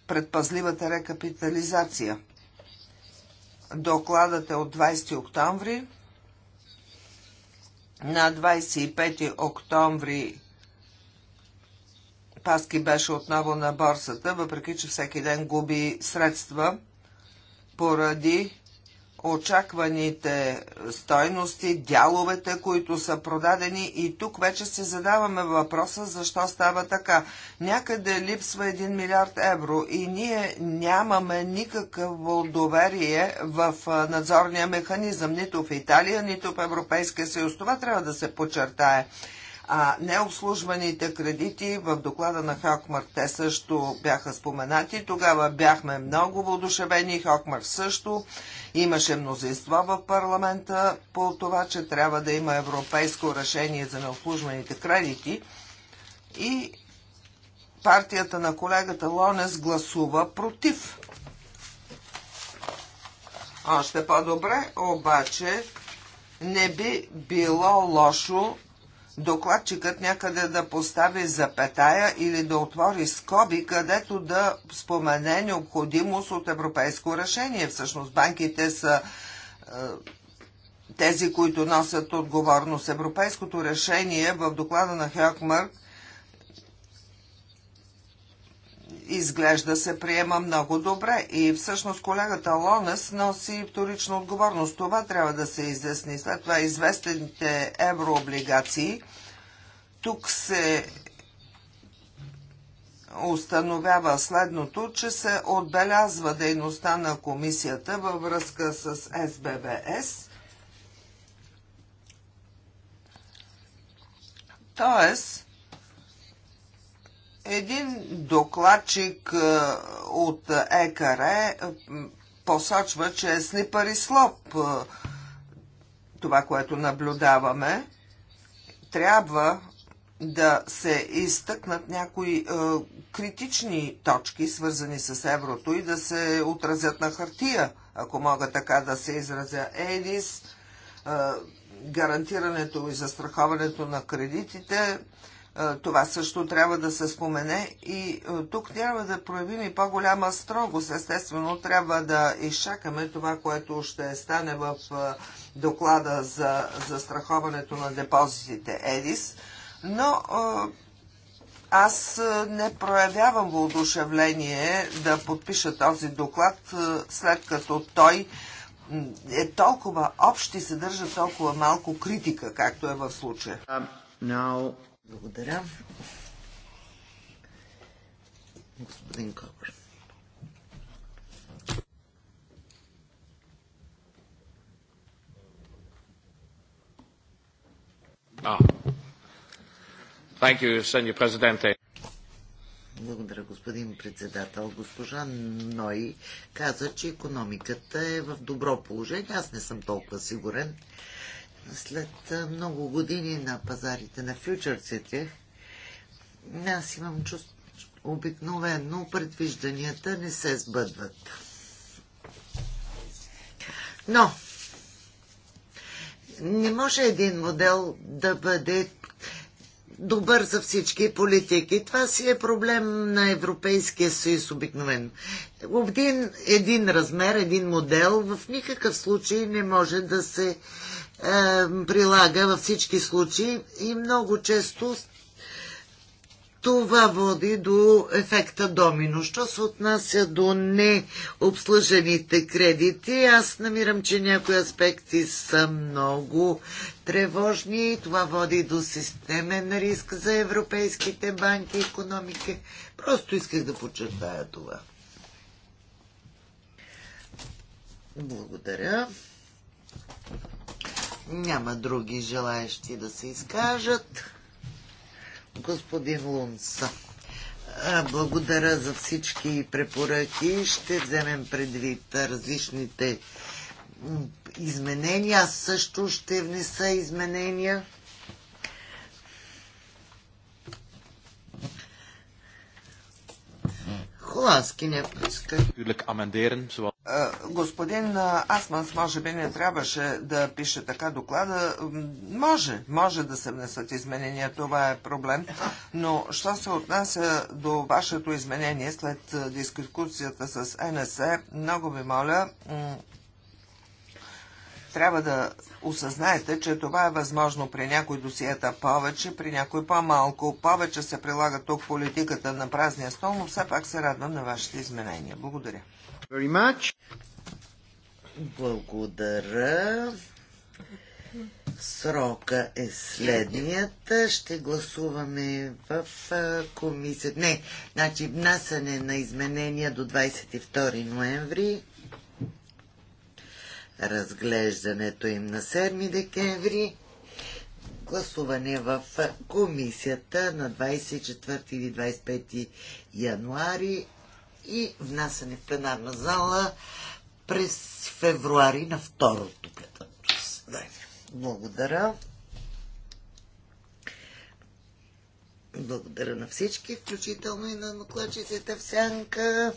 предпазливата рекапитализация. Докладът е от 20 октомври. На 25 октомври Паски беше отново на борсата, въпреки че всеки ден губи средства поради очакваните стойности, дяловете, които са продадени и тук вече си задаваме въпроса защо става така. Някъде липсва 1 милиард евро и ние нямаме никакво доверие в надзорния механизъм, нито в Италия, нито в Европейския съюз. Това трябва да се подчертае. А необслужваните кредити в доклада на Хокмарк те също бяха споменати. Тогава бяхме много воодушевени. Хокмарк също имаше мнозинство в парламента по това, че трябва да има европейско решение за необслужваните кредити. И партията на колегата Лонес гласува против. Още по-добре, обаче не би било лошо докладчикът някъде да постави запетая или да отвори скоби, където да спомене необходимост от европейско решение. Всъщност банките са е, тези, които носят отговорност. Европейското решение в доклада на Хьокмърк изглежда се приема много добре и всъщност колегата Лонес носи вторична отговорност. Това трябва да се изясни. След това известните еврооблигации. Тук се установява следното, че се отбелязва дейността на комисията във връзка с СББС. Тоест, един докладчик е, от ЕКАРЕ е, посочва, че е слипър и слоп е, това, което наблюдаваме. Трябва да се изтъкнат някои е, критични точки, свързани с еврото и да се отразят на хартия, ако мога така да се изразя. ЕДИС, е, гарантирането и застраховането на кредитите, това също трябва да се спомене и тук трябва да проявим и по-голяма строгост. Естествено, трябва да изчакаме това, което ще стане в доклада за застраховането на депозитите ЕДИС, но аз не проявявам воодушевление да подпиша този доклад, след като той е толкова общ и съдържа толкова малко критика, както е в случая. Благодаря. Господин Кобър. You, Благодаря, господин председател. Госпожа Ной каза, че економиката е в добро положение. Аз не съм толкова сигурен след много години на пазарите на фьючерсите, аз имам чувство, обикновено предвижданията не се сбъдват. Но не може един модел да бъде добър за всички политики. Това си е проблем на Европейския съюз обикновено. Един, един размер, един модел в никакъв случай не може да се е, прилага във всички случаи и много често това води до ефекта домино. Що се отнася до необслужените кредити, аз намирам, че някои аспекти са много тревожни. Това води до системен риск за европейските банки и економики. Просто исках да подчертая това. Благодаря. Няма други желаящи да се изкажат. Господин Лунса, благодаря за всички препоръки. Ще вземем предвид различните изменения. Аз също ще внеса изменения. Холандски не поиска. Natuurlijk amenderen, е, господин е, Асманс, може би не трябваше да пише така доклада. Може, може да се внесат изменения, това е проблем. Но що се отнася до вашето изменение след е, дискусията с НСЕ, много ви моля, трябва да осъзнаете, че това е възможно при някои досиета повече, при някои по-малко. Повече се прилага тук политиката на празния стол, но все пак се радвам на вашите изменения. Благодаря. Благодаря. Срока е следният. Ще гласуваме в комисия. Не, значи внасяне на изменения до 22 ноември. Разглеждането им на 7 декември. Гласуване в комисията на 24 или 25 януари и внасяне в пленарна зала през февруари на второто пленарно заседание. Благодаря. Благодаря на всички, включително и на докладчиците в сянка.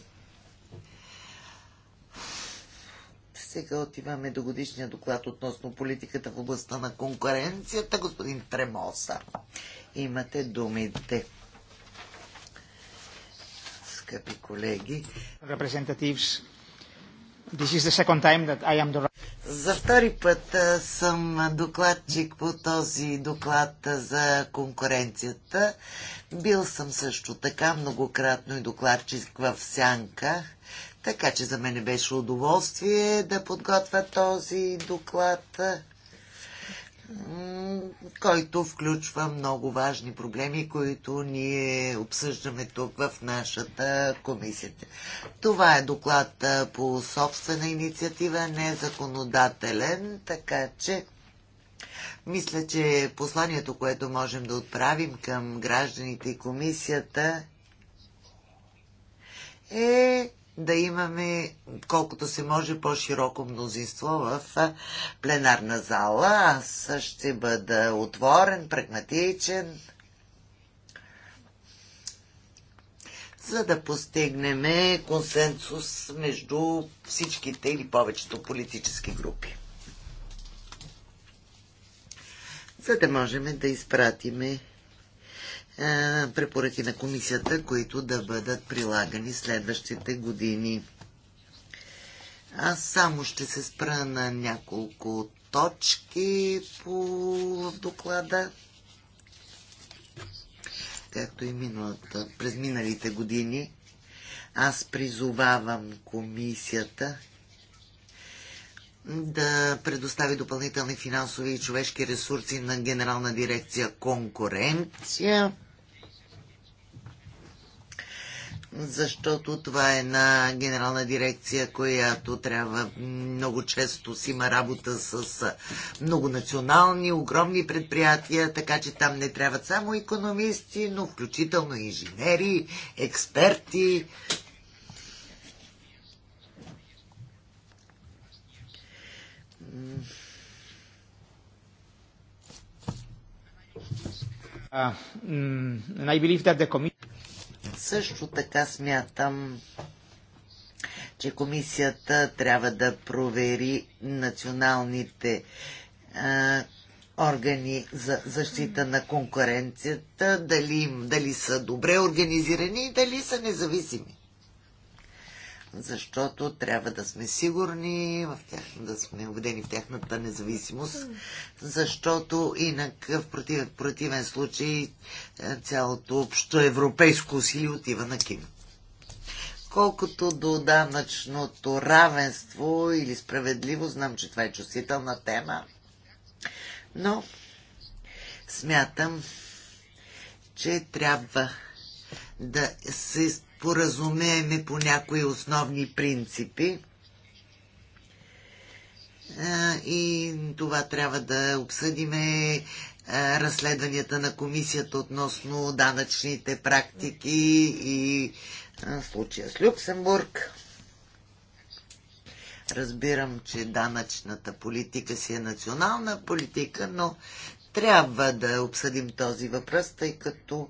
Сега отиваме до годишния доклад относно политиката в областта на конкуренцията. Господин Тремоса, имате думите скъпи колеги. The... За втори път съм докладчик по този доклад за конкуренцията. Бил съм също така многократно и докладчик в Сянка, така че за мен беше удоволствие да подготвя този доклад който включва много важни проблеми, които ние обсъждаме тук в нашата комисия. Това е доклад по собствена инициатива, не законодателен, така че мисля, че посланието, което можем да отправим към гражданите и комисията е да имаме колкото се може по-широко мнозинство в пленарна зала. Аз ще бъда отворен, прагматичен, за да постигнем консенсус между всичките или повечето политически групи. За да можем да изпратиме е, препоръки на комисията, които да бъдат прилагани следващите години. Аз само ще се спра на няколко точки по доклада. Както и миналата, през миналите години, аз призовавам комисията да предостави допълнителни финансови и човешки ресурси на Генерална дирекция конкуренция, защото това е на Генерална дирекция, която трябва много често си има работа с многонационални, огромни предприятия, така че там не трябват само економисти, но включително инженери, експерти, Също така смятам, че комисията трябва да провери националните органи за защита на конкуренцията, дали, дали са добре организирани и дали са независими защото трябва да сме сигурни, в тях, да сме убедени в тяхната независимост, защото инак в противен, противен случай е, цялото общо европейско усилие отива на Кина. Колкото до данъчното равенство или справедливо, знам, че това е чувствителна тема, но смятам, че трябва да се споразумееме по някои основни принципи. И това трябва да обсъдиме разследванията на комисията относно данъчните практики и случая с Люксембург. Разбирам, че данъчната политика си е национална политика, но трябва да обсъдим този въпрос, тъй като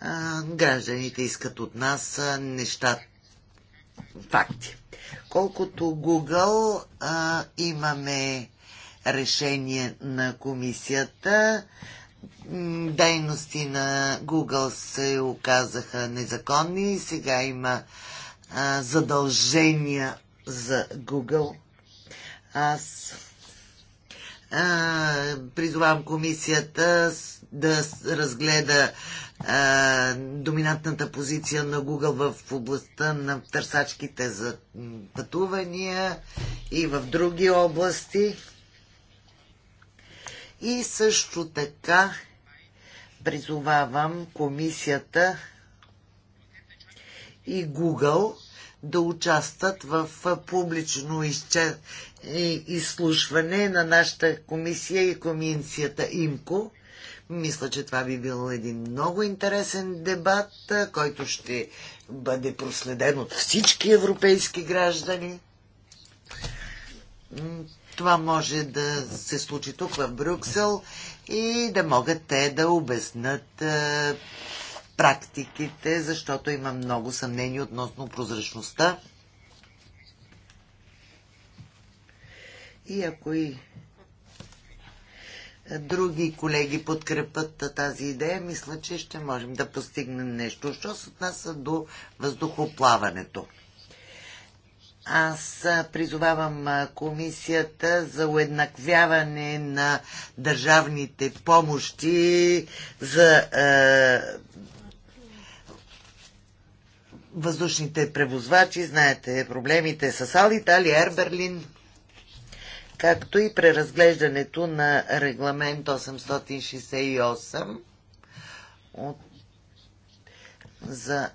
а, гражданите искат от нас а, неща, факти. Колкото Google а, имаме решение на комисията. Дейности на Google се оказаха незаконни и сега има а, задължения за Google. Аз а, призовам комисията да разгледа доминантната позиция на Google в областта на търсачките за пътувания и в други области. И също така призовавам комисията и Google да участват в публично изче... изслушване на нашата комисия и комисията ИМКО мисля, че това би бил един много интересен дебат, който ще бъде проследен от всички европейски граждани. Това може да се случи тук в Брюксел и да могат те да обяснат практиките, защото има много съмнения относно прозрачността. И ако и други колеги подкрепят тази идея, мисля, че ще можем да постигнем нещо. Що се отнася до въздухоплаването? Аз призовавам комисията за уеднаквяване на държавните помощи за е, въздушните превозвачи. Знаете проблемите с Алиталия, Ерберлин както и преразглеждането на регламент 868 от, за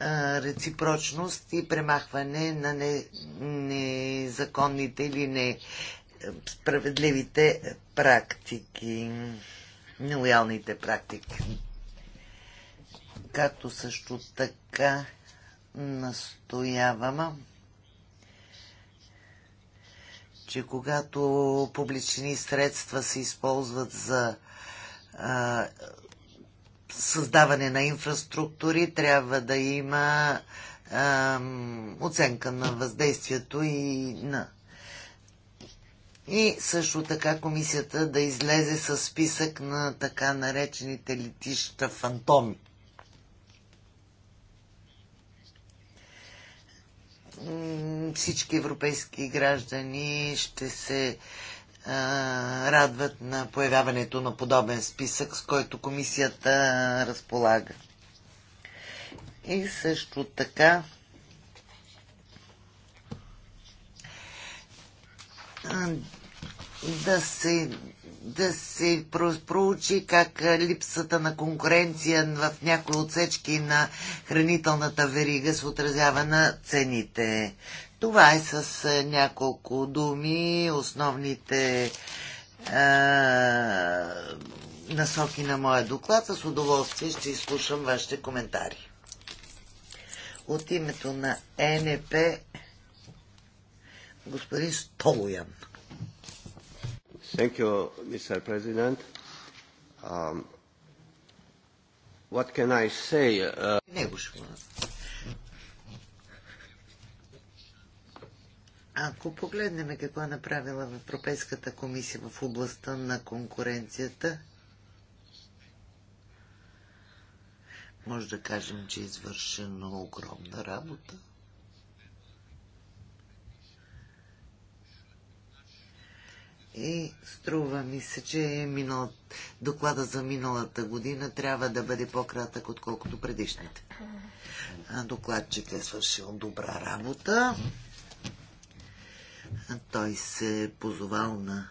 а, реципрочност и премахване на не, незаконните или несправедливите практики, нелоялните практики. Както също така настоявам че когато публични средства се използват за а, създаване на инфраструктури, трябва да има а, оценка на въздействието и на. И също така комисията да излезе с списък на така наречените летища фантоми. всички европейски граждани ще се а, радват на появяването на подобен списък, с който комисията разполага. И също така да се да се проучи как липсата на конкуренция в някои отсечки на хранителната верига се отразява на цените. Това е с няколко думи основните а, насоки на моя доклад. С удоволствие ще изслушам вашите коментари. От името на НП господин Столоян. Thank you, Mr. President. Um, what can I say? Uh... Ако погледнем какво е направила Европейската комисия в областта на конкуренцията, може да кажем, че е извършена огромна работа. И струва ми се, че минал... доклада за миналата година трябва да бъде по-кратък, отколкото предишните. Докладчик е свършил добра работа. Той се е позовал на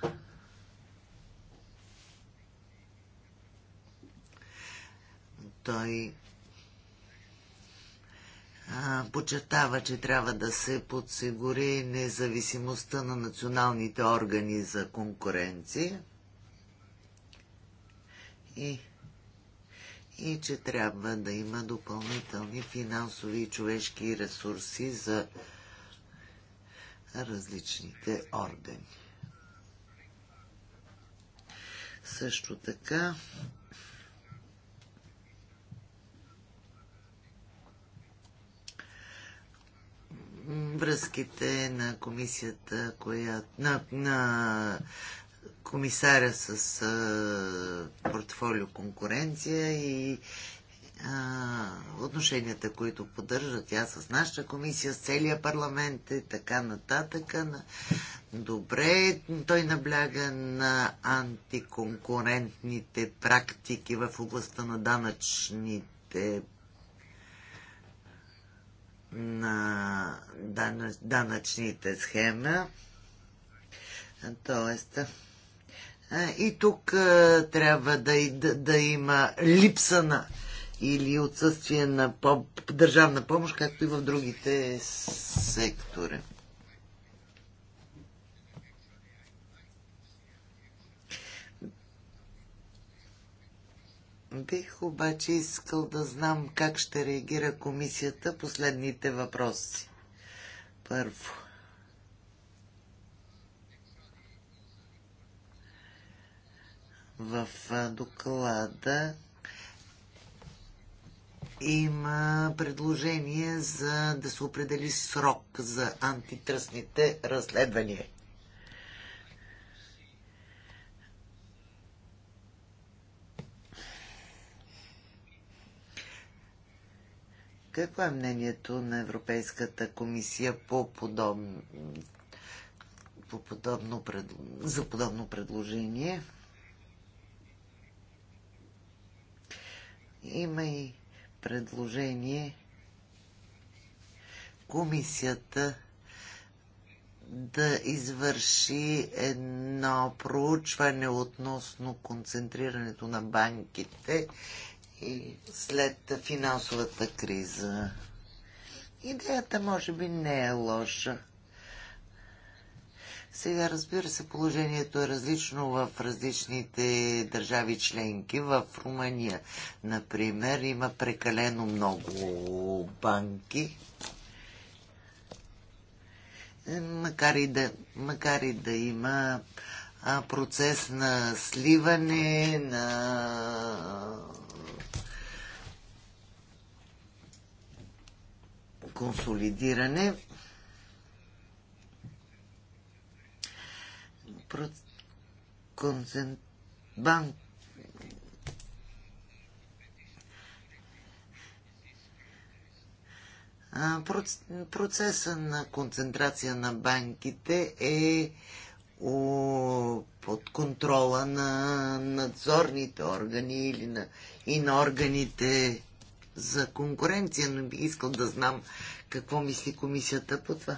той подчертава, че трябва да се подсигури независимостта на националните органи за конкуренция и, и че трябва да има допълнителни финансови и човешки ресурси за различните органи. Също така връзките на комисията, коя, на, на комисаря с а, портфолио конкуренция и а, отношенията, които поддържа тя с нашата комисия, с целия парламент и така нататък. На... Добре, той набляга на антиконкурентните практики в областта на данъчните на данъчните схема. Тоест, и тук трябва да, да, да има липса на или отсъствие на по, държавна помощ, както и в другите сектори. Бих обаче искал да знам как ще реагира комисията последните въпроси. Първо. В доклада има предложение за да се определи срок за антитръсните разследвания. Какво е мнението на Европейската комисия по подобно, по подобно пред, за подобно предложение? Има и предложение комисията да извърши едно проучване относно концентрирането на банките и след финансовата криза. Идеята може би не е лоша. Сега, разбира се, положението е различно в различните държави членки. В Румъния, например, има прекалено много банки. Макар и да, макар и да има процес на сливане, на консолидиране. Банк Процеса на концентрация на банките е под контрола на надзорните органи или на, и на органите за конкуренция, но би искал да знам какво мисли комисията по това.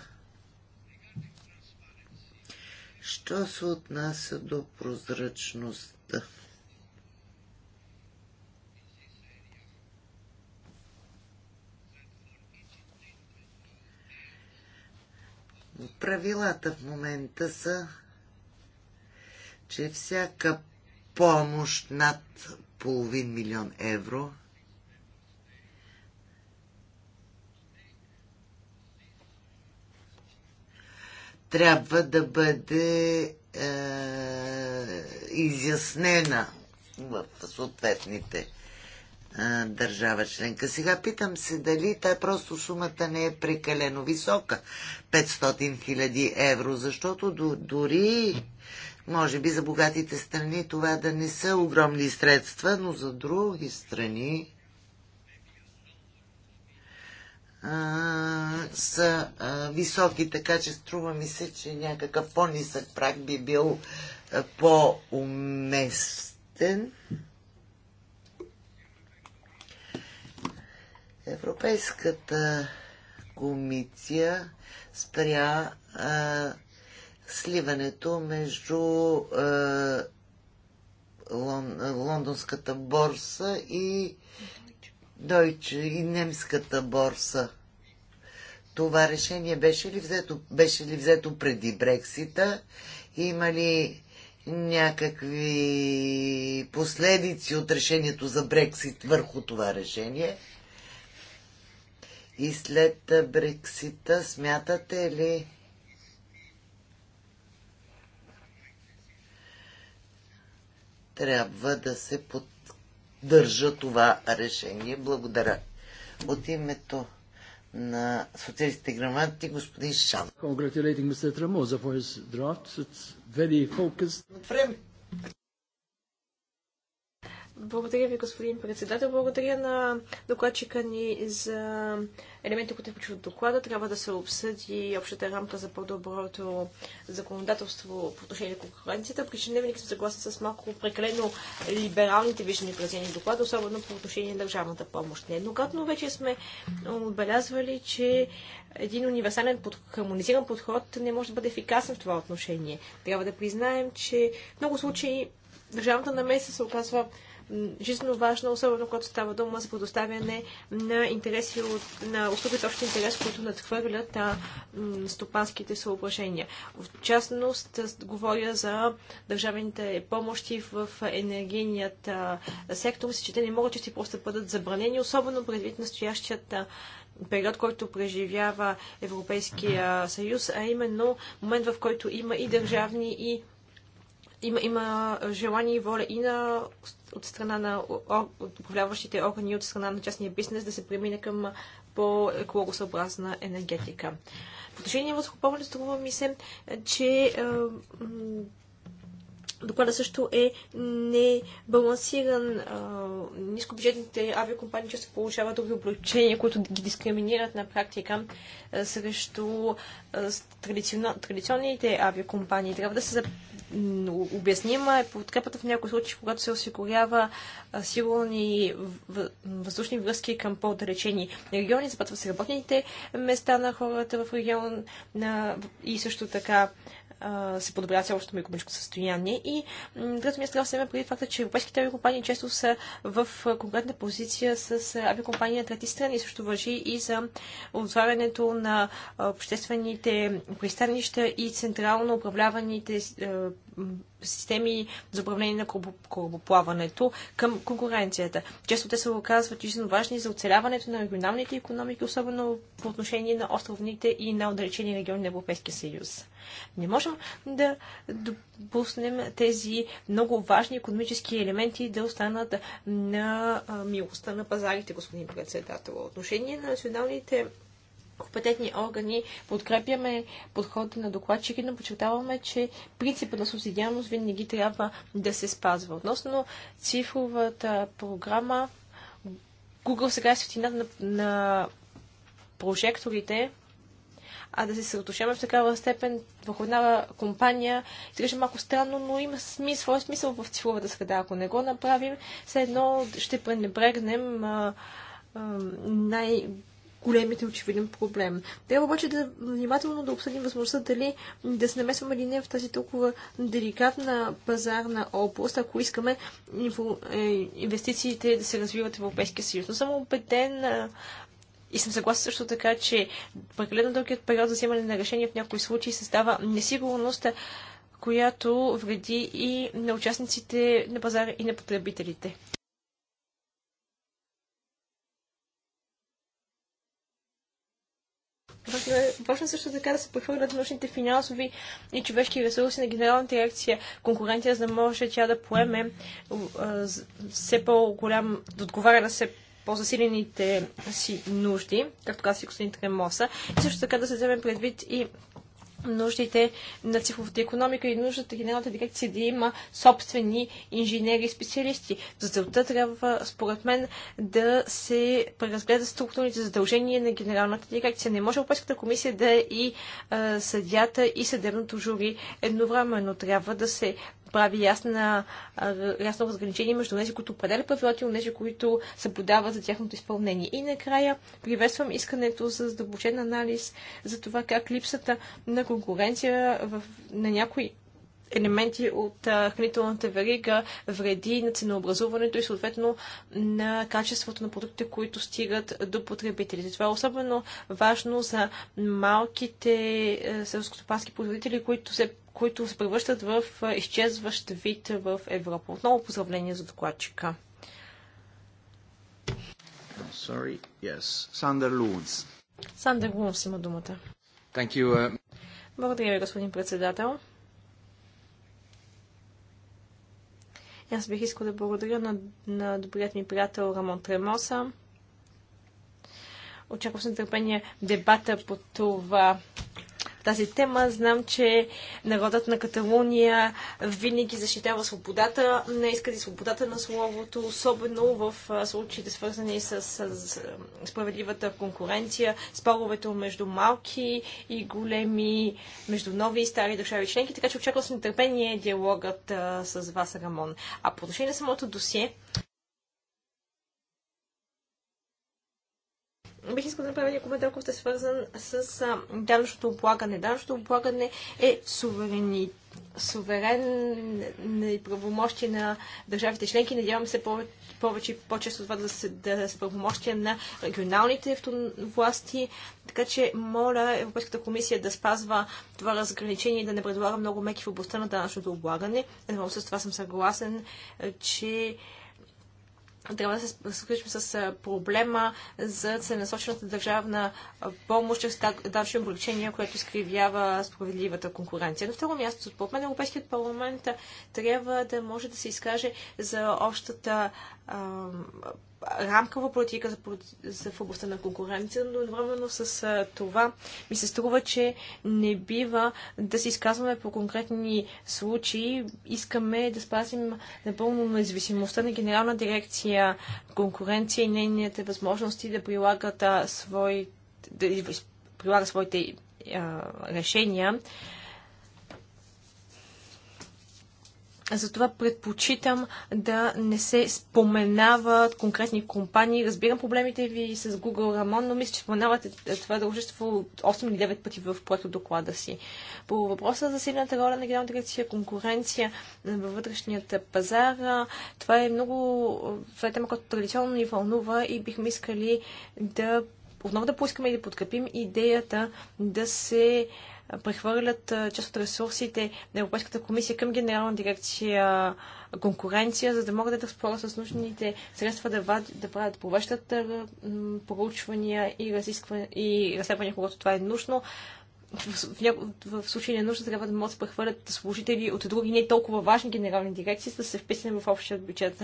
Що се отнася до прозрачността? Правилата в момента са, че всяка помощ над половин милион евро трябва да бъде е, изяснена в съответните е, държава членка. Сега питам се дали тая просто сумата не е прекалено висока 500 000 евро, защото до, дори може би за богатите страни това да не са огромни средства, но за други страни а, са а, високи, така че струва ми се, че някакъв по-нисък прак би бил по-уместен. Европейската комисия спря а, сливането между а, Лон, Лондонската борса и Дойче и немската борса. Това решение беше ли взето, беше ли взето преди Брексита? Има ли някакви последици от решението за Брексит върху това решение? И след Брексита смятате ли трябва да се подпише държа това решение. Благодаря. От името на социалистите грамати господин Шан. Congratulating Mr. Tremosa for his draft. It's very focused. Време. Благодаря ви, господин председател. Благодаря на докладчика ни за елементи, които е включил доклада. Трябва да се обсъди общата рамка за по-доброто законодателство по отношение на конкуренцията. Причина винаги съм съгласна с малко прекалено либералните виждания, изразени в доклада, особено по отношение на държавната помощ. Нееднократно вече сме отбелязвали, че един универсален, под, хармонизиран подход не може да бъде ефикасен в това отношение. Трябва да признаем, че в много случаи държавната намеса се оказва жизненно важна, особено когато става дума за предоставяне на интереси от, на услуги с общ интерес, които надхвърлят а, стопанските съображения. В частност, говоря за държавните помощи в енергийният а, сектор. Мисля, че те не могат си просто бъдат забранени, особено предвид настоящият период, който преживява Европейския съюз, а именно момент, в който има и държавни, и има, има желание и воля и на, от страна на от управляващите органи, от страна на частния бизнес да се премине към по-екологосъобразна енергетика. В отношение на възхопаването струва ми се, че Доклада също е небалансиран. нискобюджетните авиокомпании често получават други облегчения, които ги дискриминират на практика срещу традиционните авиокомпании. Трябва да се обяснима е подкрепата в някои случаи, когато се осигурява сигурни въздушни връзки към по-далечени региони, запътва се работните места на хората в регион и също така се подобрява цялото ми економическо състояние. И другата място трябва да се има преди факта, че европейските авиокомпании често са в конкретна позиция с авиокомпании на трети страни. Също въжи и за отварянето на обществените пристанища и централно управляваните системи за управление на корабоплаването към конкуренцията. Често те се оказват жизненно важни за оцеляването на регионалните економики, особено по отношение на островните и на отдалечени региони на Европейския съюз. Не можем да допуснем тези много важни економически елементи да останат на милостта на пазарите, господин председател. Отношение на националните компетентни органи. Подкрепяме подхода на докладчики, но подчертаваме, че принципът на субсидиарност винаги трябва да се спазва. Относно цифровата програма, Google сега е светлината на, на прожекторите, а да се съсредоточаваме в такава степен върху една компания, изглежда малко странно, но има смисъл, своя смисъл в цифровата среда. Ако не го направим, все едно ще пренебрегнем а, а, най- Големите очевиден проблем. Трябва обаче да внимателно да обсъдим възможността дали да се намесваме или не в тази толкова деликатна пазарна област, ако искаме е, инвестициите да се развиват в Европейския съюз. Но съм убеден и съм съгласен също така, че прекалено дългият период за вземане на решение в някои случаи създава несигурност, която вреди и на участниците на пазара и на потребителите. Важно е, важно също така да се прехвърлят нужните финансови и човешки ресурси на Генерална дирекция конкуренция, за да може тя да поеме а, все по-голям, да отговаря на все по-засилените си нужди, както каза и Костин Тремоса. И също така да се вземе предвид и нуждите на цифровата економика и нуждата генералната дирекция да има собствени инженери и специалисти. За целта трябва, според мен, да се преразгледат структурните задължения на генералната дирекция. Не може Европейската комисия да е и а, съдята и съдебното жури едновременно. Трябва да се прави ясна, ясно разграничение между тези, които определят правилата и тези, които се подават за тяхното изпълнение. И накрая приветствам искането за задълбочен анализ за това как липсата на конкуренция в, на някои елементи от хранителната верига вреди на ценообразуването и съответно на качеството на продуктите, които стигат до потребителите. Това е особено важно за малките селскостопански производители, които се които се превръщат в изчезващ вид в Европа. Отново поздравление за докладчика. Sorry, yes. Сандър Лунс. Сандър Лунс има думата. Thank you, uh... Благодаря ви, господин председател. Аз бих искал да благодаря на, на добрият ми приятел Рамон Тремоса. Очаквам с нетърпение дебата по това тази тема. Знам, че народът на Каталуния винаги защитава свободата на иска и е свободата на словото, особено в случаите свързани с, с справедливата конкуренция, споровете между малки и големи, между нови и стари държави членки, така че очаквам с нетърпение диалогът а, с вас, Рамон. А по отношение на самото досие, бих искал да направя един коментар, който е свързан с данъчното облагане. Данъчното облагане е суверени, суверен правомощие на държавите членки. Надявам се повече, повече по-често това да се да е с правомощия на регионалните власти. Така че моля Европейската комисия да спазва това разграничение и да не предлага много меки в областта на данъчното облагане. Едно с това съм съгласен, че трябва да се включим с проблема за целенасочената държавна помощ чрез данъчни облегчения, което изкривява справедливата конкуренция. На второ място, от мен, Европейският парламент трябва да може да се изкаже за общата а, рамкова политика за, за в областта на конкуренция, но едновременно с а, това ми се струва, че не бива да се изказваме по конкретни случаи. Искаме да спазим напълно независимостта на Генерална дирекция конкуренция и нейните възможности да прилагат а, свой, да, прилага своите а, решения Затова предпочитам да не се споменават конкретни компании. Разбирам проблемите ви с Google Ramon, но мисля, че споменавате това дължество 8 или 9 пъти в проекта доклада си. По въпроса за силната роля на генерална дирекция конкуренция във вътрешният пазар, това е много това е тема, която традиционно ни вълнува и бихме искали да отново да поискаме и да подкрепим идеята да се прехвърлят част от ресурсите на Европейската комисия към Генерална дирекция конкуренция, за да могат да разполагат с нужните средства да, вад, да правят, повещат проучвания и, разисква, и разследвания, когато това е нужно. В, в, в, в случай на нужда трябва да могат да прехвърлят служители от други не толкова важни генерални дирекции, за да се вписане в общия бюджет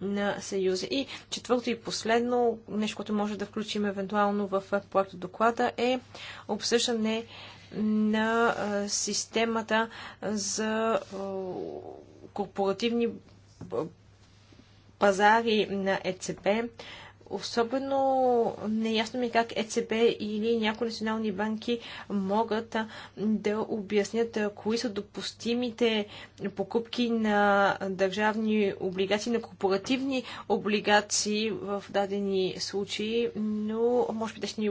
на Съюза. И четвърто и последно, нещо, което може да включим евентуално в проекта доклада е обсъждане на системата за корпоративни пазари на ЕЦП, Особено неясно ми е как ЕЦБ или някои национални банки могат да обяснят кои са допустимите покупки на държавни облигации, на корпоративни облигации в дадени случаи, но може би те ще ни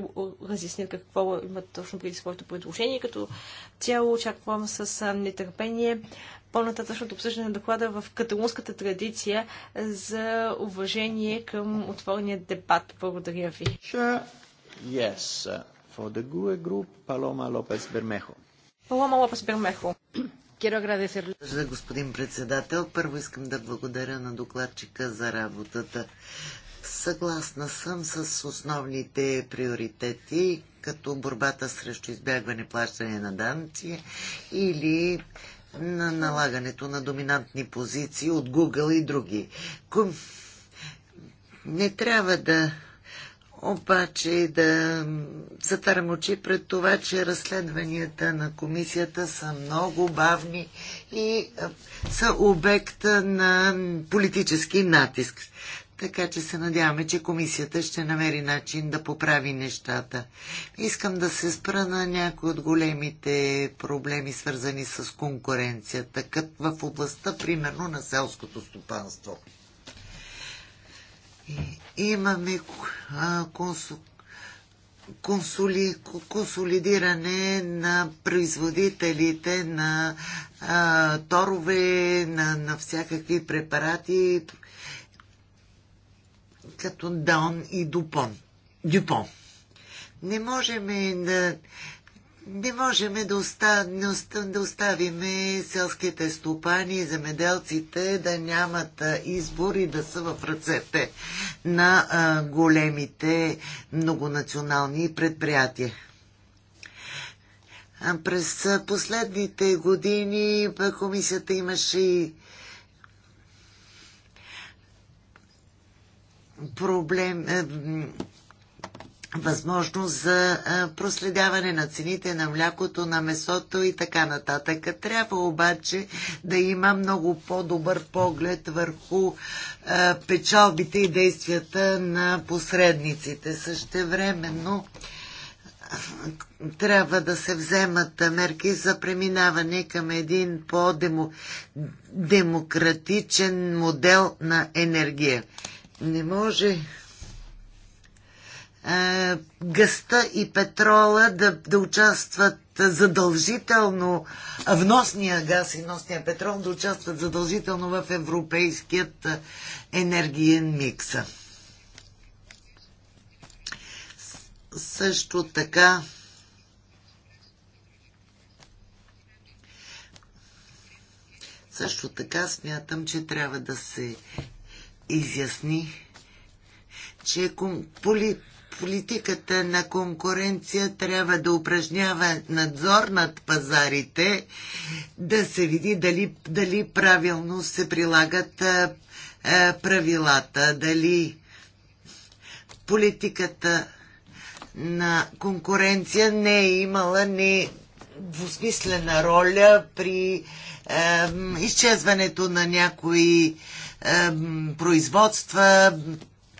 разяснят какво имат точно преди своето предложение. Като цяло очаквам с нетърпение по-нататъчното обсъждане на доклада в каталунската традиция за уважение към отворения дебат. Благодаря ви. Sure. Yes. Uh, for the GUE group, Paloma López Bermejo. Палома Лопес Бермехо. Господин председател, първо искам да благодаря на докладчика за работата. Съгласна съм с основните приоритети, като борбата срещу избягване плащане на данци или на налагането на доминантни позиции от Google и други. Ком... Не трябва да обаче да затварям очи пред това, че разследванията на комисията са много бавни и са обект на политически натиск. Така че се надяваме, че комисията ще намери начин да поправи нещата. Искам да се спра на някои от големите проблеми, свързани с конкуренцията, като в областта, примерно, на селското стопанство. Имаме консоли, консолидиране на производителите на торове, на, на всякакви препарати, като Даун и Дупон. Дюпон. Не можем да не можем да, оста, да оставим селските стопани и земеделците да нямат избор и да са в ръцете на а, големите многонационални предприятия. А през последните години комисията имаше и проблем, е, възможност за е, проследяване на цените на млякото, на месото и така нататък. Трябва обаче да има много по-добър поглед върху е, печалбите и действията на посредниците. Същевременно трябва да се вземат мерки за преминаване към един по-демократичен модел на енергия. Не може гъста и петрола да, да участват задължително, вносния газ и вносния петрол да участват задължително в европейският енергиен микс. Също така също така смятам, че трябва да се изясни, че поли, политиката на конкуренция трябва да упражнява надзор над пазарите, да се види дали, дали правилно се прилагат а, а, правилата, дали политиката на конкуренция не е имала ни двусмислена роля при е, изчезването на някои производства,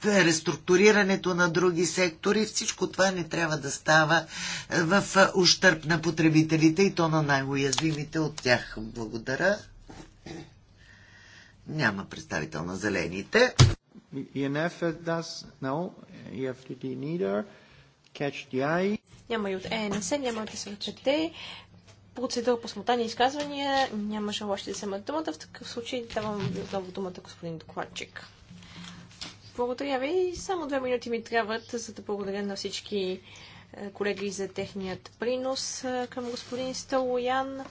реструктурирането на други сектори. Всичко това не трябва да става е, в е, ущърп на потребителите и то на най-уязвимите от тях. Благодаря. Няма представител на зелените. E е, e няма и от ЕНС, няма да се отчете процедура по смотани изказвания. Няма желащи да вземат думата. В такъв случай давам отново думата господин докладчик. Благодаря ви. Само две минути ми трябват, за да благодаря на всички е, колеги за техният принос е, към господин Сталоян.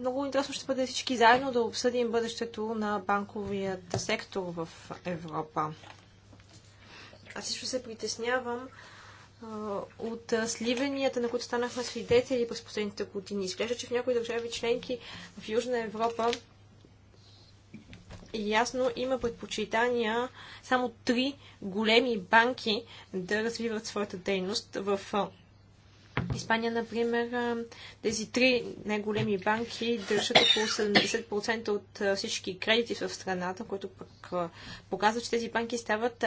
Много интересно ще бъде всички заедно да обсъдим бъдещето на банковият сектор в Европа. Аз също се притеснявам, от сливанията, на които станахме свидетели през последните години. Изглежда, че в някои държави членки в Южна Европа ясно има предпочитания само три големи банки да развиват своята дейност в Испания, например, тези три най-големи банки държат около 70% от всички кредити в страната, което пък показва, че тези банки стават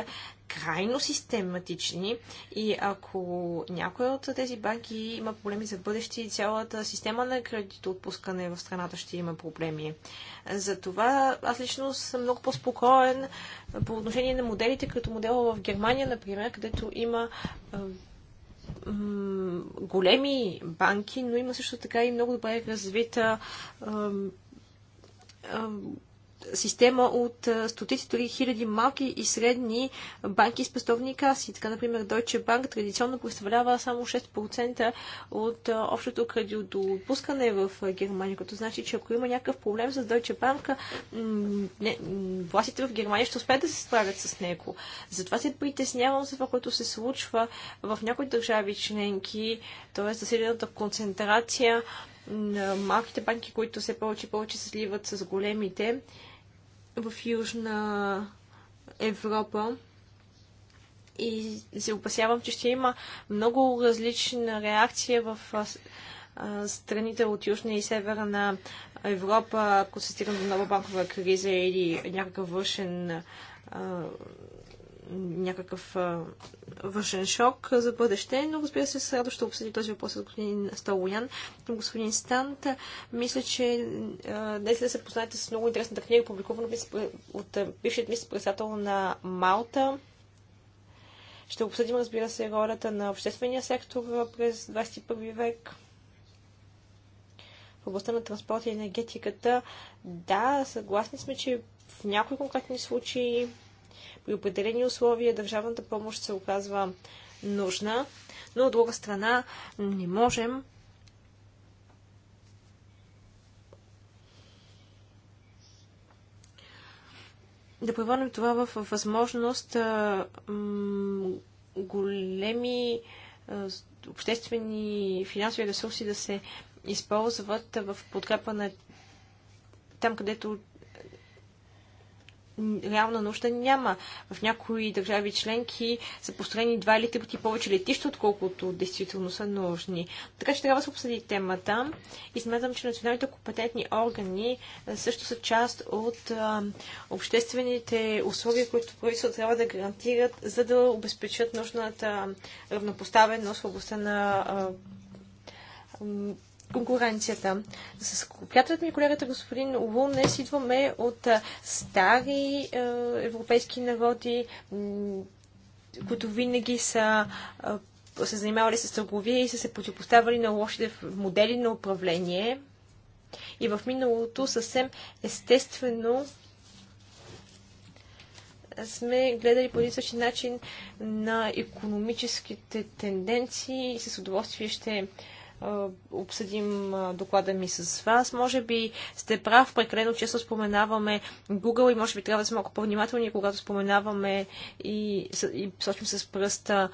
крайно систематични и ако някоя от тези банки има проблеми за бъдещи, цялата система на кредито отпускане в страната ще има проблеми. Затова аз лично съм много по-спокоен по отношение на моделите, като модела в Германия, например, където има големи банки, но има също така и много добре развита система от стотици, дори хиляди малки и средни банки с пестовни каси. Така, например, Deutsche Bank традиционно представлява само 6% от общото кредитопускане в Германия, като значи, че ако има някакъв проблем с Deutsche Bank, властите в Германия ще успеят да се справят с него. Затова се притеснявам за това, което се случва в някои държави членки, т.е. засилената концентрация на малките банки, които се повече и повече се сливат с големите в Южна Европа и се опасявам, че ще има много различна реакция в страните от Южна и Северна Европа, ако се стигне до нова банкова криза или някакъв външен някакъв а, вършен шок за бъдеще, но разбира се, с радост ще обсъдим този въпрос с господин Столоян. господин Стант, мисля, че днес да се познаете с много интересната книга, публикувана от бившият мисъл председател на Малта. Ще обсъдим, разбира се, ролята на обществения сектор през 21 век в областта на транспорта и енергетиката. Да, съгласни сме, че в някои конкретни случаи при определени условия държавната помощ се оказва нужна, но от друга страна не можем да превърнем това в възможност големи обществени финансови ресурси да се използват в подкрепа на там, където реална нужда няма. В някои държави членки са построени два или три пъти повече летища, отколкото действително са нужни. Така че трябва да се обсъди темата и смятам, че националните компетентни органи също са част от а, обществените услуги, които правителството трябва да гарантират, за да обезпечат нужната равнопоставеност в областта на а, конкуренцията. С приятелят ми, колегата господин днес идваме от стари европейски народи, които винаги са се занимавали с търговия и са се противопоставали на лошите модели на управление. И в миналото съвсем естествено сме гледали по един същи начин на економическите тенденции и с удоволствие ще обсъдим доклада ми с вас. Може би сте прав, прекалено често споменаваме Google и може би трябва да сме малко по-внимателни, когато споменаваме и, и сочим с пръста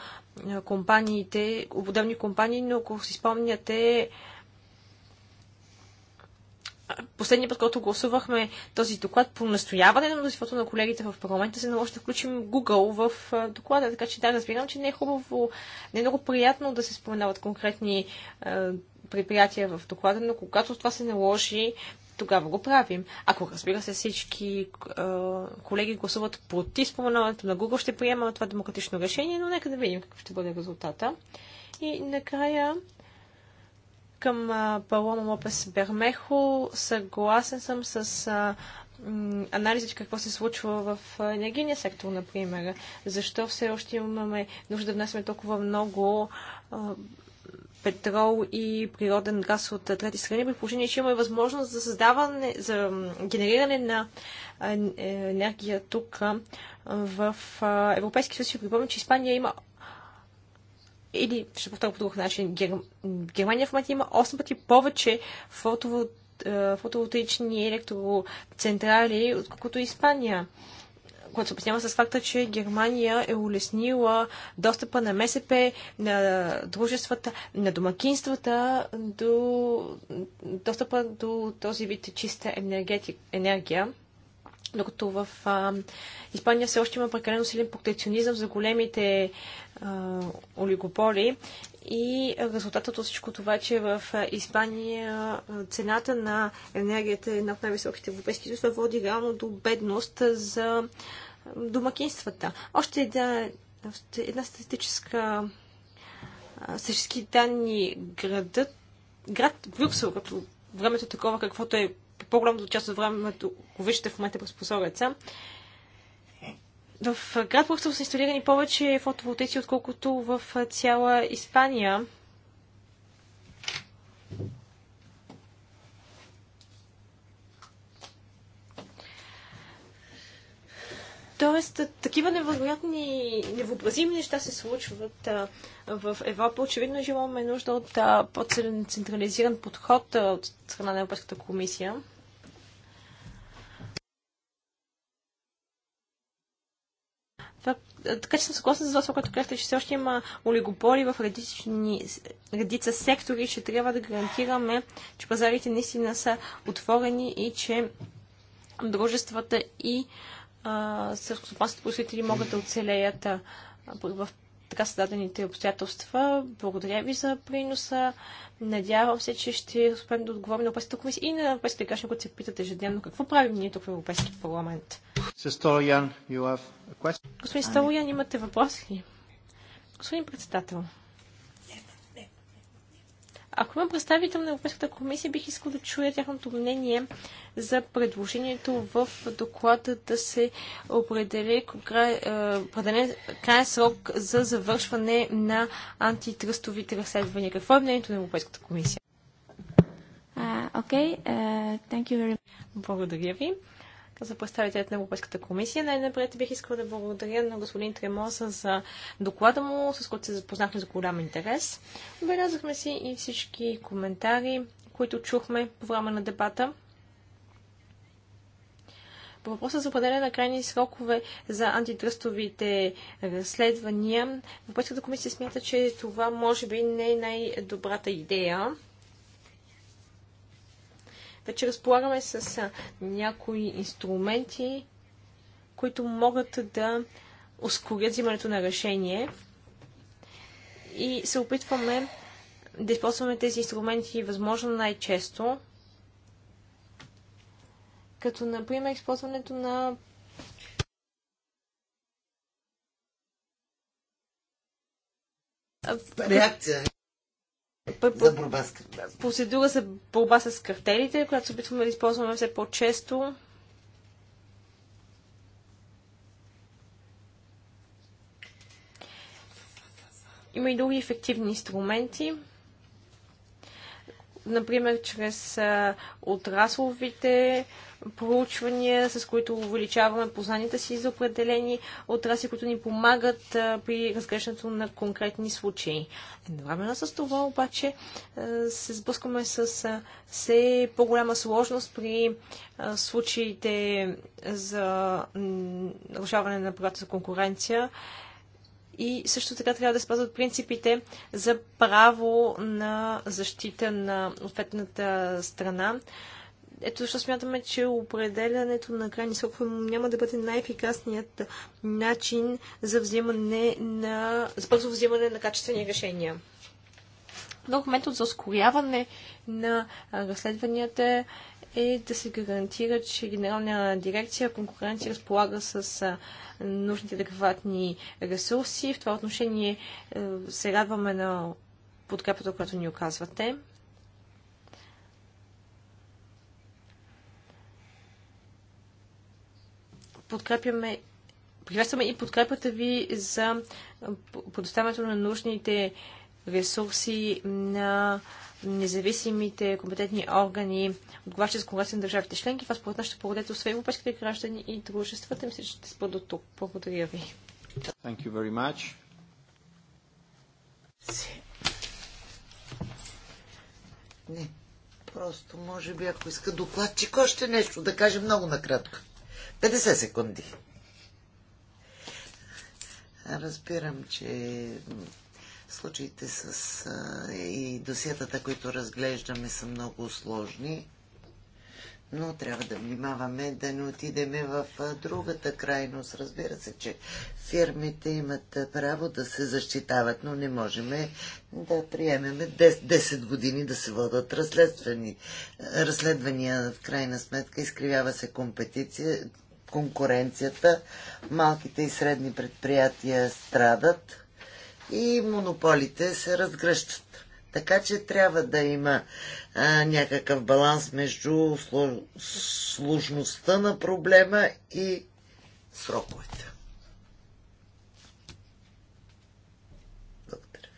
компаниите, отделни компании, но ако си спомняте, последния път, когато гласувахме този доклад по настояване на мнозинството на колегите в парламента, се наложи да включим Google в доклада. Така че да, разбирам, че не е хубаво, не е много приятно да се споменават конкретни предприятия в доклада, но когато това се наложи, тогава го правим. Ако разбира се всички е, колеги гласуват против споменаването на Google, ще приемаме това демократично решение, но нека да видим какъв ще бъде резултата. И накрая към Палома Лопес Бермехо. Съгласен съм с анализът какво се случва в енергийния сектор, например. Защо все още имаме нужда да внесеме толкова много а, петрол и природен газ от трети страни, при положение, че имаме възможност за създаване, за генериране на е, енергия тук в Европейския съюз. Припомням, че Испания има или ще повторя по друг начин, Гер... Германия в момента има 8 пъти повече фотово... Е, фотоволтаични електроцентрали, отколкото Испания което се обяснява с факта, че Германия е улеснила достъпа на МСП, на дружествата, на домакинствата до достъпа до този вид чиста енергетик, енергия. Докато в а, Испания все още има прекалено силен протекционизъм за големите а, олигополи и резултатът от всичко това, е, че в Испания цената на енергията е една от най-високите европейски съюз, води реално до бедност за домакинствата. Още една, една статистическа статистически данни градът, град Брюксел, като времето е такова, каквото е по-голямата част от времето ако виждате в момента през посолеца. В град Бурсел са инсталирани повече фотоволтеци, отколкото в цяла Испания. Тоест, такива невероятни, невъобразими неща се случват а, в Европа. Очевидно, е, имаме нужда от по-централизиран подход а, от страна на Европейската комисия. Това, така че съм съгласна с вас, което казахте, че все още има олигополи в редични, редица сектори, че трябва да гарантираме, че пазарите наистина са отворени и че дружествата и селскостопанските производители могат да оцелеят в така създадените обстоятелства. Благодаря ви за приноса. Надявам се, че ще успеем да отговорим на Европейската комисия и на Европейските граждани, които се питат ежедневно какво правим ние тук в Европейския парламент. Господин Столоян, имате въпрос ли? Господин председател, ако имам представител на Европейската комисия, бих искал да чуя тяхното мнение за предложението в доклада да се определи е, определен крайен срок за завършване на антитръстовите разследвания. Какво е мнението на Европейската комисия? Uh, okay. uh, Благодаря ви. За представителят на Европейската комисия. Най-напред бих искала да благодаря на господин Тремоса за доклада му, с който се запознахме за голям интерес. Белязахме си и всички коментари, които чухме по време на дебата. По въпроса за определяне на крайни срокове за антитръстовите разследвания, Европейската комисия смята, че това може би не е най-добрата идея вече разполагаме с някои инструменти, които могат да ускорят взимането на решение и се опитваме да използваме тези инструменти възможно най-често, като например използването на реакция за борба с Процедура за борба с картелите, която се опитваме да използваме все по-често. Има и други ефективни инструменти например, чрез отрасловите проучвания, с които увеличаваме познанията си за определени отрасли, които ни помагат при разгръщането на конкретни случаи. Едновременно с това обаче се сблъскваме с все по-голяма сложност при случаите за нарушаване на правата за конкуренция и също така трябва да спазват принципите за право на защита на ответната страна. Ето защо смятаме, че определянето на крайни срокове няма да бъде най-ефикасният начин за, взимане на, за бързо взимане на качествени решения. Друг метод за ускоряване на разследванията е да се гарантира, че Генерална дирекция конкуренция разполага с нужните адекватни ресурси. В това отношение е, се радваме на подкрепата, която ни оказвате. Подкрепяме Приветстваме и подкрепата ви за предоставянето на нужните ресурси на независимите компетентни органи, отговарящи за конгресите на държавите членки. Това според нас ще поведе освен европейските граждани и дружествата. Мисля, че ще спра до тук. Благодаря ви. Thank you very much. Не, просто може би ако иска докладчик още нещо да каже много накратко. 50 секунди. Разбирам, че Случаите с и досиетата, които разглеждаме, са много сложни, но трябва да внимаваме да не отидеме в другата крайност. Разбира се, че фирмите имат право да се защитават, но не можем да приемеме 10, 10 години да се водят разследвания. В крайна сметка изкривява се компетиция, конкуренцията, малките и средни предприятия страдат и монополите се разгръщат. Така че трябва да има а, някакъв баланс между сложността на проблема и сроковете. Благодаря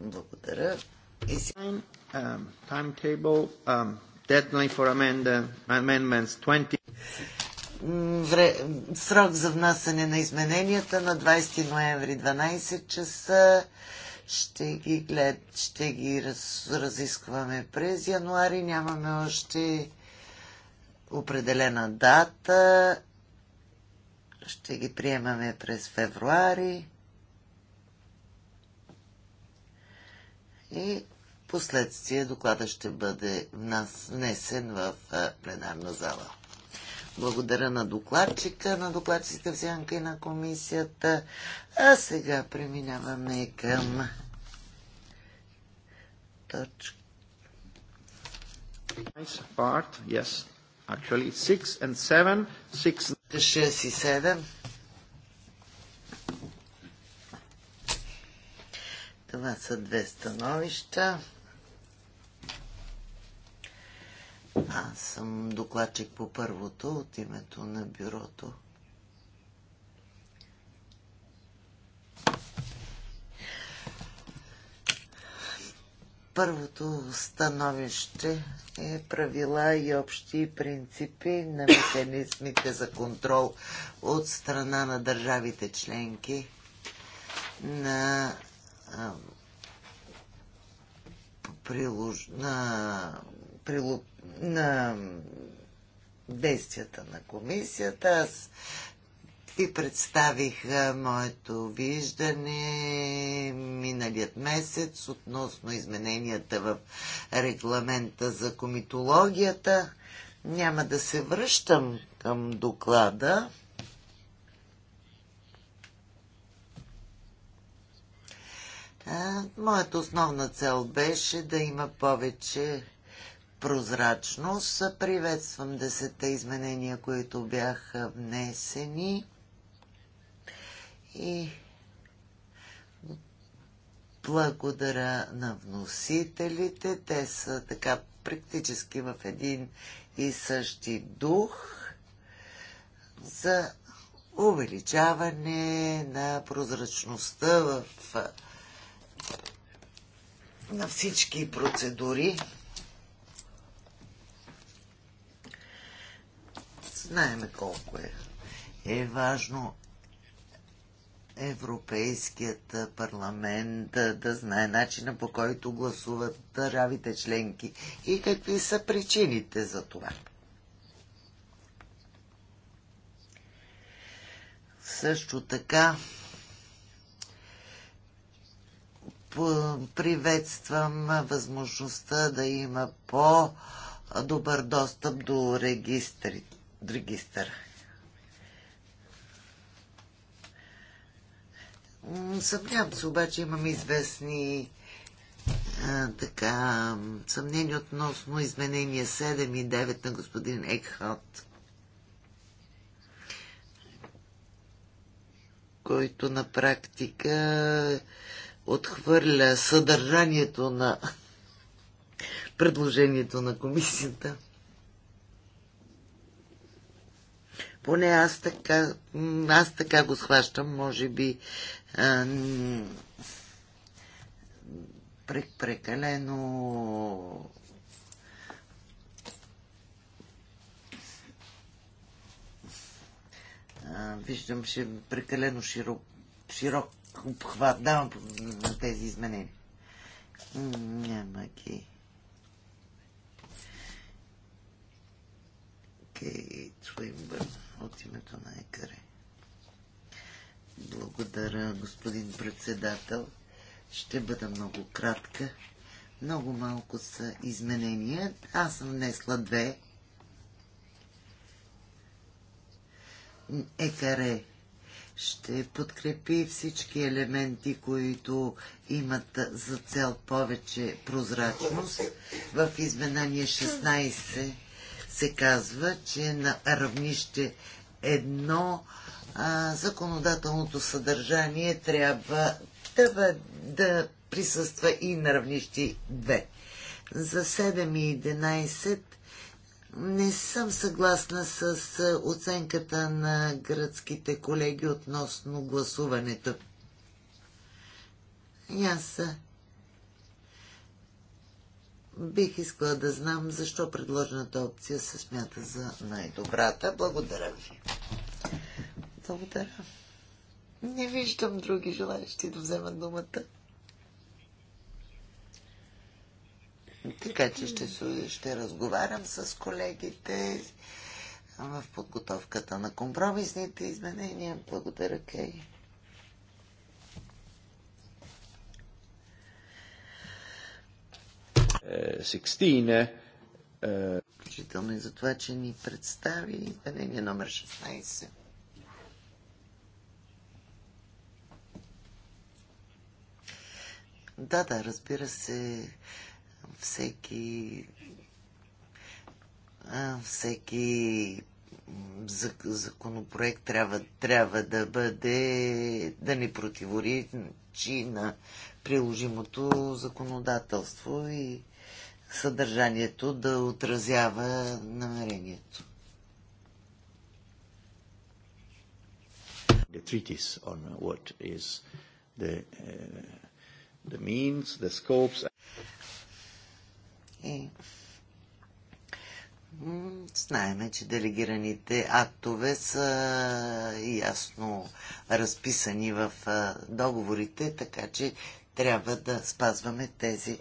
Благодаря. И um, timetable, um, deadline for amend, amendments 20 вре... срок за внасене на измененията на 20 ноември 12 часа. Ще ги, глед... ще ги раз... разискваме през януари. Нямаме още определена дата. Ще ги приемаме през февруари. И последствие доклада ще бъде внесен в пленарна зала. Благодаря на докладчика, на докладчика в сянка и на комисията. А сега преминаваме към точка. Part, yes. Actually, six and seven, six... 6 и 7. Това са две становища. Аз съм докладчик по първото от името на бюрото. Първото становище е правила и общи принципи на механизмите за контрол от страна на държавите членки на, а, прилож... на на действията на комисията. Аз ви представих моето виждане миналият месец относно измененията в регламента за комитологията. Няма да се връщам към доклада. Моята основна цел беше да има повече прозрачност. Приветствам десетте изменения, които бяха внесени. И благодаря на вносителите. Те са така практически в един и същи дух за увеличаване на прозрачността в на всички процедури. Знаеме колко е, е важно Европейският парламент да, да знае начина по който гласуват държавите членки и какви са причините за това. Също така приветствам възможността да има по-добър достъп до регистрите регистър. Съмнявам се, обаче имам известни а, така, съмнение относно изменения 7 и 9 на господин Екхат, който на практика отхвърля съдържанието на предложението на комисията. Поне аз така, аз така го схващам, може би а, прекалено виждам, ще прекалено широк, широк обхват да, на тези изменения. Няма ги. Кейт Уимбърн от името на ЕКАРЕ. Благодаря, господин председател. Ще бъда много кратка. Много малко са изменения. Аз съм внесла две. Екаре ще подкрепи всички елементи, които имат за цел повече прозрачност. В изменение 16 се казва, че е на равнище едно а, законодателното съдържание трябва да, да присъства и на равнище 2. За 7 и 11 не съм съгласна с оценката на гръцките колеги относно гласуването. И аз Бих искала да знам защо предложената опция се смята за най-добрата. Благодаря ви. Благодаря. Не виждам други желаящи да вземат думата. Така че ще, ще разговарям с колегите в подготовката на компромисните изменения. Благодаря, Кей. Е, Включително и за това, че ни представи изменение номер 16. Да, да, разбира се, всеки всеки законопроект трябва, трябва да бъде, да не противоречи на приложимото законодателство и съдържанието да отразява намерението. The treatise on what is the, uh, the means, the scopes. И... Знаеме, че делегираните актове са ясно разписани в договорите, така че трябва да спазваме тези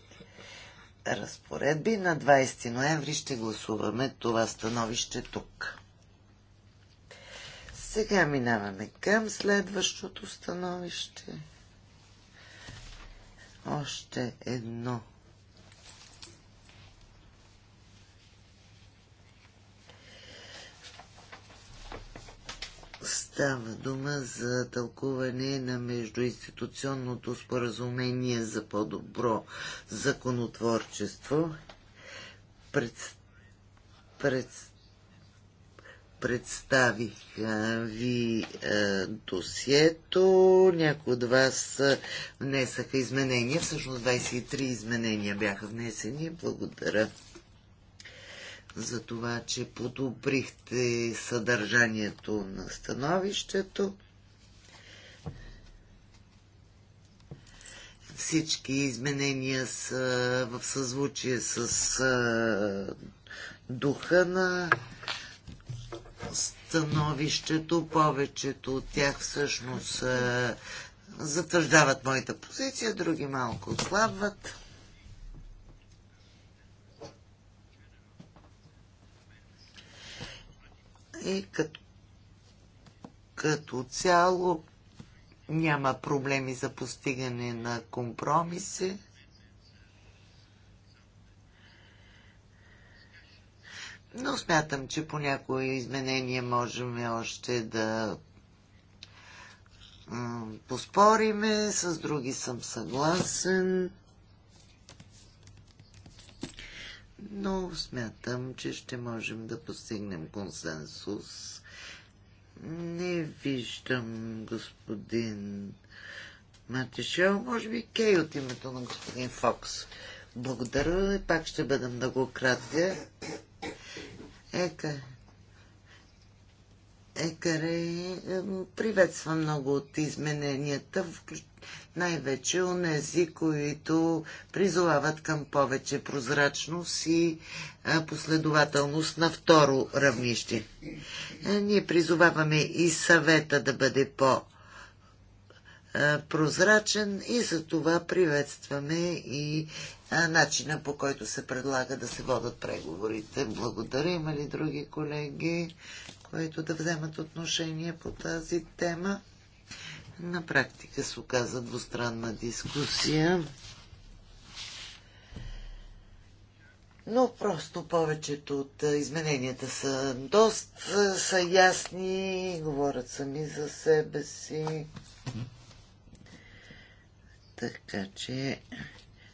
разпоредби. На 20 ноември ще гласуваме това становище тук. Сега минаваме към следващото становище. Още едно Става дума за тълкуване на междуинституционното споразумение за по-добро законотворчество. Пред, пред, представих ви е, досието. Някои от вас внесаха изменения. Всъщност 23 изменения бяха внесени. Благодаря за това, че подобрихте съдържанието на становището. Всички изменения са в съзвучие с духа на становището. Повечето от тях всъщност затвърждават моята позиция, други малко отслабват. и като, като цяло няма проблеми за постигане на компромиси. Но смятам, че по някои изменения можем още да поспориме, с други съм съгласен. но смятам, че ще можем да постигнем консенсус. Не виждам господин Матишел, може би Кей от името на господин Фокс. Благодаря и пак ще бъда много кратя. Ека. Екаре приветства много от измененията, включително най-вече онези, които призовават към повече прозрачност и последователност на второ равнище. Ние призоваваме и съвета да бъде по- прозрачен и за това приветстваме и начина по който се предлага да се водат преговорите. Благодаря. Има ли други колеги, които да вземат отношение по тази тема? На практика се оказа двустранна дискусия. Но просто повечето от измененията са доста са ясни, говорят сами за себе си. Така че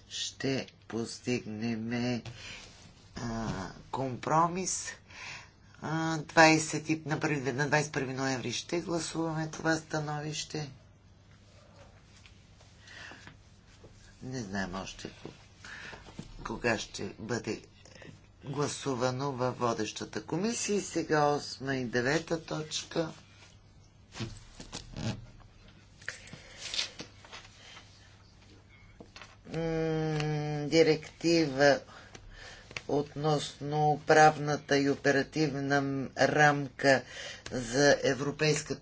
ще постигнем а, компромис 20, на 21 ноември ще гласуваме това становище. Не знаем още кога ще бъде гласувано във водещата комисия. И сега 8 и 9 точка. Директива относно правната и оперативна рамка за Европейската,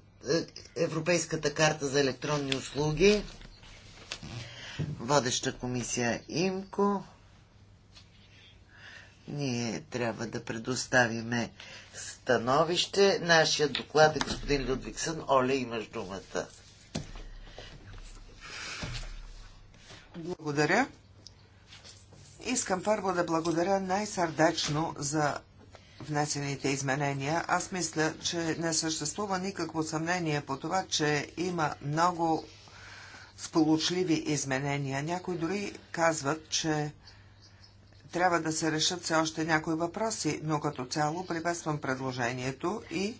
е, Европейската карта за електронни услуги. Водеща комисия ИМКО. Ние трябва да предоставиме становище. Нашия доклад е господин Людвигсън. Оле, имаш думата. Благодаря. Искам първо да благодаря най-сърдечно за внесените изменения. Аз мисля, че не съществува никакво съмнение по това, че има много сполучливи изменения. Някои дори казват, че трябва да се решат все още някои въпроси, но като цяло приветствам предложението и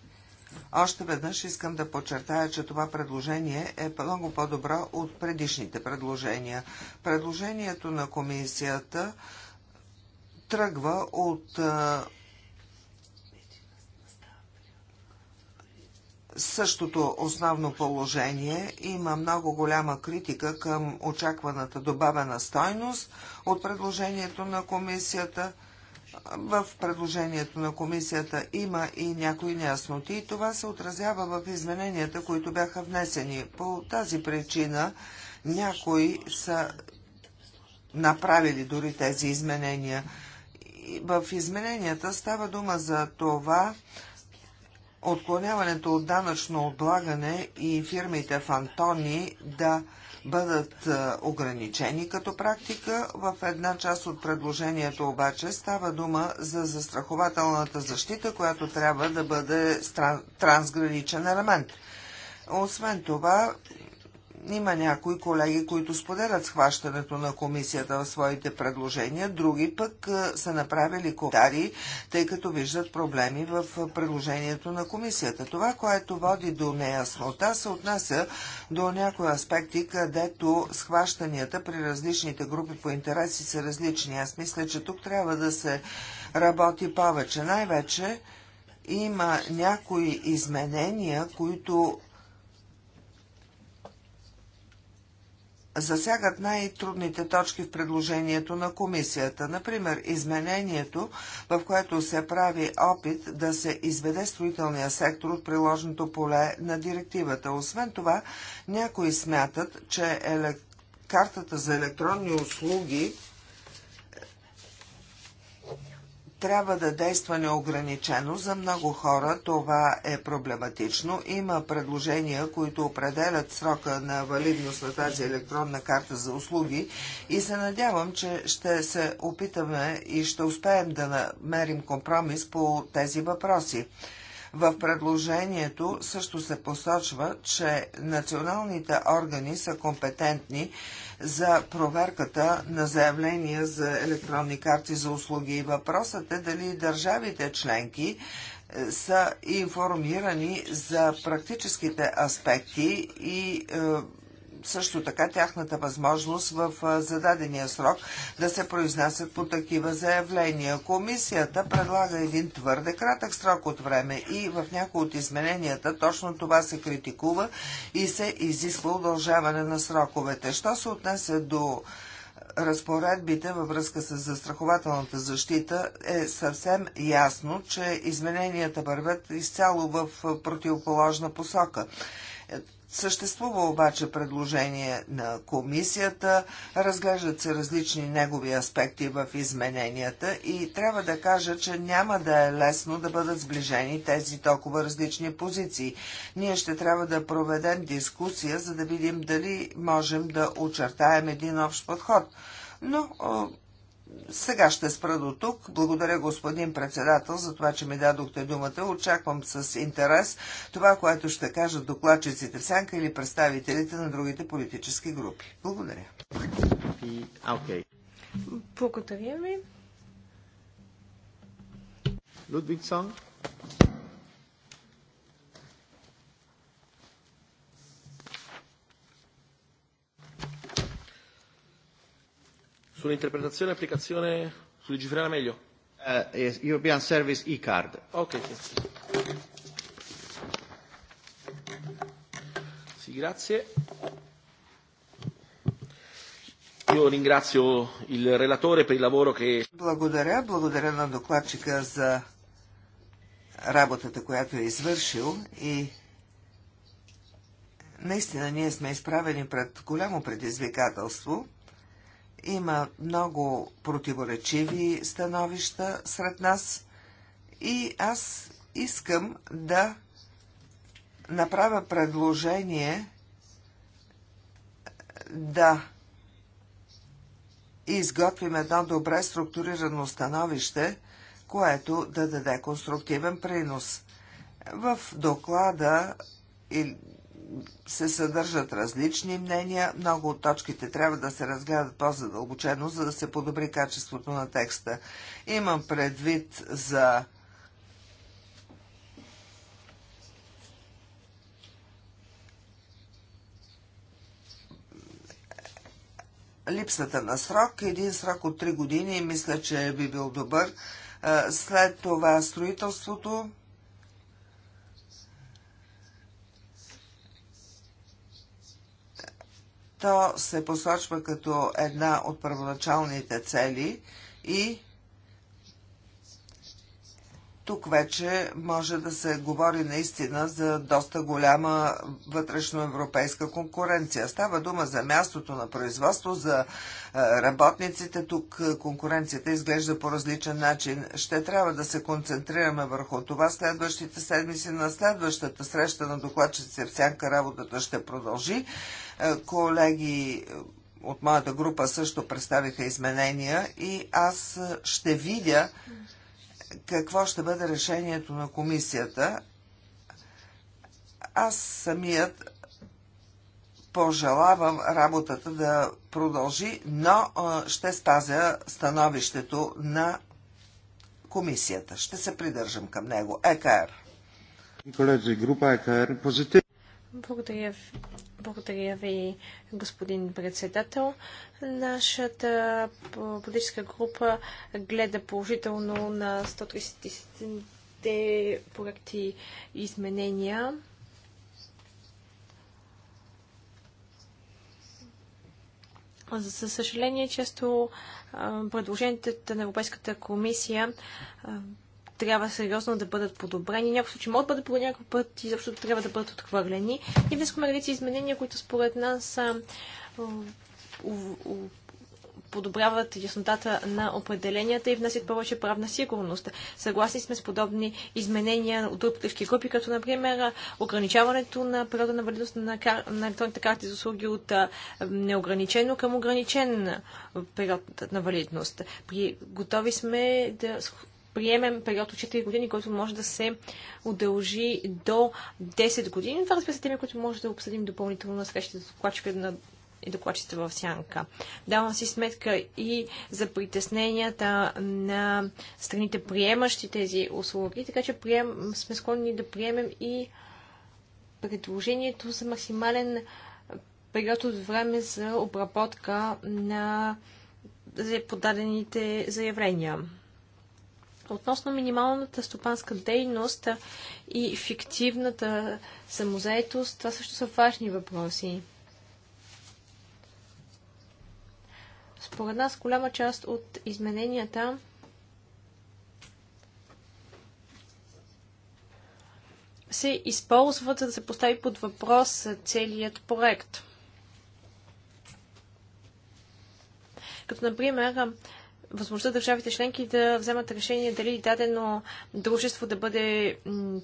още веднъж искам да подчертая, че това предложение е много по-добро от предишните предложения. Предложението на комисията тръгва от същото основно положение има много голяма критика към очакваната добавена стойност от предложението на комисията – в предложението на комисията има и някои неясноти и това се отразява в измененията, които бяха внесени. По тази причина някои са направили дори тези изменения. В измененията става дума за това, отклоняването от данъчно отлагане и фирмите фантони да бъдат ограничени като практика. В една част от предложението обаче става дума за застрахователната защита, която трябва да бъде трансграничен елемент. Освен това, има някои колеги, които споделят схващането на комисията в своите предложения, други пък са направили коментари, тъй като виждат проблеми в предложението на комисията. Това, което води до неяснота, се отнася до някои аспекти, където схващанията при различните групи по интереси са различни. Аз мисля, че тук трябва да се работи повече. Най-вече има някои изменения, които засягат най-трудните точки в предложението на комисията. Например, изменението, в което се прави опит да се изведе строителния сектор от приложното поле на директивата. Освен това, някои смятат, че електронната картата за електронни услуги трябва да действа неограничено. За много хора това е проблематично. Има предложения, които определят срока на валидност на тази електронна карта за услуги и се надявам, че ще се опитаме и ще успеем да намерим компромис по тези въпроси. В предложението също се посочва, че националните органи са компетентни за проверката на заявления за електронни карти за услуги. И въпросът е дали държавите членки е, са информирани за практическите аспекти и е, също така тяхната възможност в зададения срок да се произнасят по такива заявления. Комисията предлага един твърде кратък срок от време и в някои от измененията точно това се критикува и се изисква удължаване на сроковете. Що се отнесе до разпоредбите във връзка с застрахователната защита е съвсем ясно, че измененията вървят изцяло в противоположна посока. Съществува обаче предложение на комисията, разглеждат се различни негови аспекти в измененията и трябва да кажа, че няма да е лесно да бъдат сближени тези толкова различни позиции. Ние ще трябва да проведем дискусия, за да видим дали можем да очертаем един общ подход. Но сега ще спра до тук. Благодаря господин председател за това, че ми дадохте думата. Очаквам с интерес това, което ще кажат докладчиците в Сянка или представителите на другите политически групи. Благодаря. Okay. Благодаря ви. Ludwigson. Sull'interpretazione e applicazione, su legiferare meglio. Uh, European Service e-card. Ok, sì. Sì, grazie. Io ringrazio il relatore per il lavoro che... Благодаря, благодаря на докладчика за работата, която е извършил и наистина ние сме изправени пред голямо предизвикателство – има много противоречиви становища сред нас и аз искам да направя предложение да изготвим едно добре структурирано становище, което да даде конструктивен принос. В доклада се съдържат различни мнения. Много от точките трябва да се разгледат по-задълбочено, за да се подобри качеството на текста. Имам предвид за липсата на срок. Един срок от 3 години мисля, че би бил добър. След това строителството То се посочва като една от първоначалните цели и тук вече може да се говори наистина за доста голяма вътрешноевропейска конкуренция. Става дума за мястото на производство, за е, работниците. Тук конкуренцията изглежда по различен начин. Ще трябва да се концентрираме върху това. Следващите седмици на следващата среща на докладчици в сянка работата ще продължи. Колеги от моята група също представиха изменения и аз ще видя какво ще бъде решението на комисията. Аз самият пожелавам работата да продължи, но ще спазя становището на комисията. Ще се придържам към него. ЕКР. Колеги, група ЕКР позитивно благодаря, благодаря ви, господин председател. Нашата политическа група гледа положително на 137-те проекти изменения. За съжаление, често предложенията на Европейската комисия трябва сериозно да бъдат подобрени. Някои случаи могат да бъдат по някои път защото трябва да бъдат отхвърлени. И внескаме редица изменения, които според нас са подобряват яснотата на определенията и внасят повече правна сигурност. Съгласни сме с подобни изменения от други политически групи, като например ограничаването на периода на валидност на, кар... на електронните карти за услуги от неограничено към ограничен период на валидност. При... Готови сме да приемем период от 4 години, който може да се удължи до 10 години. Това разбира се теми, които може да обсъдим допълнително на срещата с докладчика на и докладчите в сянка. Давам си сметка и за притесненията на страните, приемащи тези услуги, така че прием, сме склонни да приемем и предложението за максимален период от време за обработка на подадените заявления. Относно минималната стопанска дейност и фиктивната самозаетост, това също са важни въпроси. Според нас голяма част от измененията се използват, за да се постави под въпрос целият проект. Като, например, възможността държавите членки да вземат решение дали дадено дружество да бъде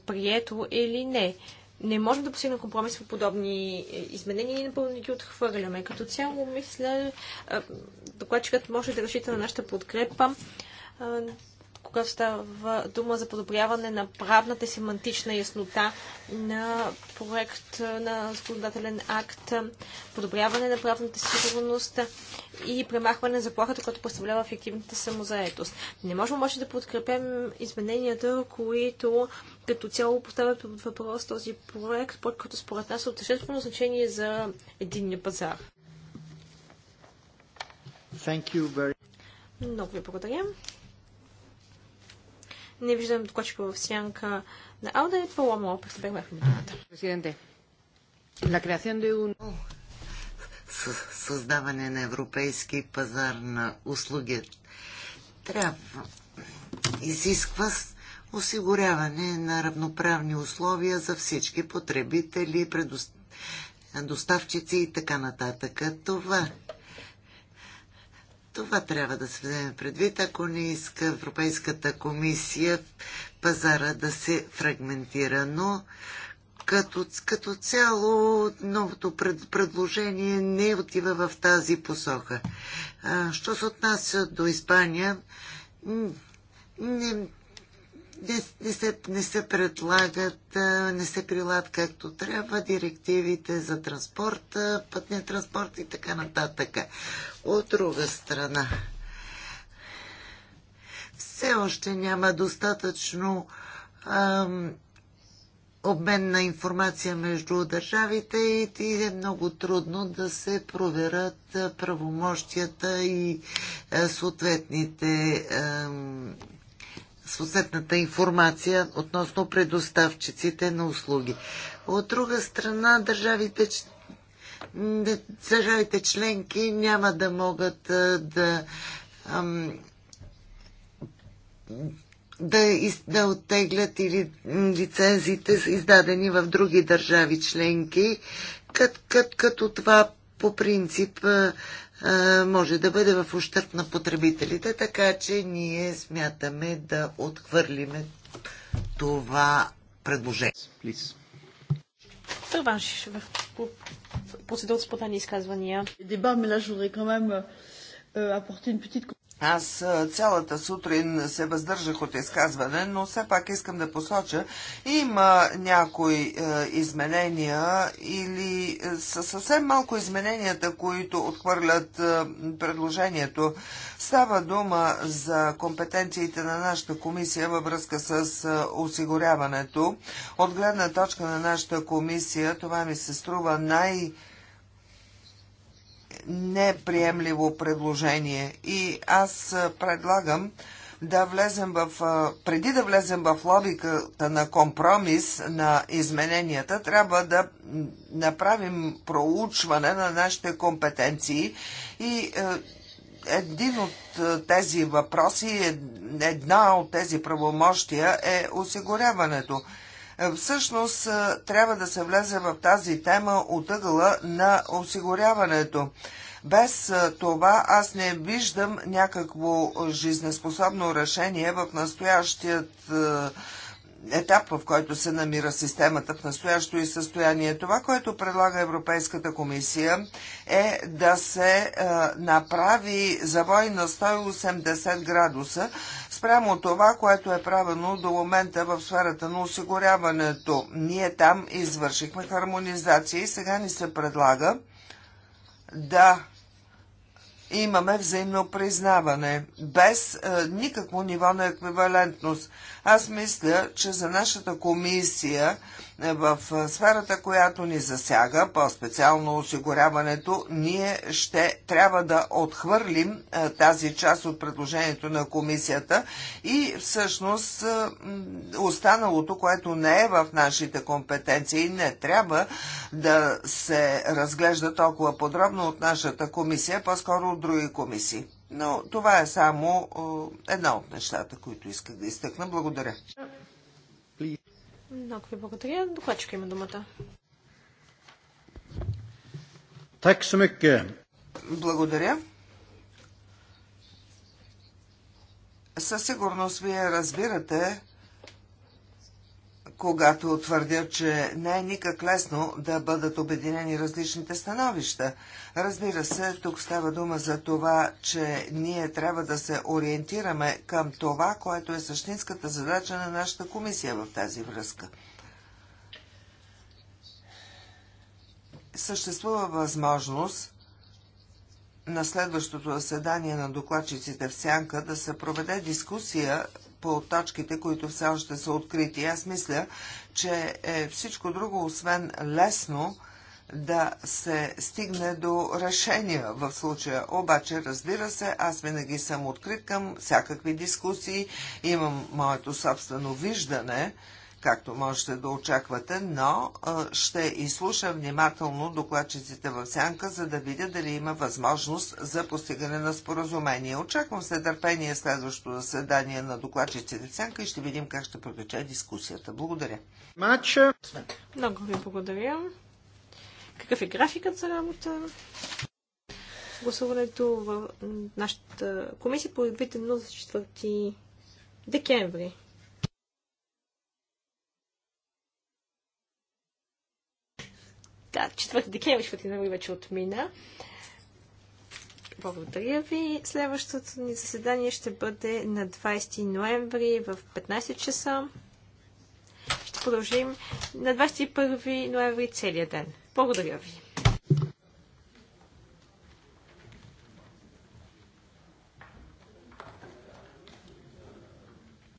прието или не. Не можем да постигнем компромис по подобни е, изменения и напълно ги отхвърляме. Като цяло, мисля, е, докладчикът може да решите на нашата подкрепа когато става дума за подобряване на правната семантична яснота на проект на законодателен акт, подобряване на правната сигурност и премахване на заплахата, която представлява ефективната самозаетост. Не можем обаче да подкрепим измененията, които като цяло поставят под въпрос този проект, под който според нас е от съществено значение за единния пазар. Thank you very... Много ви благодаря. Не виждам докладчика в сянка на Алда и Палома Лопес. Бегахме думата. Създаване на европейски пазар на услуги трябва изисква осигуряване на равноправни условия за всички потребители, доставчици и така нататък. Това това трябва да се вземе предвид, ако не иска Европейската комисия пазара да се фрагментира. Но като, като цяло новото пред, предложение не отива в тази посока. А, що се отнася до Испания, не, не, не, се, не се предлагат, не се прилагат както трябва директивите за транспорт, пътния транспорт и така нататък. От друга страна, все още няма достатъчно ам, обмен на информация между държавите и е много трудно да се проверят правомощията и съответните ам, съответната информация относно предоставчиците на услуги. От друга страна, държавите, държавите членки няма да могат да ам, да, из, да оттеглят или лицензите издадени в други държави членки, кът, кът, като това по принцип може да бъде в ущърп на потребителите, така че ние смятаме да отхвърлиме това предложение. Please. Това ще процедура с подани изказвания. Дебат, но аз ще voudrais quand même euh, apporter une petite аз цялата сутрин се въздържах от изказване, но все пак искам да посоча, има някои е, изменения или е, са съвсем малко измененията, които отхвърлят е, предложението. Става дума за компетенциите на нашата комисия във връзка с е, осигуряването. От гледна точка на нашата комисия това ми се струва най- неприемливо предложение и аз предлагам да влезем в, преди да влезем в логиката на компромис на измененията, трябва да направим проучване на нашите компетенции и един от тези въпроси, една от тези правомощия е осигуряването. Е, всъщност е, трябва да се влезе в тази тема от ъгъла на осигуряването. Без е, това аз не виждам някакво жизнеспособно решение в настоящият етап, в който се намира системата в настоящо и състояние. Това, което предлага Европейската комисия е да се е, направи завой на 180 градуса, спрямо това, което е правено до момента в сферата на осигуряването. Ние там извършихме хармонизация и сега ни се предлага да имаме взаимно признаване, без е, никакво ниво на еквивалентност. Аз мисля, че за нашата комисия е, в е, сферата, която ни засяга, по-специално осигуряването, ние ще трябва да отхвърлим е, тази част от предложението на комисията и всъщност останалото, което не е в нашите компетенции, не трябва да се разглежда толкова подробно от нашата комисия, по-скоро от други комисии. Но това е само е, една от нещата, които исках да изтъкна. Благодаря. Много ви благодаря. Докладчика има думата. Так så Благодаря. Със сигурност вие разбирате, когато твърдя, че не е никак лесно да бъдат обединени различните становища. Разбира се, тук става дума за това, че ние трябва да се ориентираме към това, което е същинската задача на нашата комисия в тази връзка. Съществува възможност на следващото заседание на докладчиците в Сянка да се проведе дискусия по точките, които все още са открити. Аз мисля, че е всичко друго, освен лесно, да се стигне до решения в случая. Обаче, разбира се, аз винаги съм открит към всякакви дискусии, имам моето собствено виждане, както можете да очаквате, но ще изслушам внимателно докладчиците в сянка, за да видя дали има възможност за постигане на споразумение. Очаквам се нетърпение следващото заседание на докладчиците в сянка и ще видим как ще протече дискусията. Благодаря. Мача. Много ви благодаря. Какъв е графикът за работа? Гласуването в нашата комисия е по предвидено за 4 декември. Да, 4 декември, 4 ноември вече отмина. Благодаря ви. Следващото ни заседание ще бъде на 20 ноември в 15 часа. Ще продължим на 21 ноември целия ден. Благодаря ви.